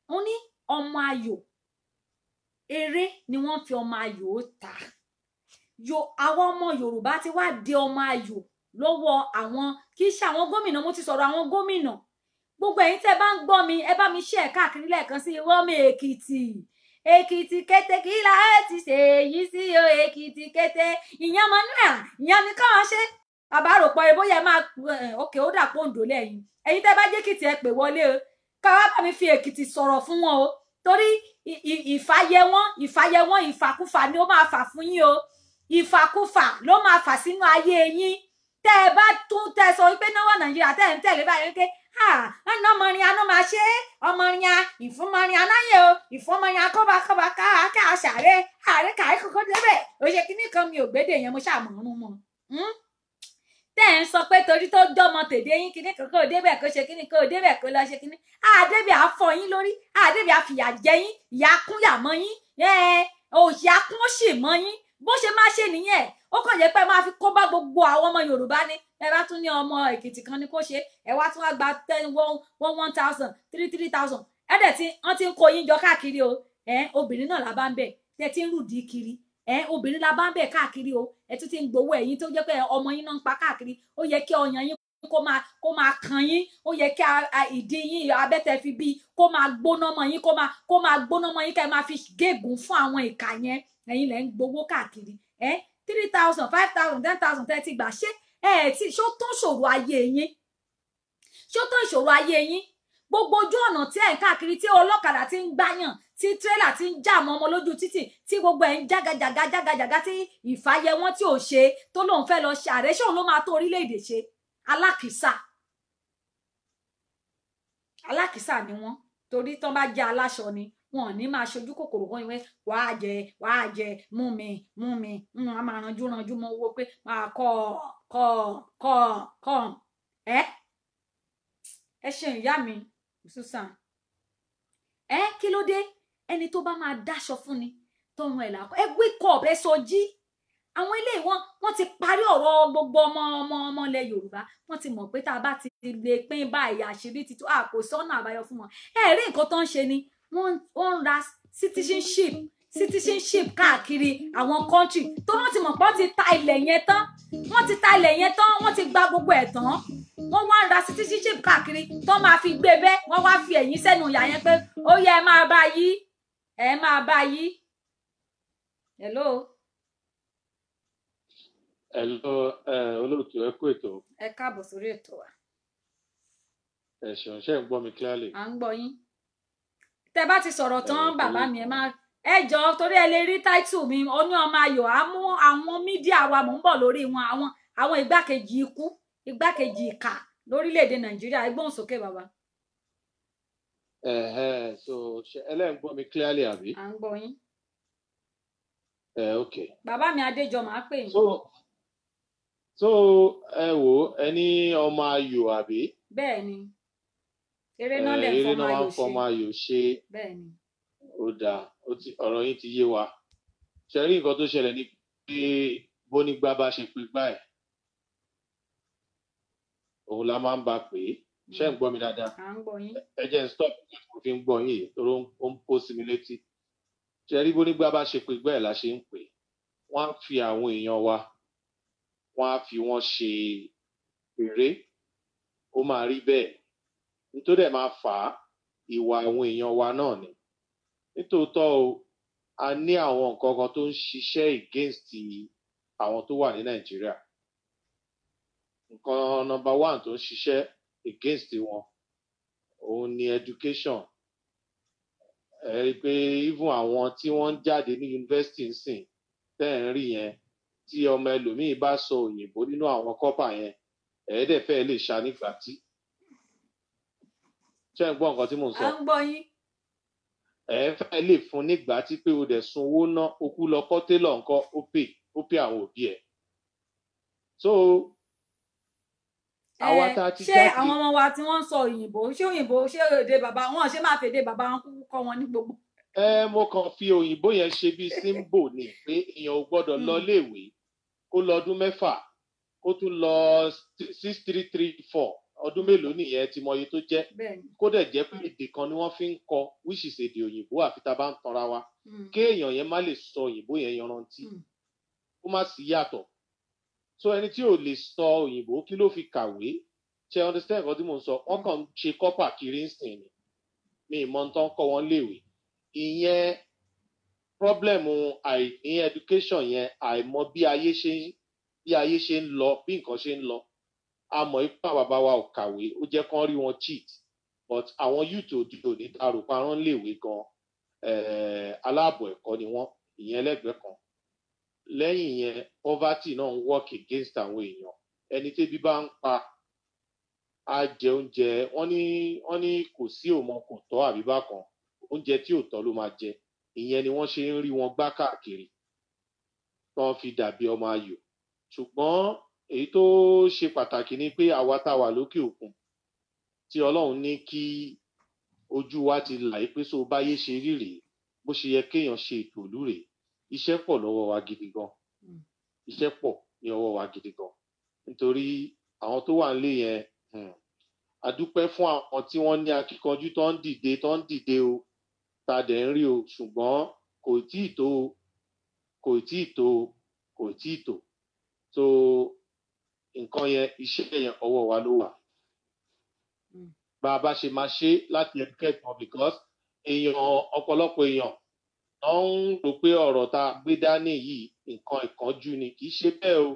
wọ́n ní ọmọ ayò eré ni wọ́n fi ọmọ ayò ta yo àwọn ọmọ Yorùbá ti wá di ọmọ ayò lọ́wọ́ àwọn kì í ṣe àwọn gómìnà mo ti sọ̀rọ̀ àwọn gómìnà gbogbo ẹ̀yin tẹ́ bá ń gbọ́ mi ẹ bá mi ṣe ẹ̀ káàkiri lẹ́ẹ̀kan sí Rọ́mọ Èkìtì èkìtì kété kí la ẹ ti ṣe èyí sí o èkìtì kété ìyẹn ọmọ náà ìyẹn ni káwọn ṣe bàbá rò pọ̀ ebó yẹ máa òkè ó dà pòǹdò lẹ́yìn ẹ̀yin tẹ́ bá jẹ́ kìtì ẹ pè wọlé o káwá bá mi fi èkìtì sọ̀rọ̀ fún wọn o torí ìfàyẹ wọn ìfàyẹ wọn ìfàkúfà ni ó máa fà fún yín o ìfàkúfà ló máa fà sínú ayé yín tẹ́ ẹ bá tún tẹ́ sọ wípé náwó nàìjíríà tẹ́ ẹ ń tẹ̀lé báyìí ọ̀nà ọmọrin anú máa ṣe ọmọrin a ìfúnmọrin aláyẹ o ìfúnmọrin akọ́bakọ́ba káàkà ṣàárẹ̀ àárẹ̀ kàárẹ̀ kókó débẹ̀ ó ṣe kíní kan mi ò gbédè yẹn mo ṣàmọ̀ọ́rún mu hmm? tẹ́ ẹ̀ ń sọ pé torí tó dọ́mọ tèdè yín kíní kan kó débẹ̀ kó ṣe kíní kó débẹ̀ kó lọ ṣe kíní àdébì àfọ yín lórí àdébì àfìyà jẹ yín ìyá kún yà mọ́ yín òṣì akún ó sì mọ́ yín bó ṣe máa ṣe nìyẹn ó kàn jẹ́ pé máa fi kó bá gbogbo àwọn ọmọ yorùbá ni ẹ bá tún ní ọmọ èkìtì kan ni kó ṣe ẹ wá tún wá gba ten one one one thousand three three thousand ẹ dẹ̀ tí wọ́n ti ń kó yín jọ káàkiri o ẹ obìnrin náà la bá ń bẹ̀ tẹ́ ti ń rùdí kiri ẹ obìnrin la bá ń bẹ̀ káàkiri o ẹ tún ti ń gbowó ẹ̀yìn tó jẹ́ pé ọmọ yín náà ń pa káàkiri ó yẹ kí ọyàn yín kó máa kó máa kan yín ó yẹ kí ìdí yín abẹ́tẹ̀ fi bí kó máa gbóná mọ́ yín kó máa kó máa gbóná mọ́ yín kẹ́ ẹ máa fi gégùn fún àwọn ìka yẹn ẹ̀yin lẹ́ ń gbowó káàkiri ẹ three thousand five thousand ten thousand thirty gbà ṣé ẹ ti ṣó ton ṣòro ayé yín ṣó ton ṣòro ayé yín gbogbo ojú ọ̀nà tí ẹ̀ ń káàkiri tí ọlọ́kadà ti ń gbáyàn tí tírélà ti ń já àwọn ọmọ lójú títì tí gbogbo ẹ̀ ń jágajàga jágajàga tí ìfàyẹ wọn tí ò ṣe tó lóun fẹ́ lọ ṣe àrẹ́ṣẹ́ òun ló máa tó orílẹ̀-èdè alákìísà alákìísà ni wọ́n torí tán bá jẹ́ aláṣọ ni wọn ò ní máa ṣojú kòkòrò wọn ìwé wàá jẹ wàá jẹ mú mi mú mi ń wọn máa ranjú ranjú mọ owó pé máa kọ kọ kọ kọ ẹ ẹ ṣe ìyá mi Susan ẹ kí ló dé ẹni tó bá máa dáṣọ fún ni tọrun ẹ làkọ ẹ wake up ẹ sọ jí àwọn ilé ìwọ́n wọ́n ti parí ọ̀rọ̀ gbogbo ọmọ ọmọ ọmọ ilẹ̀ Yorùbá wọ́n ti mọ̀ pé tá a bá ti lè pín báyìí àṣírí ti tó àpò sọ́nà àbáyọ fún wọn ẹ rí nǹkan tó ń ṣe ni wọ́n ń ra citizenship citizenship káàkiri àwọn kọ́ńtì tó wọ́n ti mọ̀ pé wọ́n ti ta ilẹ̀ yẹn tán wọ́n ti ta ilẹ̀ yẹn tán wọ́n ti gba gbogbo ẹ̀ tán wọ́n wá ń ra citizenship káàkiri tó máa fi gbé bẹ́ wọ́n wá fi ẹ̀yìn sẹ́nu ìyá yẹn pé ó yẹ ẹ máa bá yí ẹ máa bá yí hello ẹ lọ olóòtú ẹ kú ètò. ẹ káàbọ̀ sórí ètò wa. ẹ ṣeun ṣe ń gbọ́ mi clearly. à ń gbọ́ yín tẹ bá ti sọ̀rọ̀ tán bàbá mi ẹ máa ẹ jọ torí ẹ lè rí táìtù mi oyún ọmọ ayọ̀ á mú àwọn mídíà wa mò ń bọ̀ lórí wọn àwọn àwọn igbákejì ikú igbákejì ìkà lórílẹ̀‐èdè nàìjíríà ẹ gbóhùn sókè bàbá. ẹ ẹ so ẹlẹ́yìn gbọ́ mi clearly àbí. à ń gbọ́ yín. ẹ ok. bàbá mi adéjọ màá pè yín so ẹ wo ẹ ní ọmọ ayò àbí. bẹ́ẹ̀ni eré náà lè fọmọ ayò ṣe bẹ́ẹ̀ni. ó dáa ọ̀rọ̀ yín ti yé wa ṣe rí nǹkan tó ṣẹlẹ̀ ní pé bónígbà bá ṣe pé gbà òun la máa ń bá pè é ń gbọ́ mi dáadáa ẹ jẹ́ ń stop mo fi ń gbọ́ yín torí ó ń pò sí mi létí ṣe rí bónígbà bá ṣe pé gbà la ṣe ń pè wọ́n á fi àwọn èèyàn wa wọ́n á fi wọ́n ṣe eré ó máa rí bẹ́ẹ̀ nítorí ẹ̀ máa fà á ìwà àwọn èèyàn wa náà ni nítòótọ́ o a ní àwọn nǹkan kan tó ń ṣiṣẹ́ against àwọn tó wà ní Nàìjíríà nǹkan nọ́mbà one tó ń ṣiṣẹ́ against wọn òun ni education ẹ rí i pé even àwọn tí wọ́n ń jáde ní yunifásitì ń sìn tẹ́ ẹ̀ ń rí yẹn tí ọmọ ẹlòmíì bá sọ òyìnbó nínú àwọn kọ́pà yẹn ẹ̀ẹ́dẹ̀fẹ́ lè ṣá nígbà tí. ṣé ẹ ń gbọ́ nǹkan tí mò ń sọ? à ń gbọ́ yín. ẹ̀ẹ́fẹ́ lè fún nígbà tí pé o dẹ̀ sun owó ná o kú lọ kọ́ télọ̀ nǹkan ó pè ó pè àwọn òbí ẹ̀. so àwa a ti jáde. ṣé àwọn ọmọ wa tí wọ́n ń sọ òyìnbó ṣé òyìnbó ṣé èdè bàbá wọn ṣé máa fèdè bàbá wọn kúkú wọn ní gbogbo. ẹ mo kàn fi òyìnbó yẹn ṣe bíi símbò ni pé èèyàn ò gbọ́dọ̀ lọ hmm. léèwé ó lọ ọdún mẹ́fà ó tún lọ six three three four ọdún mélòó nìyẹn ti mọ iye tó jẹ́ kó dẹ̀ jẹ́ pé èdè kan ni wọ́n fi ń kọ which is èdè òyìnbó àfi tá a bá ń tanra wa hmm. kéèyàn yẹn má lè sọ òyìnbó yẹn yanrantí kó hmm. má sí yàtọ̀ so ẹni tí ò lè sọ òyìnbó kí ló fi kàwé ṣe understand nǹkan tí mò ń sọ wọ́n kàn ń ṣe kọ́pà kiri ń sìn ni mi ìmọ̀ ń tán kọ́ wọn léèwé ìyẹn problem àìní education yẹn àìmọ̀ bí ayé ṣe ń bí ayé ṣe ń lọ bí nǹkan ṣe ń lọ a mọ̀ ipá bàbá wa ò kàwé ó jẹ́ kán rí wọn cheat but àwọn youth òde òní tarò parán léèwé gan eh, aláàbọ̀ ẹ̀kọ́ ni wọ́n ìyẹn lẹ́gbẹ̀ẹ́ kan lẹ́yìn yẹn poverty náà ń work against àwọn èèyàn ẹni tẹ́bí bá ń pa á jẹ oúnjẹ wọ́n ní wọ́n ní kò sí òmọ kò tọ́ àbí bákan oúnjẹ tí ò tọ́ ló máa jẹ ìyẹn ni wọ́n ṣe ń rí wọn gbá káàkiri tán fi dàbí ọmọ ayò ṣùgbọ́n èyí tó ṣe pàtàkì ni pé àwa tá a wà lókè òkun tí Ọlọ́run ní kí ojú wa ti là pé so báyé ṣe rí rèé bó ṣe yẹ kéèyàn ṣe ètò òlú rèé iṣẹ́ pọ̀ lọ́wọ́ wa gidi gan hmm. iṣẹ́ pọ̀ ní ọwọ́ wa gidi gan nítorí àwọn tó wà nílé yẹn hmm, a fún àwọn tí wọ́n ní akíkanjú tó ń dìde tó ń dìde o ta dẹ̀ ń rí o ṣùgbọ́n kò tí ì tó kò tí ì tó kò tí ì tó so nǹkan yẹn iṣẹ́ yẹn ọwọ́ wa ló wà hmm. bá a bá ṣe máa ṣe láti kẹ́kọ̀ọ́ because èèyàn ọ̀pọ̀lọpọ̀ èèyàn wọ́n ń rò pé ọ̀rọ̀ tá a gbé dání yìí nǹkan ìkánjú ni kì í ṣe bẹ́ẹ̀ o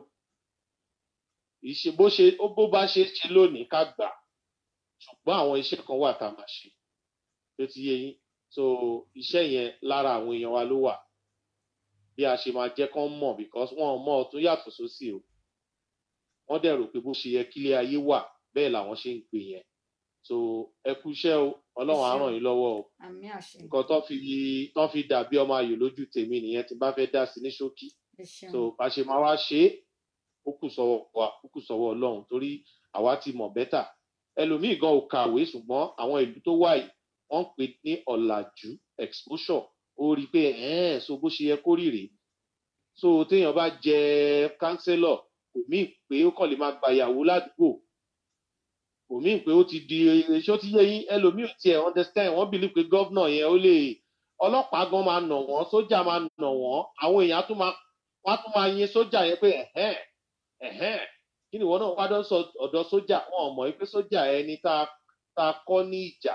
kì í ṣe bó ṣe bó bá ṣe ṣe lónìí ká gbà ṣùgbọ́n àwọn iṣẹ́ kan wà tá a máa ṣe tó ti yé yín so iṣẹ́ yẹn lára àwọn èèyàn wa ló wà bí a ṣe máa jẹ́ kán mọ̀ because wọ́n mọ̀ ọ̀tún yàtọ̀ sósì o wọ́n dẹ̀ rò pé bó ṣe yẹ kílé ayé wà bẹ́ẹ̀ làwọn ṣe ń pè yẹn so ẹ kú iṣẹ́ o ọlọ́run á ràn yín lọ́wọ́ o nǹkan tó fi tó fi dàbí ọmọ ayò lójú tèmi nìyẹn tí bá fẹ́ dá sí ní ṣókí so bá ṣe máa wá ṣe é ó kù sọ́wọ́ wa ó kù sọ́wọ́ ọlọ́run torí àwa ti mọ̀ bẹ́tà ẹlòmíì gan ò kàwé ṣùgbọ́n àwọn ìlú tó wà wọ́n pè ní ọ̀làjú exposure ó rí i pé ẹ̀ẹ́n so bó ṣe yẹ kó rírè so téèyàn bá jẹ kánsẹ́lọ̀ kò mí pé ó kàn lè máa gbàyàwó ládùúgbò kò mí pé ó ti di ṣó ti yẹ yín ẹlòmíì ò tiẹ̀ understand wọ́n bìlí pé gọ́vnà yẹn ó lè ọlọ́pàá gan máa nà wọ́n sójà máa nà wọ́n àwọn èèyàn tún máa wọ́n tún máa yin sójà yẹn pé ẹ̀hẹ́n ẹ̀hẹ́n kí ni ìwọ náà wá dọ́ sọ ọ̀dọ̀ sójà wọn ò mọ̀ pé sójà ẹni tá a kọ́ ní ìjà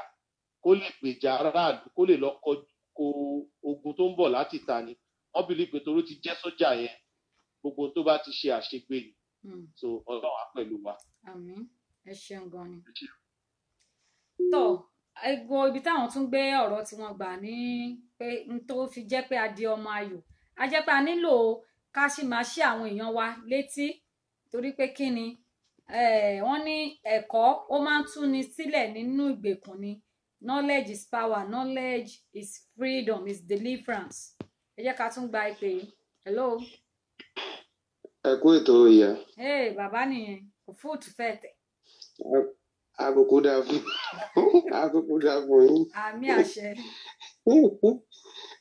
kó lè gbèjà aráàlú kó lè lọ kọjú ogun tó ń bọ̀ láti ta ni wọ́n bìlí pé toró ti jẹ́ sójà yẹn gbogbo tó bá ti ṣe àṣegbè ni hmm. so ọlọ́run á pẹ̀lú wa. àmín ẹ ṣeun gan ni. tó ẹgbọn ibi táwọn tún gbé ọ̀rọ̀ tí wọ́n gbà ní pé n tó fi jẹ́ pé a di ọmọ ayò a jẹ́ pé a nílò ká sì máa ṣí àwọn èèyàn wa létí torí pé kí ni wọ́n ní ẹ̀kọ́ ó máa ń túni sílẹ̀ nínú ìgbèkùn ni. Eh, knowledge is power knowledge is freedom is deliverance ẹ jẹ́ ká tún gba ìpè hello. ẹ kú ètò ìyá. ee bàbá nìyẹn kò fóòtù fẹ́ tẹ̀. àbùkù dáa fún àbùkù dáa fún yín. àmì àṣẹ.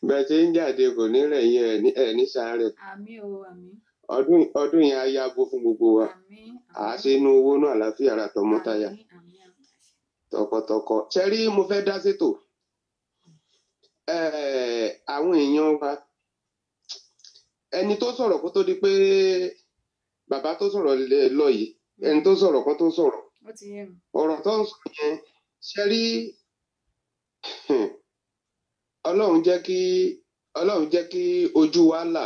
bẹ́ẹ̀ ṣe ń jáde kò ní rẹ̀ yín ẹ̀ ní sáré. àmì o àmì ọdún ọdún yẹn á yá bó fún gbogbo wa àá ṣe inú owó náà àlàáfíà ara tọmọtaya tọkọtọkọ ṣẹ́rí mo fẹ́ dá sétò àwọn èèyàn wa ẹni tó sọ̀rọ̀ kó tó di pé bàbá tó sọ̀rọ̀ lọ yìí ẹni tó sọ̀rọ̀ kan tó sọ̀rọ̀ ọ̀rọ̀ tó ń sọ yẹn ṣẹ́rí ọlọ́run jẹ́ kí ọlọ́run jẹ́ kí ojú wa là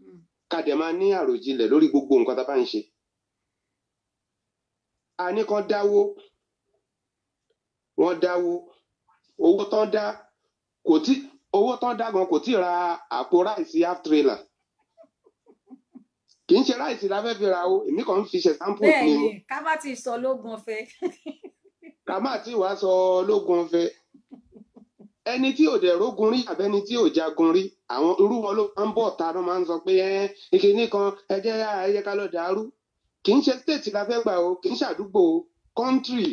hmm. ká dẹ̀ máa ní àròjinlẹ̀ lórí gbogbo nǹkan tá a bá ń ṣe a ní kan dáwó wọ́n dáwó owó tán dá kò tí owó tán dá gan kò tí ra àpò ráìsì half trailer kì í ṣe ráìsì la fẹ́ fi ra o èmi kàn ń fi ṣe sample ni o. bẹ́ẹ̀ni ká má ti sọ lógun ọ̀fẹ́. [laughs] ká má ti wá sọ lógun ọ̀fẹ́ ẹni tí ò dẹ̀ rógun rí àbẹ́ni tí ò jagun rí àwọn irú wọn ló máa ń bọ̀ ta ló máa ń sọ pé ìkíní kan ẹ jẹ́ ká lọ dàrú kì í ṣe stéètì la fẹ́ gbà o kì í ṣàdúgbò o kọ́ńtírì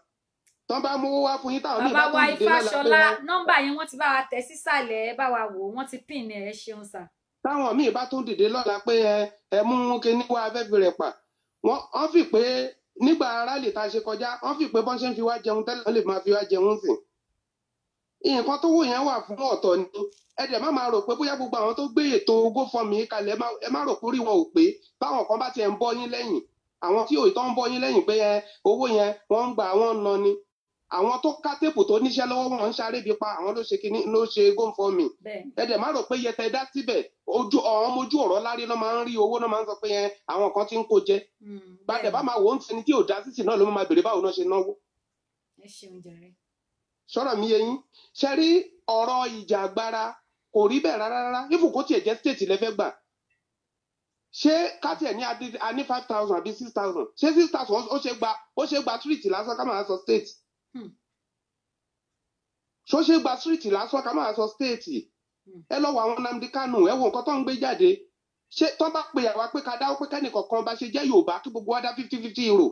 tán bá mówó wá fún yín táwọn míì bá tún dìde lọ́la pé wọ́n. bàbá wa Ifáṣọlá nọ́mbà yẹn wọ́n ti bá wa tẹ̀ sísàlẹ̀ ẹ bá wa wò wọ́n ti pín ní ẹ ṣeun sà. táwọn míì bá tún dìde lọ́la pé ẹ ẹ mú kinní wá afẹ́fẹ́ rẹ̀ pa wọ́n fi pé nígbà rálì tá a ṣe kọjá wọ́n fi pé bọ́n ṣe ń fi wá jẹun tẹ́lẹ̀ wọ́n lè máa fi wá jẹun sìn. nǹkan tó wù yẹn wà fún ọ̀tọ̀ ni ẹ dẹ̀ má máa rò pé bóyá gbogbo àwọn tó gbé ètò GoFundMe kalẹ̀ ẹ má rò kúrí wọn ò pé báwọn kan bá tiẹ̀ ń bọ́ yín lẹ́yìn àwọn tí òótọ́ ń bọ́ yín lẹ́yìn pé owó yẹn wọ́n ń gbà wọ́n ń nọ ni àwọn tó ká téèpù tó níṣẹ́ lọ́wọ́ wọn ń sáré bí pa àwọn ló ṣe kíní ló ṣe gómìnfọ́mì ẹ̀dẹ̀ má rò pé yẹtẹ dá síbẹ̀ ojú ọ̀hún mojú ọ̀rọ̀ lárí náà máa ń rí owó náà máa ń sọ pé yẹn àwọn kan ti ń kó jẹ gbàdẹ̀ hmm, bá máa wò ó ń sinmi tí ò dá sísì náà ló máa bèrè báwo náà ṣe náwó. sọ̀rọ̀ mi yẹn ṣe rí ọ̀rọ̀ ìjà agbára kò rí bẹ́ẹ̀ rárá rárá ifùkó tiẹ̀ jẹ́ stéètì lẹ́fẹ́ gbà ṣé káàtì ẹ̀ ní a five thousand àbí six thousand ṣé six thousand ó ṣe gba ó ṣe gba street lásán ká máa sọ state Hmm. ṣó ṣe gba street lásán ká máa sọ stéètì hmm. ẹ lọ wọ àwọn Nnamdi Kanu ẹ wo nǹkan tó ń gbé jáde ṣé tó bá pe àwa pé ká dáwọ́ pé kẹ́nìkan kan bá ṣe jẹ́ Yorùbá kí gbogbo ọ̀dà fifty fifty euro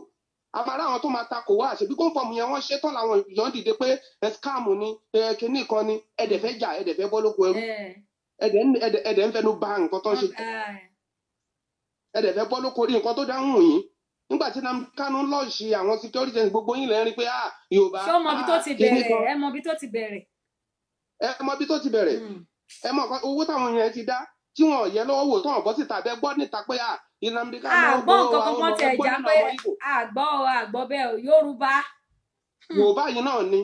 àmàrà àwọn tó máa takò wá àṣẹbí kóńfọ̀mù yẹn wọ́n ṣe tán làwọn èèyàn dìde pé ẹ skáàmù ni ẹ kìíní kan ni ẹ̀dẹ̀ fẹ́ jà ẹ̀dẹ̀ fẹ́ bọ́ lóko ẹrú eh. ẹ̀dẹ̀ ń fẹnu ba nǹkan tó ń ṣe ẹ̀dẹ̀ fẹ́ bọ́ lóko rí nǹkan tó dáhùn yìí nígbà tí nam kanu lọ́ọ̀ṣì àwọn security agents gbogbo yín lẹ́rìn pé ah yorùbá ah kìíní kan ẹ mọ ibi tó ti bẹ̀rẹ̀ ẹ mọ ibi hmm. owó táwọn yẹn ti dá tí wọn yẹ lọ́wọ́ wò tán ọ̀bọ síta bẹ́ẹ̀ gbọ́ níta pé ah ìnàmdíkanu ọgbọ́n ah, wa ọgbọ́n nípa ìbò. àgbọ̀ nǹkan kan tẹ̀ ẹ̀já pé wò hmm. báyìí náà ni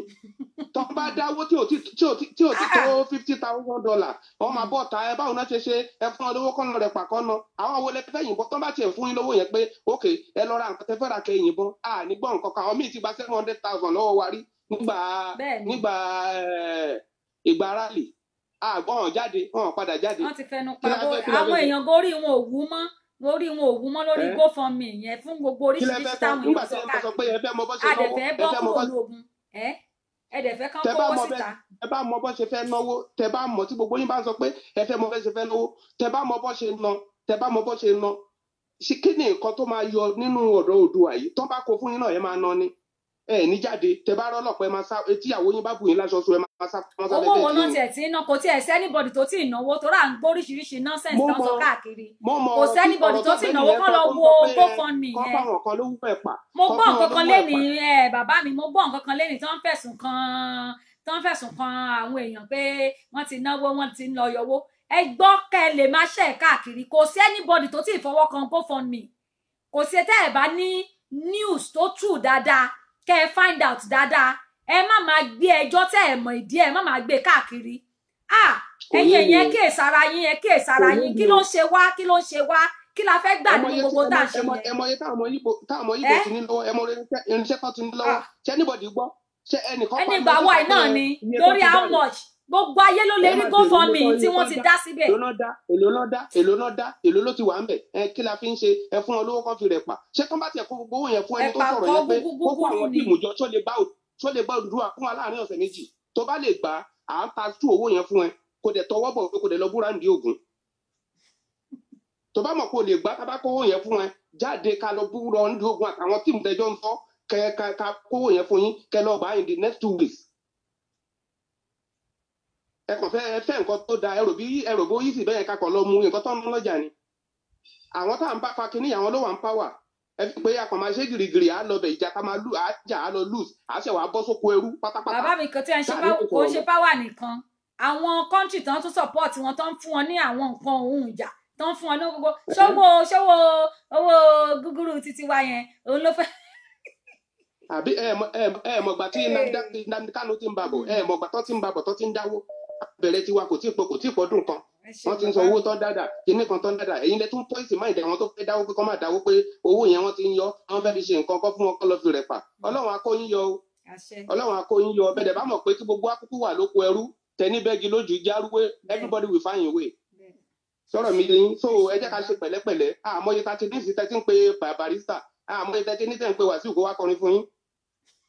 tó bá dáwó tí ò ti tó ah, ah. fifty thousand dollar wọn máa hmm. bọ̀ ta ẹ báwo náà ṣe ṣe ẹ fún ọ lówó kọ́nà rẹ̀ pàkọ́nà àwọn wo lẹ fẹ́ yìnbọn tó bá tiẹ̀ fún yín lówó yẹn pé ok ẹ lọ ra nǹkan tẹ fẹ́ ra kẹ yìnbọn à ní gbọ́ nǹkan àwọn míì ti gba seven hundred thousand lọ́wọ́ wa rí nígbà nígbà eh, ìgbà rally àgbọ̀n jáde wọn padà jáde. wọ́n ti fẹnu pa àwọn èèyàn gorí wọn ò wú mọ́ lórí wọn òwú mọ́ lórí GoFundMe yẹn fún gbogbo oríṣiríṣi táwọn yóò sọ káàkiri àdẹ̀fẹ́ bọ́ kúrò lóògùn ẹ ẹdẹ̀fẹ́ kan kówó síta. ẹ bá mọ bó ṣe fẹ́ náwó tẹ bá mọ tí gbogbo yín bá ń sọ pé ẹ fẹ́ mọ bó ṣe fẹ́ náwó tẹ bá mọ bó ṣe ná tẹ bá mọ bó ṣe ná kí ni nǹkan tó máa yọ nínú ọ̀dọ̀ Oòduà yìí tó bá kó fún yín náà ẹ máa ná ni ẹ ní jáde tẹ bá rọ ọlọpàá ẹ máa sá tíyàwó yín bá bù yín láṣọ sùn ẹ máa sá máa sá lẹbẹ tí owó wo náà tiẹ̀ tí ń ná kò tiẹ̀ sẹ́nibọ̀dì tó ti náwó torí à ń gbọ́ oríṣiríṣi nọ́sẹ̀nsì náà sọ káàkiri kò sẹ́nibọ̀dì tó ti náwó kán lọ wo GoFundMe yẹn mo gbọ́ nǹkan kan lẹ́ni bàbá mi mo gbọ́ nǹkan kan lẹ́ni tó ń fẹ̀sùn kan tó ń fẹ̀sùn kan àwọn èèyàn pé wọ́n ti náwó wọ́n ti ń lọ yọwó ẹ gbọ́ kẹ́ ẹ lè máa ṣe ẹ̀ káàkiri kò sí anybody tó ti fọwọ́ kan GoFundMe kò sí tẹ́ ẹ̀ bá ní news tó tù dáadáa kẹ́ ẹ find out dáadáa ẹ má máa gbé ẹjọ́ tẹ́ ẹ mọ̀ ìdí ẹ má máa gbé káàkiri ah, ẹ̀yin ẹ̀yin kí èsì ara yín ẹ kí èsì ara yín kí ló ń ṣe wá kí ló ń ṣe wá kí la fẹ́ gbà nínú gbogbo tá a ṣe yẹn. ẹmọ iye táwọn ibo táwọn ibo eh? ti ní lọ́wọ́ ẹmọ irinṣẹ́ kan ti ní lọ́wọ́ ah. ṣé anybody gbọ́ ṣé ẹnìkan pàmò. ẹnìgbà wọ̀ náà ni lórí how much gbogbo ayé ló lè rí GoFundMe tí wọ́n ti dá síbẹ̀. èlò náà dá èlò náà dá èlò náà dá èlò ló ti wà ń bẹ̀ ẹ kí la fi ń ṣe ẹ fún wọn lówó kan fi rẹ̀ pa ṣé kán bá tiẹ̀ kó gbogbo owó yẹn fún ẹni tó sọ̀rọ̀ yẹn pé kó kó àwọn bíìmù jọ tó lè bá òdúrà fún wa láàrin ọ̀sẹ̀ méjì tó bá lè gbà á ń ta tú owó yẹn fún ẹ kò dẹ̀ tọwọ́ bọ̀ pé kò dẹ̀ lọ búra ń di ògùn tó bá mọ̀ kó lè gbà tábà kówó yẹn yẹn fún yín kẹ lọ bá in the next two weeks ẹ kàn fẹ́ ẹ nǹkan tó da ẹrò bí ẹrò bó yìí sì bẹ́ẹ̀ kakọ̀ lọ mu nǹkan tó ń lọ́jà ni àwọn tá à ń bá fa kínní àwọn ló wà ń power ẹ fi pé akọ̀ máa ṣe gìrìgìrì á lọ bẹ̀ ìjà ká máa lù á jà á lọ lose á ṣẹ̀ wàá bọ́ sóko ẹrú pátápátá. bàbá mi kan tí a ń ṣe kò ń ṣe power nìkan àwọn kọ́ńtì tán tún support wọn tán fún wọn ní àwọn nǹkan òun ìjà tán fún wọn ní gbogbo ṣọwọ ṣọwọ owó gúgúrú títí wa yẹn òun ló fẹ́ àbí ẹ mọ̀gbà tí Nnamdi ti ń babọ̀ ẹ tó ti ń babọ̀ tó ti ń dáwó bẹ̀rẹ̀ tiwa kò tí ì pọ̀ kò tí ì pọ̀dún kan wọ́n ti ń sọ owó tó dáadáa kíní kan tó dáadáa èyí lẹ pọ́ìsì máa ń dẹ àwọn tó fẹ́ dáwó pé kọ́ máa dáwó pé owó yẹn wọ́n ti ń yọ wọ́n fẹ́ fi ṣe nǹkan kọ́ fún wọn kọ́ lọ fi rẹ̀ pa mm. ọlọ́run akóyin yọ ọlọ́run akóyin yọ bẹ́ẹ̀ dẹ̀ bá mọ̀ pé kí gbogbo akúkú wà lóko ẹrú tẹ̀ní bẹ́ẹ̀gì lójú járúwé everybody will find a way sọ̀rọ̀ mi ni so ẹ jẹ́ ká ṣe pẹ̀lẹ́pẹ̀lẹ́ àmọ́ye tàti ní ìsìtẹ́ tí ń barista àmọ́ye tàti ní tẹ̀ ń pe wàsíù kó wá kọrin fún yín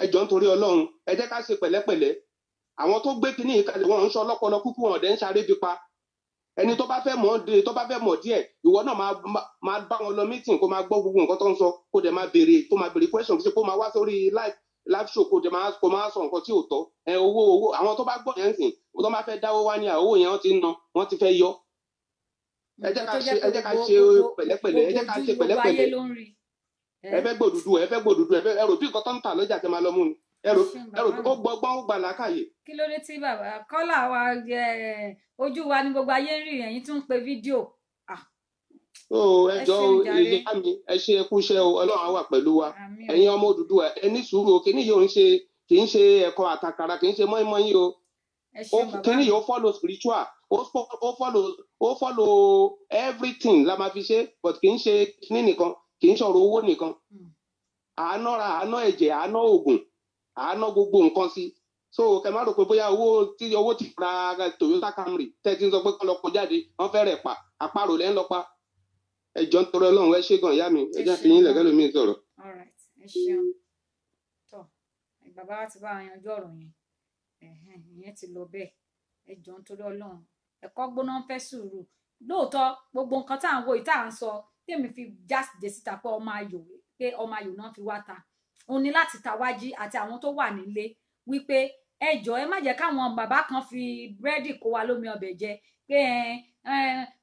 ẹ jọ ń torí ọlọ́run ẹ jẹ́ àwọn tó gbé kínní ìkàlẹ̀ wọn ń sọ ọlọ́pọlọ kúkú wọn ọ̀dẹ́ ń sáré bí pa ẹni tó bá fẹ́ mọ̀ tó bá fẹ́ mọ̀ díẹ̀ ìwọ náà máa bá wọn lọ mítìn kó máa gbọ́ gbogbo nǹkan tó ń sọ kó dẹ̀ máa béèrè kó máa béèrè question kó máa wá sórí live live show kó dẹ̀ máa kó máa sọ nǹkan tí ò tọ́ ẹ owó owó àwọn tó bá gbọ́ yẹn sìn tó bá fẹ́ dáwó wá ní àwọ̀ yẹn wọ́n ti ń ná wọ́n ti fẹ́ yọ. ẹ jẹ́ ká ṣe pẹ̀lẹ́pẹ̀lẹ́ ẹ jẹ́ ká ṣe pẹ̀lẹ́pẹ̀lẹ́ ẹ fẹ́ gbòdúdú ẹ fẹ́ gbòdúdú ẹ fẹ́ rò bí nǹkan tó ń tà lọ́jà ti máa lọ mú ni. ẹrù ẹrù kí tí bàbá Kọ́lá wa ojú wa gbogbo ayé rí ń pe fídíò. ẹ ṣe wa ẹ̀yin ọmọ sùúrù yóò ń ṣe kì í ṣe àtàkàrà kì í ṣe mọ́ínmọ́ín o yóò follow spiritual ó follow everything la máa fi ṣe but kì í ṣe kíní nìkan kì í owó nìkan hmm. àánọ́ra àánọ gbogbo nǹkan sí so kẹ má rò pé bóyá owó tí owó ti ra Toyota Camry tẹ́tí ń sọ pé kọ́ lọ kó jáde wọ́n fẹ́ rẹ̀ pa àparò lẹ́ ń lọ pa ẹjọ́ ń tọrọ ọlọ́run ẹ ṣé gan ìyá mi ẹ jẹ́ yín lẹ́gẹ́ lómi sọ̀rọ̀. tọ bàbá wa ti bá wa yanjú ọ̀rọ̀ yẹn ìyẹn ti lọ bẹ́ẹ̀ ẹjọ́ ń tọrọ ọlọ́run ẹ̀kọ́ gbóná ń fẹ́ sùúrù lóòótọ́ gbogbo nǹkan tá à ń wo ìta à ń sọ tèmi fi jáde síta pé ọmọ ayò pé ọmọ ayò náà fi wá ta òun ni láti tàwájí àti àwọn tó wà nílé wípé ẹ ẹ má jẹ́ káwọn bàbá kan fi búrẹ́dì kó wa lómi ọbẹ̀ jẹ pé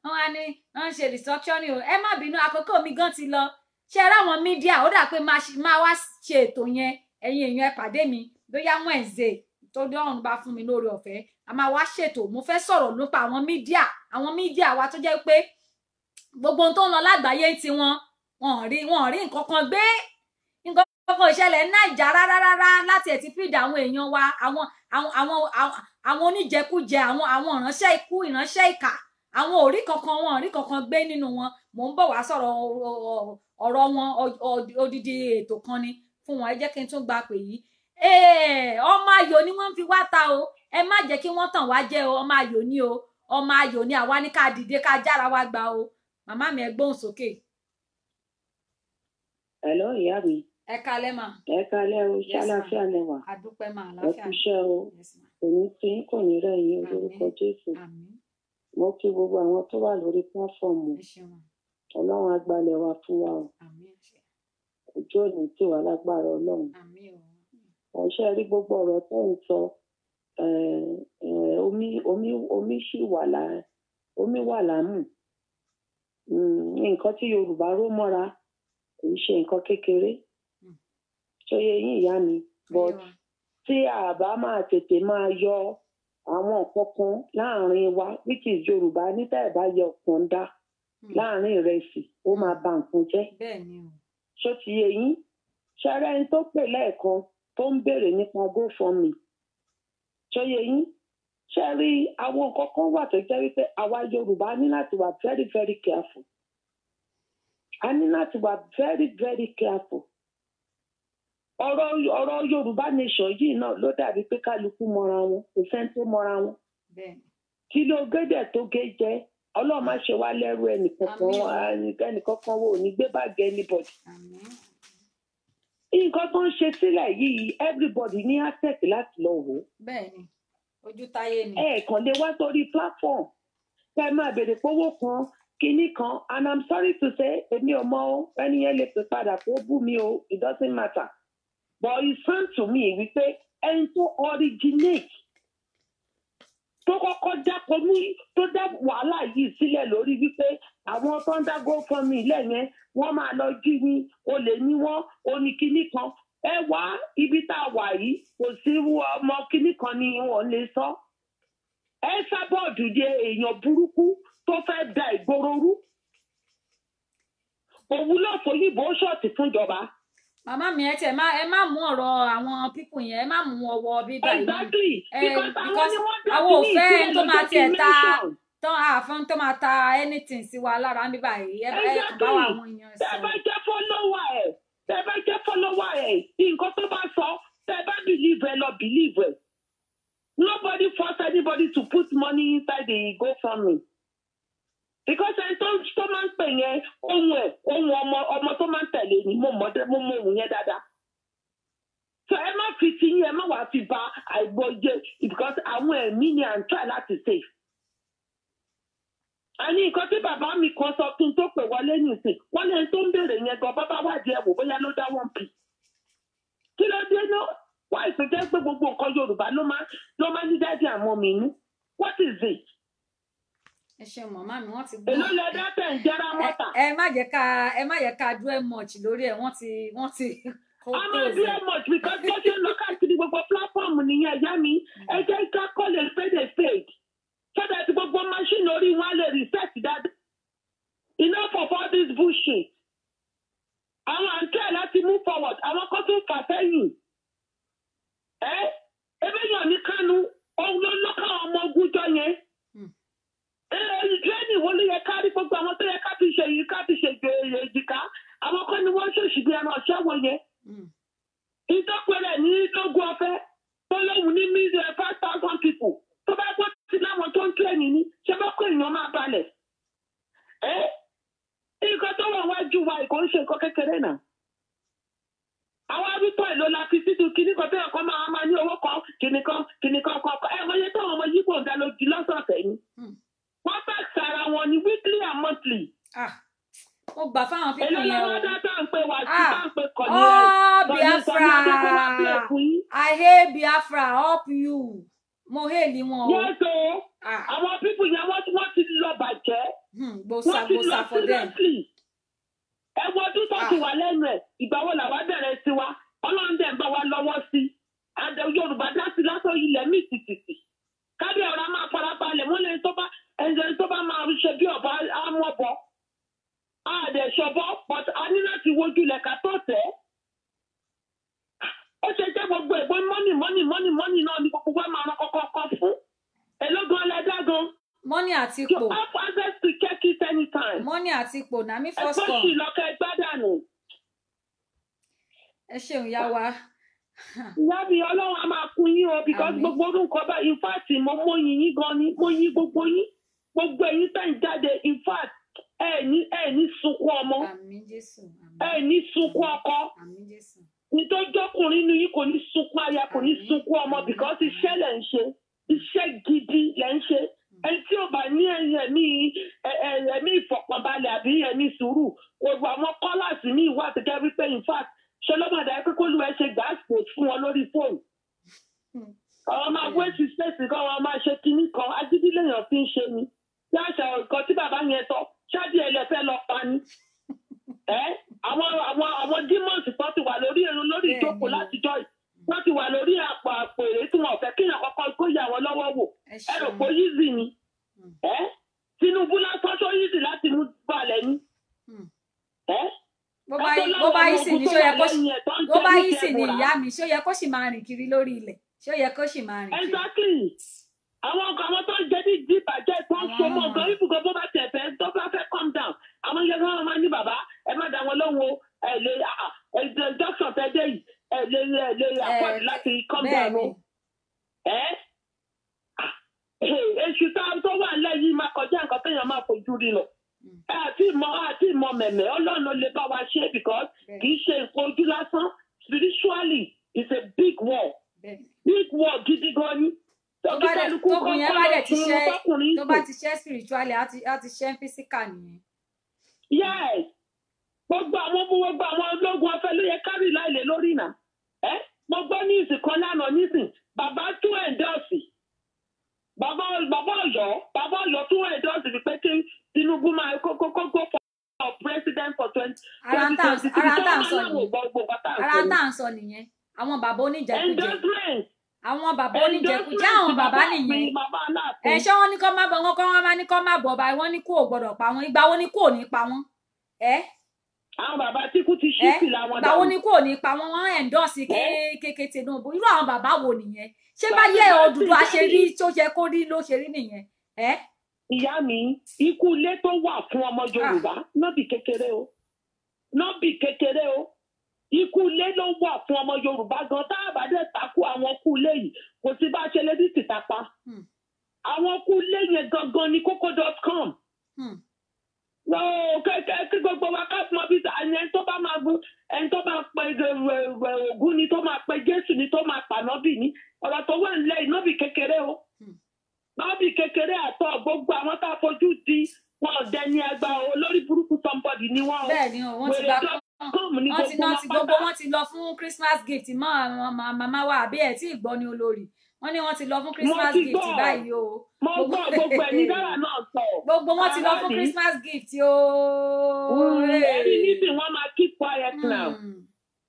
wọn á ní wọn ṣe restructuring o ẹ má bínú àkókò mi gan ti lọ ṣe ráwọn mídíà ó dà pé máa wá ṣe ètò yẹn ẹ̀yin èèyàn ẹ pàdé mi bóyá Wednesday tó dọ́run bá fún mi lórí ọ̀fẹ́ a máa wá ṣètò mo fẹ́ sọ̀rọ̀ nípa àwọn mídíà àwọn mídíà wa tó jẹ́ pé gbogbo ohun tó ń lọ lágbàáyé tiwọn wọn ò rí wọn ò rí nǹkan kan gbé kò ṣẹlẹ̀ náìjà rárá rárá láti ẹ̀ ti fìdí àwọn èèyàn wa àwọn àwọn àwọn àwọn oníjẹkújẹ àwọn àwọn ìránṣẹ́ ikú ìránṣẹ́ ìkà àwọn òrí kankan wọn òrí kankan gbé nínú wọn mò ń bọ̀ wá sọ̀rọ̀ ọ̀rọ̀ wọn odidi ètò kan ni fún wọn ẹ jẹ́ kí n tún gba pè yìí ọmọ ayò ni wọ́n ń fi wá ta o ẹ má jẹ́ kí wọ́n tàn wá jẹ́ o ọmọ ayò ni o ọmọ ayò ni àwa ní ká dìde ká jára wá gba o màmá mi ẹ gbóhùn sókè. hello ìyá mi ẹ kalẹ́ mà. ẹ kalẹ́ o ṣé àlàáfíà lẹ wà. àdúpẹ́ mà àlàáfíà. ẹ kúṣẹ́ o òní tí ń kò ní rẹ̀yìn olórúkọ jésù. mo kí gbogbo àwọn tó wà lórí pọ́fọ́ọ̀mù ọlọ́run agbalẹ̀ wa fún wa o. ojú òní tí wà lágbára ọlọ́run. ọ̀ṣẹ́ rí gbogbo ọ̀rọ̀ tó ń sọ omi omi omi sì wà láàmú omi wà láàmú hmm, nǹkan tí yorùbá ró mọ́ra kì í ṣe nǹkan kékeré. So yín ìyá mi but tí a bá máa tètè máa yọ àwọn kankan láàrin wa which is yorùbá níta ẹ̀ bá yọ ọ̀kan dá hmm. láàrin ìrẹsì ó hmm. máa ba nǹkan jẹ́ So ti yé yín ṣẹ́rẹ́ ẹni tó pè lẹ́ẹ̀kan tó ń béèrè nípa GoFundMe ṣó yé yín ṣe rí àwọn kankan wà tó jẹ́ wípé àwa yorùbá ní láti wà very very careful a ní láti wà very very careful ọ̀rọ̀ ọ̀rọ̀ yorùbá nation yìí náà ló dàbí pé kálukú mọra wọn kò sẹ́ni tó mọra wọn. kí ló gédẹ̀ tó gé jẹ ọlọ́run má ṣe wá lẹ́rú ẹnìkankan ẹnìkankan wo ní gbé bàgẹ anybody. nǹkan tó ń ṣe sílẹ̀ yìí everybody ní access láti lọ wò. bẹ́ẹ̀ni ojú táyé ni. ẹ kàn lè wá sórí platform kẹ máa béèrè fowó kan kinní kan and i'm sorry to say èmi ò mọ ẹni yẹn lè pè padà kó bú mi o it doesn't matter but he sound to me wípé ẹni tó originate tó kọ́kọ́ dá komí tó dá wàhálà yìí sílẹ̀ lórí wípé àwọn tó ń dá GoFundMe lẹ́yìn wọ́n máa lọ jí ni olè ní wọ́n oníkíní kan ẹ wá ibi tá a wà yìí kò sí ọmọ kíní kan ni wọ́n lè sọ. ẹ sábọ́ọ̀dù jẹ èèyàn burúkú tó fẹ́ da ìgboro rú. òun lọ́ọ̀fọ̀ yìí bó ṣọ̀tì fúnjọba màmá mi ẹ tẹ má ẹ má mú ọ̀rọ̀ àwọn pípù yẹn ẹ má mú ọwọ bíbá ìmọ ẹ eh, because àwọn ò fẹ́ ẹni tó máa tiẹ̀ ta tán àfọn tó máa ta anything sí wa lára ń bíbá yìí ẹ bá yẹn bá wà wọn yan sí. tẹ bá jẹ́ fọlọwà ẹ bá jẹ́ fọlọwà ẹ nǹkan tó bá sọ tẹ bá believe ẹ lọ believe ẹ nobody force anybody to put money inside the GoFundMe because ẹni tó tó máa ń pè yẹn ohun ẹ ohun ọmọ ọmọ tó máa ń tẹ̀lé ni mo mọ̀ mo mọ̀ ohun yẹn dáadáa so ẹ má fi ti yín ẹ má wàá fi ba àìgbọ́yé because àwọn ẹ̀mí ni à ń try láti save àní nǹkan tí bàbá mi kan sọ kí n tó pè wọlé nìsín wọn lẹni tó ń béèrè yẹn gan bàbá wádìí ẹ wò bóyá ló dá wọn pì kí ló dé náà wá ìsìnkẹ́ pé gbogbo nǹkan Yorùbá ló máa ló máa ní dáàdi àwọn mi ní what is it ẹ ṣe màmá mi wọ́n ti gbọ́. èló lẹ dẹ́tẹ̀ ń jẹ́ra mọ́tà. ẹ má jẹ́ ká ẹ má jẹ́ ká dúró much lórí ẹ̀ wọ́n ti wọ́n ti. [laughs] a máa dúró much because bó ṣe ń lọ káàkiri gbogbo platform nìyẹn ẹ̀yá mi ẹ jẹ́ ká kọ́ lè TV load nìyẹn. yes gbogbo àwọn ọmọ gbogbo àwọn ológun ọfẹ ló yẹ kárì láìlè lórí ìnà ẹ mo gbọ́ ní ìsìnkọ lánàá nísìn bàbá tún ẹ̀ńdọ́ọ̀sì bàbá ọ̀yọ́ bàbá ọ̀yọ́ tún ẹ̀ńdọ́ọ̀sì wípé kí Tinubu máa kókó kókó fọ ọ president for twenty twenty three tó máa ń láwò gbọ́ gbogbo pátá. ara tá à ń sọ nìyẹn àwọn bàbá oníjà káàbọ̀ báyìí wọ́n ní kó o gbọ́dọ̀ pa wọ́n ìgbà wo ni kó o ní pa wọ́n ẹ́. àwọn bàbá tí kú ti ṣí sí làwọn dáhùn. ìgbà wo ni kó o ní pa wọ́n wọ́n ẹ̀ńdọ́ọ̀sì kékeré Tinubu irú àwọn bàbá wo nìyẹn ṣé báyé Odùduwà ṣe rí tó yẹ kó rí ló ṣe rí nìyẹn ìyá mi ikú ilé tó wà fún ọmọ ah. Yorùbá nọ́ọ̀bì kékeré o nọ́ọ̀bì kékeré o ikú ilé ló wà fún ọmọ Yorùbá gan tá a bá dé takú àwọn kú ilé yìí kò sí bá ṣe lé àwọn kú lẹ́yìn gangan ni kókó dot com. Hmm. kí gbogbo wa ká mọ bí ẹni tó bá máa gun ẹni tó máa pẹ eh, eh, eh, Ògún ni tó máa pẹ Jésù ni tó máa pànọ́bì ni ọ̀rọ̀ tó wà nílẹ̀ ìnábì kékeré o. Bábì hmm. kékeré àtọ̀ gbogbo àwọn tá a fojú di wọn ọ̀dẹ ní agba olórí burúkú somebody ni wọn o. Bẹ́ẹ̀ni o, wọ́n ti bá kọ́ wọ́n ti náà ti gbogbo wọ́n ti lọ fún Christmas gift mọ́ àwọn màmá wa àbí ẹ̀ tí ì gbọ́ ní wọ́n ní wọ́n ti lọ fún christmas gift báyìí o. mo gbọ́ gbogbo ẹni dára náà sọ. gbogbo wọn ti lọ fún christmas gift o. ẹni níbi wọn máa keep quiet hmm. now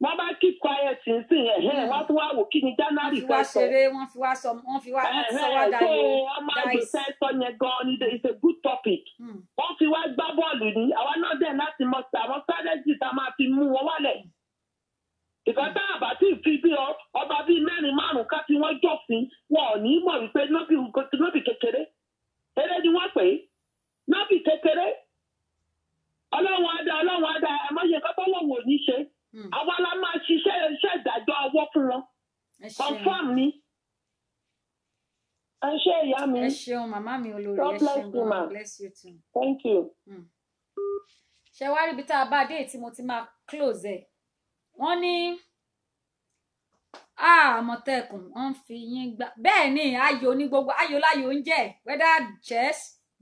wọn bá keep quiet nísìn ẹhẹn hmm. wọn tún wá wò kí ni january fẹ́ sọ. wọ́n fi wá ṣeré wọ́n fi wá sọ wọ́n fi wá sọ wá dayọ dice. ọmọ àgbẹ̀sẹ̀ sọ yẹn gan-an ni a good topic. Hmm. wọ́n fi wá gbá bọ́ọ̀lù ní àwa náà dẹ̀ láti mọ̀ sí àwọn strategy tá a máa fi mú wọn wálẹ̀ yìí. ìgbà tá ti fi bi ọba bíi mẹ́rin márùn-ún ká tí wọ́n wọn ò ní mọ wípé nọ́bì kékeré eré ni wọn pè é nọ́bì kékeré ọlọ́run adá ọlọ́run adá àmọ́yẹ kọ́kọ́ ò ní ṣe hmm. àwa la máa ṣiṣẹ́ iṣẹ́ fún wọn confam mi ẹ bless you too. thank you. Hmm. ṣe wá rí ibi tá a ti máa close wọ́n ní àmọ̀tẹ́kùn wọ́n fi yín gbá bẹ́ẹ̀ ni ayò ní gbogbo ayò láyò ń jẹ́ whether chess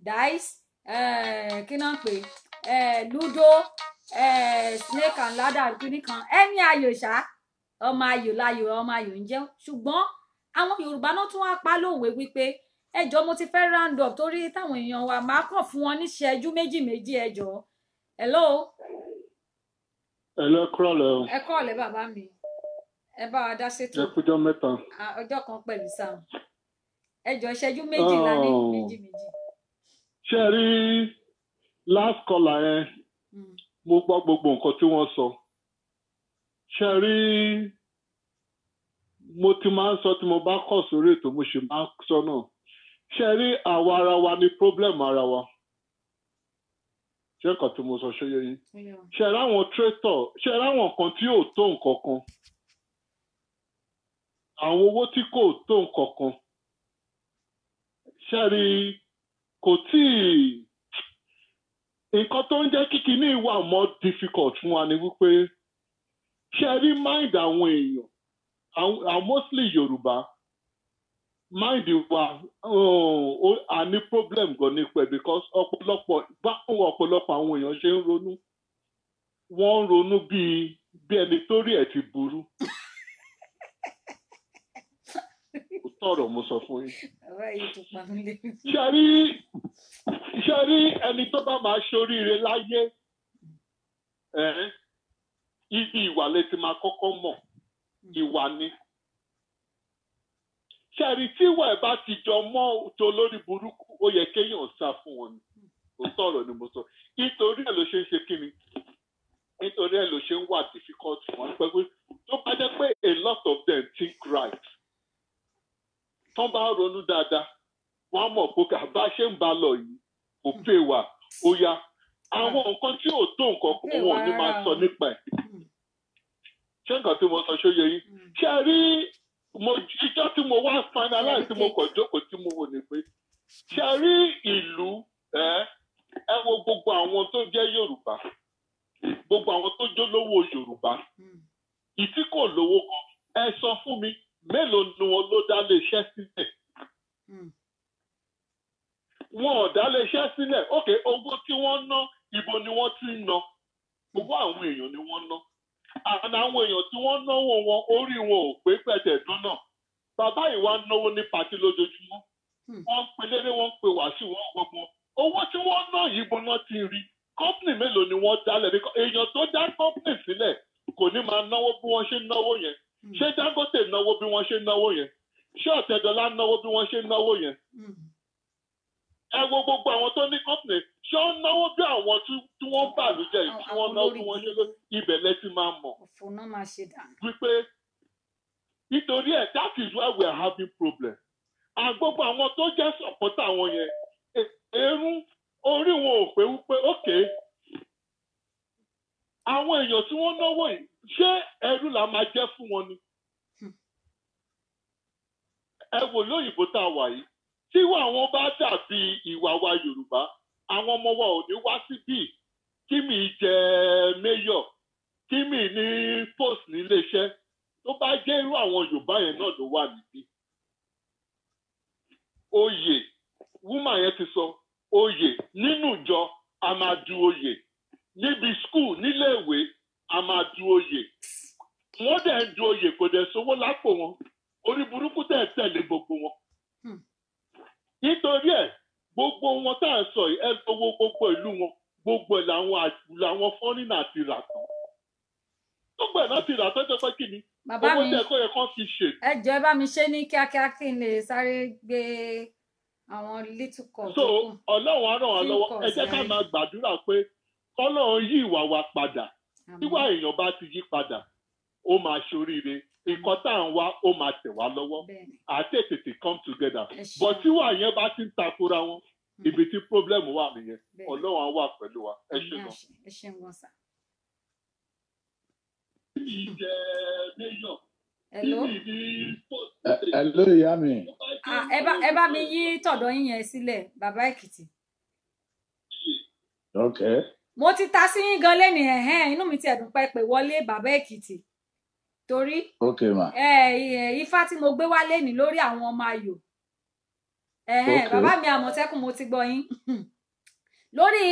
dice uh, kí náà pè eh, ludo uh, snake and ladder kìíní kan ẹni ayò ṣá ọmọ ayò láyò ọmọ ayò ń jẹ́ ṣùgbọ́n àwọn yorùbá náà tún wá pa lóòwe wípé ẹjọ́ mo ti fẹ́ round up torí táwọn èèyàn wa máa kàn fún wọn níṣẹ́jú méjì méjì ẹjọ́ hello ẹ lọ kúrọ lọ. ẹ kọ́ ọ̀lẹ́ bàbá mi ẹ bá wa dá ṣètò. ẹ kújọ mẹ́ta. ọjọ́ kan pẹ̀lú sáà ẹ jọ ìṣẹ́jú méjìlá ní oh. méjì méjì. ṣé ẹ rí last caller yẹn hmm. mo gbọ́ gbogbo nǹkan tí wọ́n sọ ṣé ẹ rí mo ti máa ń sọ tí mo bá kọ̀ sórí ètò mo sì máa ń sọ náà ṣé rí àwa ara wa ni problem ara wa. Mm ṣé nǹkan tí mo sọ ṣé yé yín ṣe ráwọn tractor ṣe ráwọn nǹkan tí yóò tó nǹkan kan àwọn owó tí kò tó nǹkan kan ṣe rí kò tí ì nǹkan tó ń jẹ́ kíkì ní ìwà more difficult fún wa ni wípé ṣe rí mind àwọn èèyàn àwọn mostly Yorùbá mind wa oh, a ní problem gan nípa ẹ̀ because ọ̀pọ̀lọpọ̀ báwo ọ̀pọ̀lọpọ̀ àwọn èèyàn ṣe ń ronú wọ́n ń ronú bíi bí ẹni tó rí ẹ̀ ti burú tọrọ mo sọ fún yín. ṣe rí ẹni tó bá máa ṣoríire láyé ibi ìwà lè ti máa kọ́kọ́ mọ̀ hmm. ìwà ni ṣẹ́ẹ̀rí tí ìwà ẹ̀ bá ti jọ mọ́ tó lórí burúkú ó yẹ kéèyàn sá fún wọn ni ó sọ̀rọ̀ ni mo sọ nítorí ẹ̀ ló ṣe ń ṣe kí ni nítorí ẹ̀ ló ṣe ń wà difficult wọn pẹ́ pé tó bá jẹ́ pé a lot of them think right tán bá ronú dáadáa wọ́n á mọ̀ pé kà bá ṣe ń bá lọ yìí kò pè wá ó yá àwọn nǹkan tí ò tó nǹkan kan wọn ò ní máa sọ nípa ẹ̀ ṣé nǹkan tí mo sọ ṣó yẹ yín hmm. ṣe rí mo ìjọ tí mo wá finalize tí mo kàn jókòó tí mo wò ní pé ṣe rí ìlú ẹ ẹ wo gbogbo àwọn tó jẹ́ Yorùbá gbogbo àwọn tó jólówó Yorùbá hmm. ìtí kò lówó kan ẹ sọ fún mi mélòó ni wọn ló dá lè ṣẹ́ sílẹ̀ hmm. wọn ò dá lè ṣẹ́ sílẹ̀ ok owó tí wọ́n ná ibo ni wọ́n ti ń ná gbogbo àwọn èèyàn ni wọ́n ná àná àwọn èèyàn tí wọ́n náwó wọn orí wọn ò pé pẹ̀tẹ̀ dúnà bàbá ìwà náwó ní pàtí lójoojúmọ́ hmm. wọ́n ń pe léré wọ́n ń pe wàásù wọ́n gbọ́gbọ́n owó tí wọ́n ná yìí gbọ́ná ti rí kọ́pìnì mélòó ni wọ́n dálẹ̀ bí èèyàn tó dá kọ́pìnì sílẹ̀ kò ní máa náwó bí wọ́n ṣe náwó yẹn hmm. ṣé Dangote náwó bí wọ́n ṣe náwó yẹn ṣé Ọ̀tẹ̀dọ́lá náwó bí wọ́n ṣe náwó yẹn hmm ẹ wo gbogbo àwọn tó ní company ṣé ó náwó bí àwọn tí wọ́n bà ló jẹ́ tí wọ́n náwó tí wọ́n ṣe ló ibẹ̀ lẹ́tí máa mọ̀. òfò náà máa ṣe dà. wípé nítorí ẹ̀ that is why we are having problem. àgbogbo àwọn tó jẹ́ sọ̀pọ̀tà wọn yẹn èrún e, orí wọn ò pé wípé okay àwọn èèyàn tí wọ́n náwó yìí ṣé ẹrú la máa jẹ́ fún wọn ni. Hmm. ẹ wò lóyìnbó tá a wà yìí tí àwọn bá dàbí ìwà wa yorùbá àwọn ọmọ wa ò ní wá síbí kí mi jẹ méyọ kí mi ní post níléeṣẹ́ tó bá jẹ́ irú àwọn yorùbá yẹn náà ló wà níbí oyè wúmà yẹn ti sọ oyè nínú ìjọ a máa du oyè níbi skul níléèwé a máa du oyè wọ́n dẹ̀ ń du oyè kò dẹ̀ sówó lápò wọn orí burúkú dẹ̀ tẹ̀lé gbogbo wọn nítorí ẹ̀ gbogbo wọn tá à ń sọ yìí ẹ lọ́wọ́ gbogbo ìlú wọn gbogbo ẹ̀ làwọn làwọn fọ́nrínà ti rà tán gbogbo ẹ̀ náà ti rà tán tó pé kí ni owó tí ẹ̀kọ́ yẹ kán fi ṣe. ẹ jọ ẹ bá mi ṣe ní kíákíá kí n lè sáré gbé àwọn little cup. so ọlọ́run á ràn wá lọ́wọ́ ẹ jẹ́ ká máa gbàdúrà pé kọ́lọ́run yí ìwà wa padà tíwá èèyàn bá ti yí padà ó máa ṣoríire nǹkan tá à ń wá ó máa tẹ̀ wá lọ́wọ́ àti tètè come together but tí wà yẹn bá ti ń takora wọn hmm. ibi tí problem wà nìyẹn ọlọ́run á wà pẹ̀lú wa ẹ ṣe gan. Èmi jẹ́ Major. Hello ìyá mi. Ah, ẹ bá mi yí tọ̀dọ̀ yín yẹn sílẹ̀, bàbá Èkìtì. Okay. Mo ti ta sí yín gan lẹ́nu ẹ̀hẹ́n, inú mi ti ẹ̀dùn pẹ́ pé wọlé bàbá Èkìtì torí ifá tí mo gbé wálé ní lórí àwọn ọmọ ayò bàbá mi àmọ̀tẹ́kùn mo ti gbọ́ yín [laughs] lórí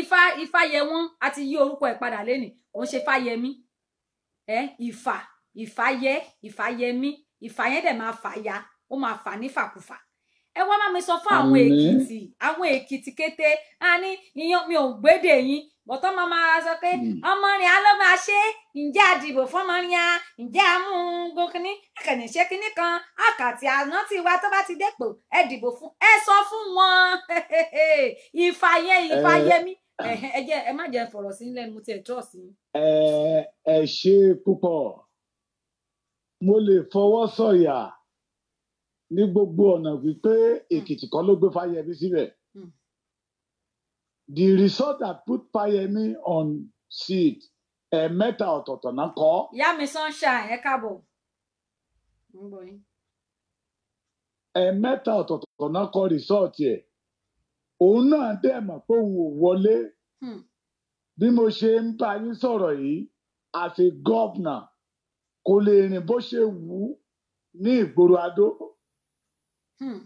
ifá ifáyẹwọ́n a ti yí orúkọ ẹ̀ padà lẹ́nì òun ṣe fáyẹmí ìfà ìfàyẹ ìfàyẹmí ìfàyẹn dẹ̀ máa fàya ó máa fà ní fàkùfà ẹ wá bá mi sọ fún àwọn èkìtì àwọn èkìtì kété a ní ìyan mi ò gbédè yín bọ̀tọ́ máa máa sọ pé hmm. ọmọrin alọ́ máa ṣe ǹjẹ́ àdìbò fọmọrin a ǹjẹ́ amú gòkìní akẹ̀nìṣẹ́ kínní kan àkàtì àná tí wa tó bá ti dépò ẹ dìbò fún ẹ sọ fún wọn [laughs] ìfàyẹ ìfàyẹmí ẹ jẹ ẹ má jẹ fọ̀rọ̀ sí lẹ́nu mo ti ẹ̀ tọ́ sí. ẹ ẹ ṣe púpọ̀ mo lè fọwọ́ sọ̀yà. So ní gbogbo ọ̀nà wípé hmm. èkìtì kan ló gbé fáyemí síbẹ̀. Hmm. the result that put fáyemí on seat ẹ̀ẹ̀mẹ́ta ọ̀tọ̀ọ̀tọ̀ náà kọ́. ìyá mi sunshine ẹ káàbọ̀. ẹ̀ẹ̀mẹ́ta ọ̀tọ̀ọ̀tọ̀ náà kọ́ result yẹ òun náà dẹ̀ mọ̀ pé òun ò wọlé hmm. bí mo ṣe ń bá yín sọ̀rọ̀ yìí a governor, kò lè rìn bó ṣe wù ú ní ìgboro adó. Hmm.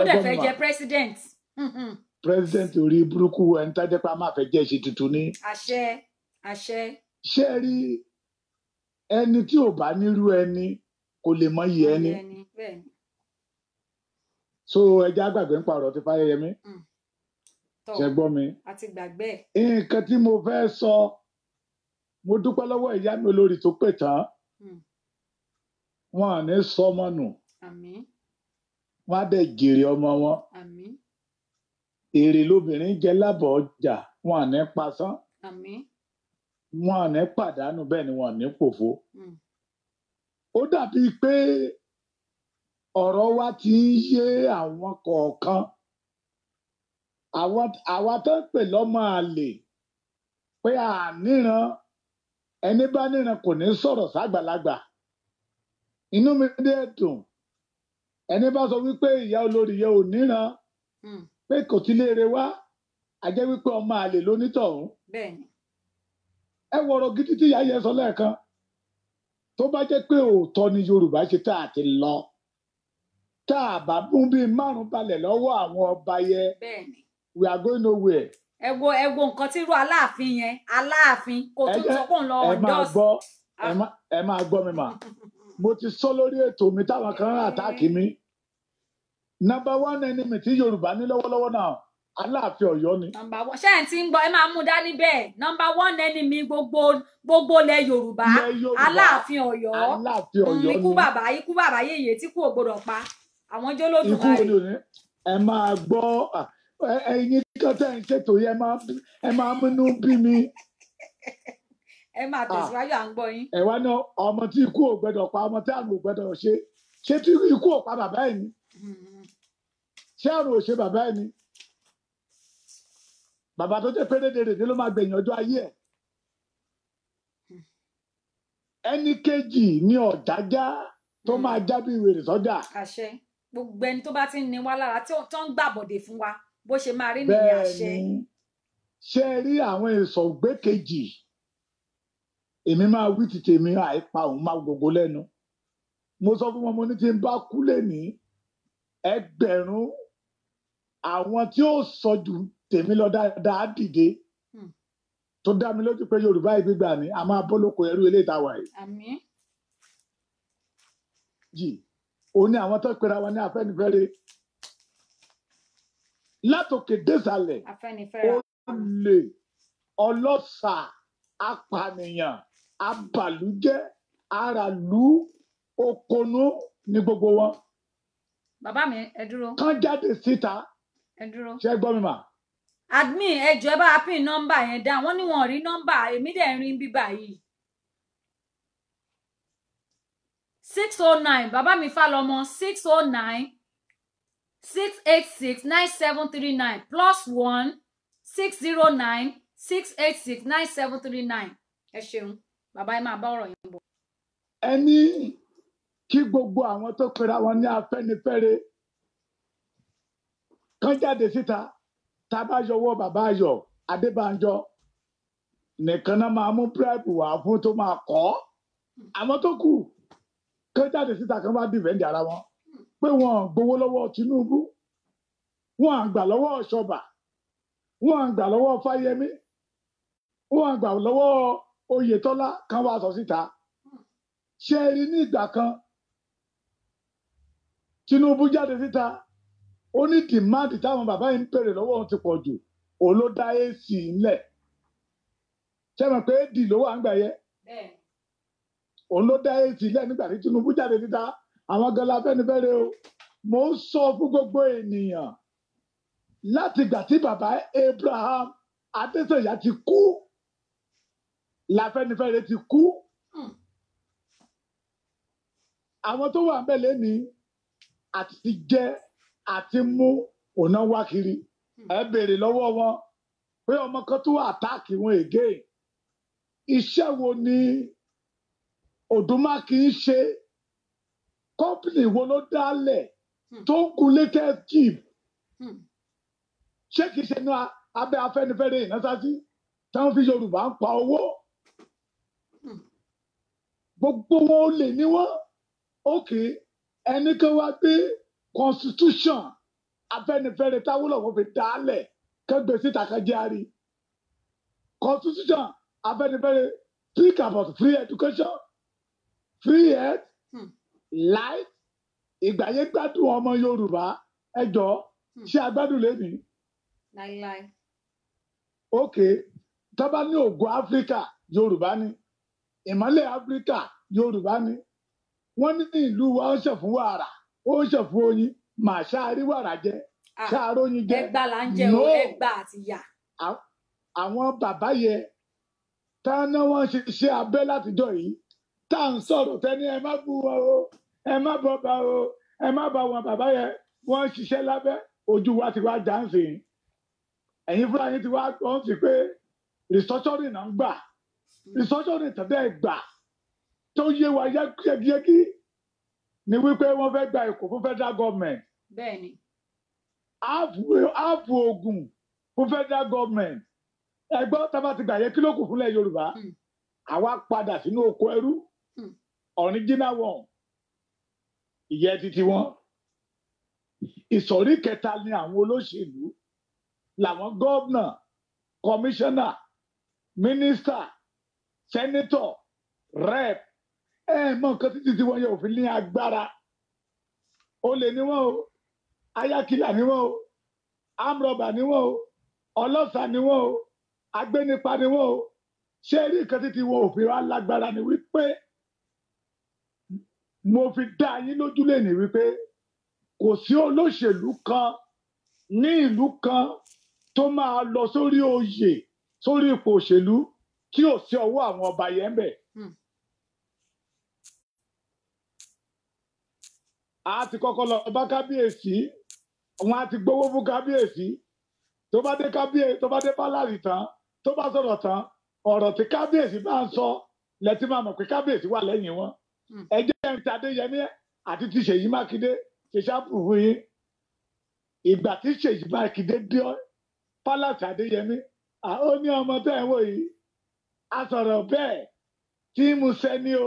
ó dẹ̀ fẹ́ jẹ́ president. Hmm, hmm. president orí burúkú ẹni tá jẹ́ pé a máa fẹ́ jẹ́ ṣe tuntun ní. àṣẹ àṣẹ. ṣé ẹ rí ẹni tí ò bá nírú ẹni kò lè mọyì ẹni so ẹja gbàgbé ń pààrọ̀ ti Fáyẹyẹmí ṣe gbọ́ mi nǹkan tí mo fẹ́ sọ mo dúpẹ́ lọ́wọ́ ìyá mi olórí tó pè tán wọn à ní sọmọ nù. Àmín. Wọ́n á dẹ̀ jèrè ọmọ wọn. Àmín. Èrè lobìnrin jẹ lábọ̀ ọjà, wọn à ní pasán. Àmín. Wọn à ní pàdánù bẹ́ẹ̀ ni wọn à ní pòfo. Hmm. Ó dàbí pé ọ̀rọ̀ wa ti ń yé àwọn kọ̀ọ̀kan. Àwa tó ń pè lọ́mọ àlè pé à ẹni bá níran kò ní sọ̀rọ̀ ságbàlagbà. Inú mi dẹ̀ dùn ẹni bá sọ wípé ìyá olórí yẹn ò níran hmm. pé kò tí léèrè wá a wípé ọmọ àlè lónítọ̀hún ẹ wọ̀rọ̀ gidi tí ìyá yẹn sọ lẹ́ẹ̀kan tó bá jẹ́ pé òótọ́ ni Yorùbá ṣe tá a ti lọ tá a bá mú bíi márùn balẹ̀ lọ́wọ́ àwọn ọba yẹn we are going nowhere. ẹ wo ẹ wo nǹkan tí irú aláàfin yẹn aláàfin kò tún sọ pé òun lọ ọdọọsì. Ah. ẹ máa gbọ́ mi mà [laughs] mo ti sọ lórí ètò mi táwọn kan ń àtáàkì mi nọmba one enemy tí yorùbá ní lọ́wọ́lọ́wọ́ náà aláàfin ọ̀yọ́ ni. nọmba one ṣé ẹ̀ ti ń gbọ́ ẹ máa mú dání bẹ́ẹ̀ nọmba one enemy gbogbo gbogbo lẹ yorùbá aláàfin ọ̀yọ́ aláàfin mm, ọ̀yọ́ ni ikú bàbá ikú bàbá yèyé tí kú ò gbọdọ̀ pa àwọn jọ ló dùn wá rè. ẹ máa gbọ́ ẹ̀yin kan tẹ́ ń ṣètò yẹn ẹ máa múnú bí mi. ẹ máa tẹ̀síwájú à ń gbọ́ yín. ẹ wá ná ọmọ tí ikú ò gbọdọ̀ pa ọmọ tí àrùn ò gbọdọ̀ ṣe tí ikú ò pa bàbá yìí ni. Mm-hmm ṣé àrùn ò ṣe bàbá ẹni bàbá tó jẹ́ pérédèrèdè ló máa gbẹ̀yìn ọjọ́ ayé ẹ̀ ẹni kejì ni ọ̀dájá tó máa hmm. já bí wèrè sọ́jà. àṣẹ gbogbo ẹni tó bá ti ń ni wá lára tí tó ń gbàbọ̀dè fún wa bó ṣe máa rí nìyẹn àṣẹ. bẹ́ẹ̀ni ṣe rí àwọn èso ògbé kejì èmi máa wí ti tèmi àìpa òun máa gbogbo lẹ́nu mo sọ fún wọn mo ní tí n bá kú lè ẹgbẹ̀rún àwọn tí ó sọ jù tèmi lọ dáadáa dìde hmm. tó dá mi lójú pé yorùbá yìí gbígbà ni a máa bólókò ẹrú ilé ìtawà yìí. àmín. yìí òun ni àwọn tó pera wọn ní afẹ́nifẹ́re látòkè désàlẹ̀ olè ọlọ́ṣà apànìyàn abàlújẹ́ aràlú òkònú ni gbogbo wọn. bàbá mi ẹ dúró. kán jáde síta ṣé gbọ́ mi ma. Admi, ẹjọ ẹ bá a pín nọ́mbà yẹn dá wọn ní wọn rí nọ́mbà èmi dẹ̀ ń rí yìí. six oh nine bàbá mi Fálọmọ six oh nine six eight six nine seven three nine plus one six zero oh nine six eight six nine seven three nine ẹ ṣeun bàbá ẹ máa bá ọ̀rọ̀ yẹn bọ̀. ẹ ní kí gbogbo àwọn tó pera wọn ní Afẹ́nifẹ́re kán jáde síta tá a bá yọwọ́ bàbá ayọ̀ adébánjọ nìkan náà máa mú pírẹ́pù wá fún tó máa kọ́ àwọn tó kù kán jáde síta kán bá dìbẹ́ǹdì ara wọn pé wọn gbowó lọ́wọ́ tinubu wọn àgbà lọ́wọ́ ọ̀ṣọ́bà wọn àgbà lọ́wọ́ fáyẹmí wọn àgbà lọ́wọ́ oyètọ́lá kan wá sọ síta ṣe é rí ní ìgbà kan tinubu jáde síta ó ní demand táwọn bàbá yìí ń pèrè lọ́wọ́ òun ti pọ̀ jù òun ló dá ac ńlẹ̀ ṣé mo pé ad ló wà ń gbà yẹ òun ló dá ac ńlẹ̀ nígbà tí Tinubu jáde títa àwọn gan la o mo ń sọ fún gbogbo ènìyàn láti gbà tí bàbá Abraham Adésànyà ti kú la fẹ́nifẹ́re ti kú hmm. àwọn tó wà ń bẹ̀ lẹ́ni àti jẹ́ àti mú òná wá kiri ẹ béèrè lọ́wọ́ wọn pé ọmọ kan tó àtáàkì wọn ègé iṣẹ́ wo ni Odùmákì ń ṣe kọ́pìnì wo ló dálẹ̀ hmm. tó ń kun latest jeep hmm. ṣé kìí ṣe ní abẹ́ Afẹ́nifẹ́re ìnásásí táwọn fi Yorùbá ń pa owó hmm. gbogbo wọn ò lè ní wọn òkè ẹnì kan wá gbé constitution Afẹ́nifẹ́re táwọlọ́wọ́ fi dálẹ̀ kẹgbẹ́ síta kan járe constitution Afẹ́nifẹ́re speak about free education free health hmm. life ìgbàyé gbádùn ọmọ Yorùbá ẹjọ hmm. ṣé agbádùn lèmi. láíláí. ok tọ́ba ní ògùn Áfíríkà Yorùbá ni ìmọ́lẹ̀ Áfíríkà Yorùbá ni wọ́n ní ìlú wa ń ṣẹ̀fún wàrà ó ṣẹ̀fọ́ oyin màá ṣáárí wàrà jẹ ah, ṣááró oyin jẹ ẹgbà là ń jẹ o ẹgbà àti yà. àwọn bàbá yẹn tá a ná wọn ṣiṣẹ́ abẹ́ látijọ́ yìí tá à ń sọ̀rọ̀ tẹ́ni ẹ má bú wọn o ẹ má bọ bá o ẹ má bá wọn bàbá yẹn wọ́n ṣiṣẹ́ lábẹ́ ojú wa ti wá dáǹsì ẹ̀yin fúlàní ti wá wọ́n fi pé restructuring náà ń gbà hmm. restructuring tẹ̀lé ẹ̀ gbà tó yé wa yẹ́kí ni wípé wọ́n fẹ́ gba Èkó fún federal government. bẹ́ẹ̀ni. áàfù Ògùn fún federal government ẹgbọ́n tábà ti gbà yẹ kí ló kù fúnlẹ̀ Yorùbá hmm. àwa padà sínú oko ẹrú hmm. original one ìyẹn títí wọn ìsọ̀rí kẹta ni àwọn olóṣèlú làwọn gómìnà kọmíṣánná mínísítà sẹ́nítọ̀ rẹ́ẹ̀pù ẹ mọ nǹkan títí tí wọn yẹ òfin ní agbára olè ni wọn o ayákìlà ni wọn o amrọba ni wọn o ọlọ́sà ni wọn o agbénipa ni wọn o ṣé rí nǹkan títí wọn òfin wa lágbára ni wípé mo fi dá yín lójú lẹ́nu wípé kò sí olóṣèlú kan ní ìlú kan tó máa lọ sórí oyè sórí ipò òṣèlú kí ò sí ọwọ́ àwọn ọba yẹn bẹ́ẹ̀ a ti kọ́kọ́ lọ bá kábíyèsí wọn a ti gbowó fún kábíyèsí tó bá dé kábíyèsí tó bá dé pálásì tán tó bá sọ̀rọ̀ tán ọ̀rọ̀ tí kábíyèsí bá ń sọ lẹ́tí máa mọ̀ pé kábíyèsí wà lẹ́yìn wọn hmm. ẹ jẹ́ ẹ̀rín tí adéyẹmí àti ti ṣèyí mákindé ṣe ṣáàpù fún yín ìgbà tí ṣèyí mákindé dé pálásì adéyẹmí ó ní ọmọ tẹ́ ẹ̀ wò yìí a sọ̀rọ̀ bẹ́ẹ̀ tí mo sẹ́ni o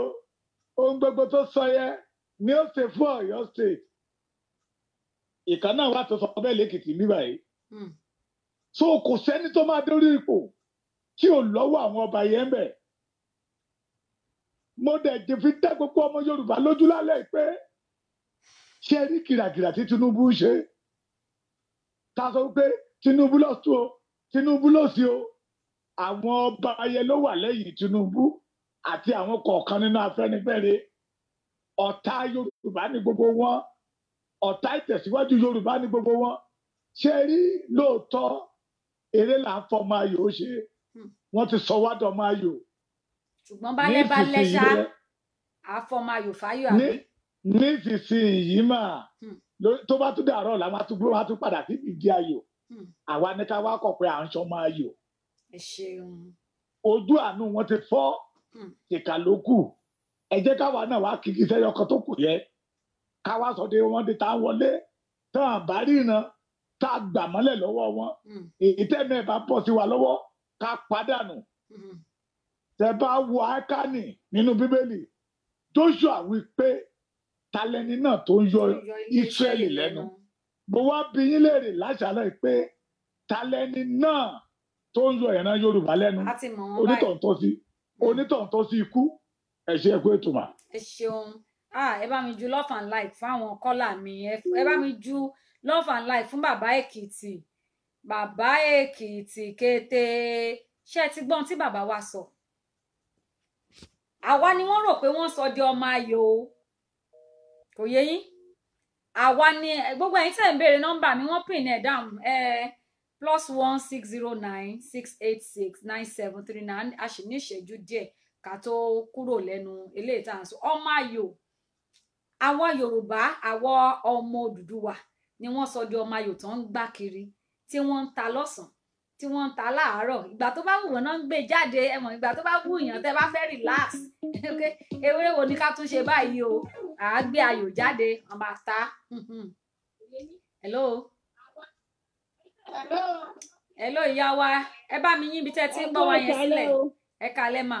ohun gbogbo tó sọ yẹn ní ó ṣe fún Ọ̀yọ́ state ìkan náà wà tó sọ bẹ́ẹ̀ lẹ́kìtì níbà yìí hmm. so kò sẹ́ni tó máa dórí ipò tí ò lọ́wọ́ àwọn ọba yẹn bẹ̀ mo dẹ̀ jẹ́ fi dá gbogbo ọmọ Yorùbá lójú lálẹ́ pé ṣé rí kìràkìrà tí Tinubu ṣe ta sọ pé Tinubu lọ sí o Tinubu lọ sí o àwọn ọba yẹn ló wà lẹ́yìn Tinubu àti àwọn kọ̀ọ̀kan nínú Afẹ́nifẹ́re ọ̀tá yorùbá ni gbogbo wọn ọ̀tá ìtẹ̀síwájú yorùbá ni gbogbo wọn ṣe rí lóòótọ́ eré là ń fọmọ ayò ṣe hmm. wọ́n ti sọ wádọ̀ ọmọ ayò. ṣùgbọ́n balẹ̀ balẹ̀ ṣá àfọmọ ayò fáyọ̀ àbí. nísinsìnyí mà hmm. tó bá tún dàárọ̀ la máa tún gbé wa tún padà sí ìdí ayò hmm. àwa ní ká wá kọ̀ pé à ń sọmọ ayò. ojú àánú wọn ti fọ́ ìkà ló kù ẹ jẹ́ káwa náà wá kìkì sẹ́yọ kan tó kù yẹ káwa sọ de wọn de ta wọlé tán bá ríran tá a gbà mọ́lẹ̀ lọ́wọ́ wọn hmm. èyí tẹ́nu ẹ̀ bá pọ̀ sí wa lọ́wọ́ ká pàdánù hmm. tẹ bá wo ákánì nínú bíbélì Joshua wí pé talẹni náà tó ń yọ Ísírẹ́lì lẹ́nu mo wá bi yín léèrè láṣàlẹ̀ pé talẹni náà tó ń yọ ìran Yorùbá lẹ́nu onítọ̀ntọ́sí onítọ̀ntọ́sí hmm. ikú ẹ ṣe ẹ kú ètò mà. ẹ ṣeun ah, ẹ bá mi ju love and life fún àwọn kọ́là mi ẹ bá mi ju love and life fún bàbá èkìtì bàbá èkìtì kété ṣé ẹ ti gbọ́n tí bàbá wa sọ àwa ni wọ́n rò pé wọ́n sọ di ọmọ ayò o kò yé yín àwa ni gbogbo ẹ̀yin tẹ̀ ń béèrè nọ́mbà mi wọ́n pin ẹ̀ dáhùn ẹ̀ plus one six zero nine six eight six nine seven three nine a sì ní ìṣẹ́jú díẹ̀ ká tó kúrò lẹ́nu eléyìí tá à ń sọ ọmọ ayò àwọn yorùbá àwọn ọmọ Odùduwà ni wọ́n sọ di ọmọ ayò tó ń gbá kiri tí wọ́n ń ta lọ́sàn tí wọ́n ń ta láàárọ̀ ìgbà tó bá wù wọ́n náà ń gbé jáde ẹmọ ìgbà tó bá wù yàn tẹ́ bá fẹ́ relax [laughs] ewé wo ni ká tún ṣe báyìí o à á gbé ayò jáde wọ́n máa ta. hello. hello. hello ìyá wa ẹ bá mi yín ibi tẹ́ ti ń gbọ́ wa yẹn sílẹ̀ ẹ kálẹ́ mà.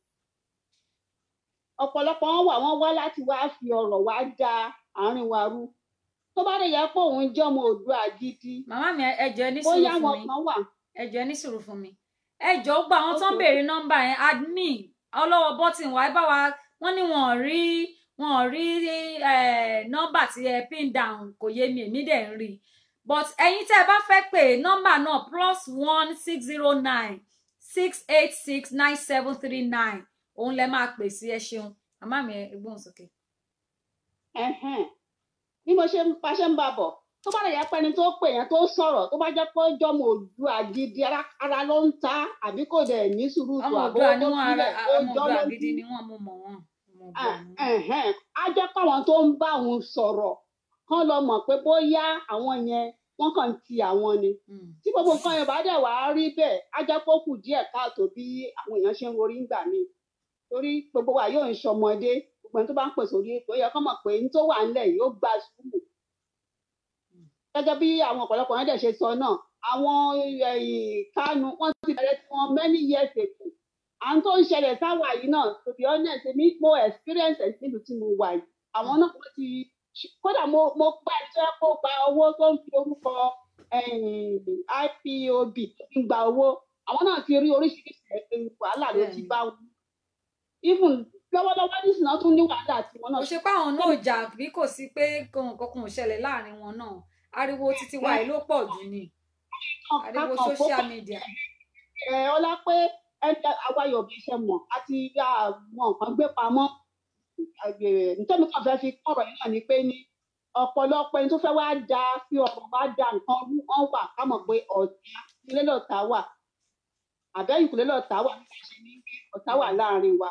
ọ̀pọ̀lọpọ̀ wọn wà wọ́n wá láti wá fi ọ̀rọ̀ wá da àárín wa rú tó bá lè yẹ pé òun jẹ́ ọmọ Oòduà gidi. màmá mi ẹjọ ní sùúrù fún mi ẹjọ ní sùúrù fún mi ẹjọ gba àwọn tó ń béèrè nọ́mbà yẹn admin ọlọ́wọ́ bọ́tìn wa ẹ bá wa wọ́n ní wọ́n rí wọ́n rí nọ́mbà tí ẹ pin down kò yé mi èmi dẹ̀ ń rí but ẹ̀yin tẹ́ ẹ bá fẹ́ pè nọ́mbà náà plus one six zero nine six eight six nine seven three nine òun lẹ máa pè sí ẹ ṣeun màmá mi ẹgbọn sókè. bí mo ṣe ń paṣẹ ń bá bọ̀ tó bá lè yá pẹ́ni tó pè yẹn tó sọ̀rọ̀ tó bá jẹ́ pé jọmọ ojú àgídí ara ló ń ta àbí kò dẹ̀ ní sùúrù tó àbọ̀ tó sílẹ̀ ó jọ́ lójú. Ah, a jẹ́ káwọn tó ń bá òun sọ̀rọ̀ kán lọ mọ̀ pé bóyá àwọn yẹn wọ́n kàn ń ti àwọn ni. Hmm. tí gbogbo nǹkan yẹn bá dẹ̀ wá rí bẹ́ẹ̀ á jẹ́ kó kù díẹ̀ káàtó bí àwọn èèyàn ṣe ń rorí ń gbà míì torí gbogbo wa yóò ń ṣọmọdé gbogbo ẹni tó bá ń pè sórí ètò yẹ kó mọ̀ pé ní tó wà ńlẹ̀ yóò gba sùúrù gẹ́gẹ́ bí àwọn ọ̀pọ̀lọpọ̀ yẹn dẹ̀ ṣe sọ náà àwọn kánú wọ́n ti bẹ̀rẹ̀ tí wọ́n many years ago à ń tó ń ṣẹlẹ̀ sáwà yìí náà to be honest mi mo experience ẹ̀ nílùú tí mo wà yìí àwọn náà wọ́n ti kódà mo mo gba ẹjọ́ kó gba owó tó ń fi orúkọ IPOB tó ń gba owó àwọn náà ti rí oríṣiríṣi wàhálà ló ti bá wọn even lọ́wọ́lọ́wọ́ nísìnyí náà tún ní wàhálà àti wọn náà. kò ṣe pé àwọn náà jà bí kò sí pé kankan ò ṣẹlẹ̀ láàrin wọn náà ariwo títí wa yìí ló pọ̀ jù ni ariwo social media. ẹ ọlá pé ẹni àwáyọ bí iṣẹ́ mọ àti ya àwọn nǹkan gbé pamọ́ nítorí kan fẹ́ẹ́ fi kọ̀rọ̀ yìí hàn ní pé ní ọ̀pọ̀lọpọ̀ ẹni tó fẹ́ wá da fi ọ̀rọ̀ wá da nǹkan rú wọn wà kámọ̀ pé ọ̀tá ìkúlélọ̀tà wà àbẹ́yìnkúlélọ̀tà wà ọ̀tá wà láàrin wa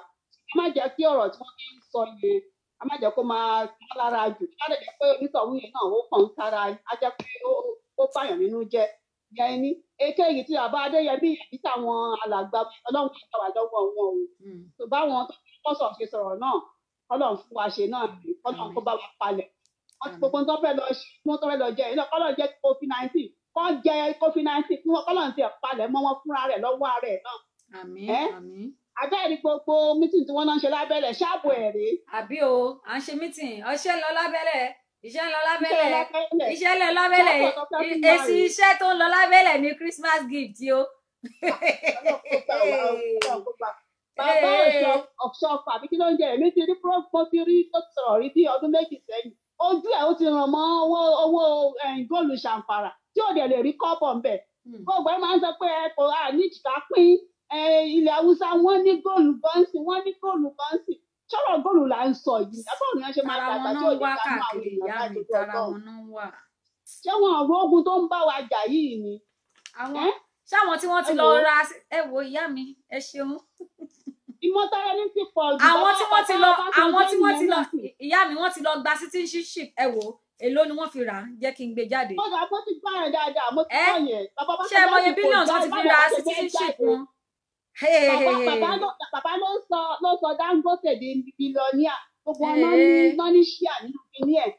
ẹ má jẹ́ kí ọ̀rọ̀ tí wọ́n fi ń sọ yẹn ẹ má jẹ́ kó máa sọ lára jù kí wọ́n lè jẹ́ pé onítọ̀hún yẹn náà ó kàn ń sára á jẹ́ pé ó báyàn nínú jẹ́ ìyá ẹni èkéyìí tí bàbá adéyẹmí yìí táwọn alàgbà ọlọ́run kò gbà wá lọ́wọ́ wọn o báwọn tó fi pọ́sọ̀ ṣe sọ̀rọ̀ náà ọlọ́run fún wa ṣe náà rèé ọlọ́run kó bá wa palẹ̀ wọ́n ti gbogbo tó fẹ́ lọ ṣe wọ́n tó fẹ́ lọ jẹ iná kọ́lọ́n jẹ́ covid nineteen kọ́ jẹ covid nineteen kọ́lọ́n ti ẹ̀ palẹ̀ mọ́ wọn fúnra rẹ̀ lọ́wọ́ rẹ̀ náà abẹ́ẹ̀rí gbogbo mítìn tí wọ́n náà ń ṣe lábẹ́lẹ̀ ṣáàbù ẹ̀ rí. àbí o à ń ṣe mítìn ọṣẹ́ ń lọ lábẹ́lẹ̀ iṣẹ́ ń lọ lábẹ́lẹ̀ iṣẹ́ ń lọ lábẹ́lẹ̀ èsì iṣẹ́ tó ń lọ lábẹ́lẹ̀ ni Christmas gift o. bàbá ọ̀ṣọ́fà àbí kí ló ń jẹ èmi ti rí mo ti rí tó sọ̀rọ̀ rí bí ọdún méjì sẹ́yìn ojú ẹ̀ ó ti ràn mọ́ owó owó eh, góòlù ṣàǹfàrà tí ò dẹ̀ lè rí kọ́bọ̀ ń bẹ̀ hmm. gbogbo ilẹ̀ haúsá wọ́n ní góòlù bọ́ǹsì wọ́n ní góòlù bọ́ǹsì sọ̀rọ̀ góòlù là ń sọ yìí àbọ̀ òní ṣe máa dàgbà tí òní ká mọ àwọn èèyàn láti tó ọ̀tọ̀ ṣé wọn ọ̀rọ̀ ogun tó ń bá wa jà yìí ni. ṣáwọn tí wọ́n ti lọ ra ẹ wo ìyá mi ẹ ṣeun. ìmọ̀tara ní ti pọ̀ jù àwọn tí wọ́n ti lọ àwọn tí wọ́n ti lọ ìyá mi wọ́n ti lọ gba citizenship ẹ wo èló ni wọ́n fi rà á kí n gbé jáde. mo ti gbọ́ yẹn dáadáa mo ti gbọ́ yẹn. ṣé ẹ mọye bílíọ̀nù tó ti fi ra citizenship wọn bàbá ló sọ ló sọ Dangote di bilọ́níà gbogbo ọmọ ní nọ́níṣíà nínú kínní ẹ̀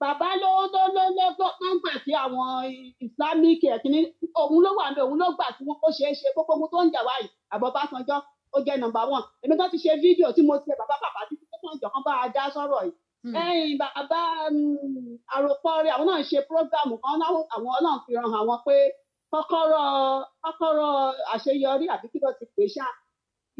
bàbá ló ló ló ló ló gbà sí àwọn Islamic ẹ̀kíní òun ló wà ní òun ló gbà tí wọ́n ó ṣeé ṣe gbogbo ohun tó ń jà wáyìí àbọ̀ bá sanjọ́ ó jẹ́ nọ́mbà wọn èmi kan ti ṣe fídíò tí mo ṣe bàbá bàbá tí wọ́n jọ kan bá a dá sọ̀rọ̀ yìí hmm. ẹ̀yin bàbá hmm, àròpọ̀ rẹ̀ àwọn náà ṣe prógámù kan láwọn àwọn náà fi hàn àwọn pé kọ́kọ́rọ́ kọ́kọ́rọ́ àṣeyọrí àbí kí ló ti pè ṣá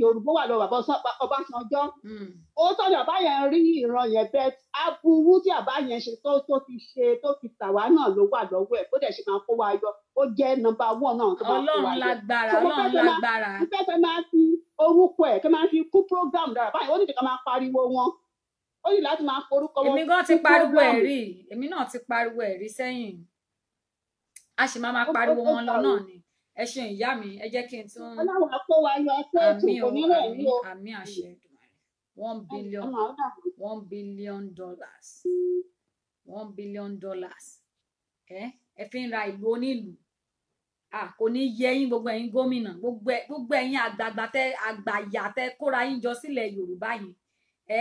yorùbá wà lọ́wọ́ bàbá ọbásanjọ́ hmm. ó tọ́jú àbá rí ìran yẹn bẹ́ẹ̀ aburú tí àbá ṣe tó tó fi ṣe tó fi tà náà ló wà lọ́wọ́ ẹ̀ bó dẹ̀ ṣe máa kó wa yọ ó jẹ́ nọ́mbà wọ́n náà tó máa kó wa yọ ọlọ́run lágbára ọlọ́run lágbára mo fẹ́ máa fi orúkọ ẹ̀ kí máa fi kú program dára báyìí ó ní ìdíkan máa pariwo wọn ó ní láti máa forúkọ wọn. èmi gan ti pariwo ẹ̀rí èmi náà ti pariwo ẹ̀rí sẹ́yìn a sì máa máa pariwo wọn lọ náà ni ẹ ṣe ìyá mi ẹ jẹ́ kí n tún. ọlọ́run àpò wa yọ ọtí ètò onírẹ̀ yìí o àmì àṣẹ Èdùmàrè one billion one billion dollars one billion dollars ẹ ẹ fi ń ra ìlú onílù a kò ní yẹ yín gbogbo ẹ̀yin gómìnà gbogbo ẹ̀yin àgbààgbà tẹ àgbàyà tẹ kóra yín jọ sílẹ̀ Yorùbá yìí ẹ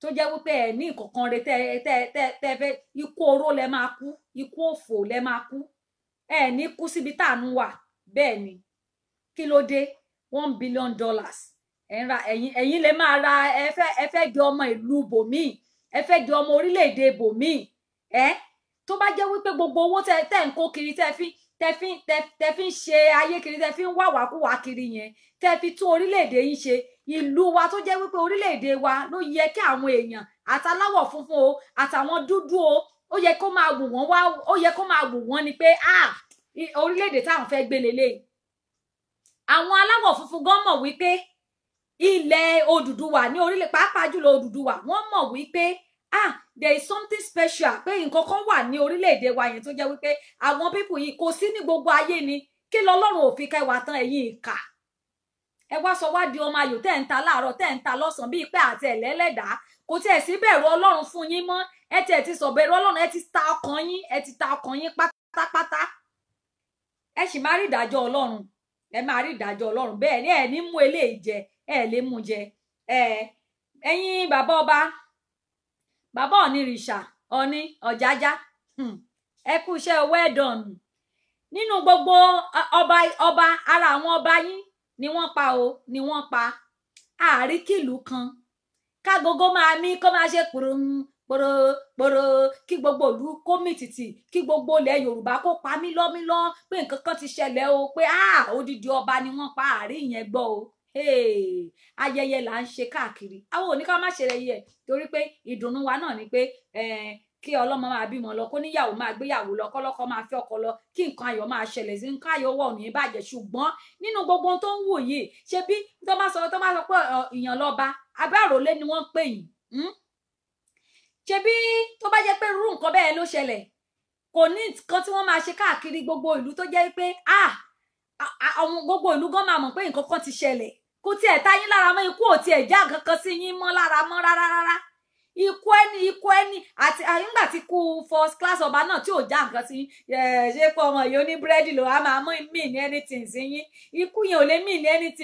tó jẹ́ wípé ẹ ní ìkọ̀kan tẹ tẹ tẹ tẹ fẹ́ ikú oró lẹ máa kú ikú òfò lẹ máa kú ẹ ní kú síbi táànú wà bẹ́ẹ̀ ni kí ló dé one billion dollars ẹ̀yin lè máa ra ẹ fẹ́ di ọmọ ìlú bòmíì ẹ fẹ́ di ọmọ orílẹ̀-èdè bòmíì ẹ tó bá jẹ́ wípé gbogbo owó tẹ́ ń kó kiri tẹ́ fi tẹ́fí tẹ́fí ń ṣe ayé kiri tẹ́fí ń wá wàkúwà kiri yẹn tẹ́fí tún orílẹ̀-èdè yín ṣe ìlú wa tó jẹ́ wípé orílẹ̀-èdè wa ló yẹ kí àwọn èèyàn àtàláwọ̀ funfun o àtàwọn dúdú o ó yẹ kó máa wù wọ́n wá ó yẹ kó máa wù wọ́n ni pé ah orílẹ̀-èdè táwọn fẹ́ gbé lélẹ̀ àwọn aláwọ̀ funfun gan mọ̀ wípé ilẹ̀ Odùduwà ní orílẹ̀ pàápàá jùlọ Odùduwà wọ́n mọ̀ wípé ah there is something special pé nǹkan kan wà ní orílẹ̀-èdè wa yẹn tó jẹ́ wípé àwọn pípù yìí kò sí ní gbogbo ayé ni kí lọ́lọ́run ò fi kẹwàá tán ẹ̀yin ìkà ẹ wá sọ wá di ọmọ ayò tẹ́ ń ta láàárọ̀ tẹ́ ń ta lọ́sàn-án bíi pé àti ẹ̀lẹ́lẹ́dàá kò tiẹ̀ sí bẹ̀rù Ọlọ́run fún yín mọ́ ẹ tiẹ̀ ti sọ̀bẹ̀rẹ̀ ọlọ́run ẹ ti ta ọkàn yín ẹ ti ta ọkàn yín pátápátá ẹ sì máa rí ìdájọ́ ọlọ́run ẹ máa rí ìdájọ́ ọlọ́run bẹ́ẹ̀ ni ẹ ní mú eléyìí jẹ ẹ lè mú jẹ ẹ ẹ̀yin bàbá ọba bàbá ọ̀ni rìṣà ọ̀ni ọ̀jájá hmm, ẹ kú iṣẹ́ well done nínú gbogbo ọba ọba ara àwọn ọba yín ni wọ́n pa o ni wọ́n pa àárí kìlú kan kágogo máa mí kó máa ṣe kùrùn gbòòrò kí gbogbo ìlú kó mì kí gbogbo ilẹ̀ yorùbá kó pa mí lọ́mílọ́ pé nǹkan kan ti ṣẹlẹ̀ o pé odidi ọba ni wọ́n pa àárín yẹn gbọ́ o ayẹyẹ là ń ṣe káàkiri àwọn òní ká má ṣe ayẹyẹ torí pé ìdùnnú wa náà ni pé kí ọlọ́mọ máa bímọ lọ kó níyàwó máa gbéyàwó lọ kọ́lọ́kọ máa fẹ́ ọkọ lọ kí nǹkan ayọ̀ máa ṣẹlẹ̀ sí nǹkan ayọ̀ wọ̀ ní bàjẹ́ ṣùgbọ́n nínú gbogbo tó ń wò yìí tó bá sọ tó bá sọ pé ìyàn lọ́ba abẹ́ ni wọ́n pè yín hmm? ṣebí tó bá jẹ́ pé irú nǹkan bẹ́ẹ̀ ló ṣẹlẹ̀ kò ní nǹkan tí wọ́n máa ṣe káàkiri gbogbo ìlú tó jẹ́ pé àwọn gbogbo ìlú gan máa mọ̀ pé nǹkan kan ti ṣẹlẹ̀ kò tiẹ̀ ta yín lára mọ́ ikú ò tiẹ̀ já kankan sí yín mọ́ lára mọ́ rárá rárá ikú ẹni ikú ẹni àti nígbà tí kú first class ọba náà tí ò já nǹkan sí ṣe pé ọmọ yìí ó ní búrẹ́dì ló á máa mú mí ní anything sí yín ikú yẹn ò lè mí ní anything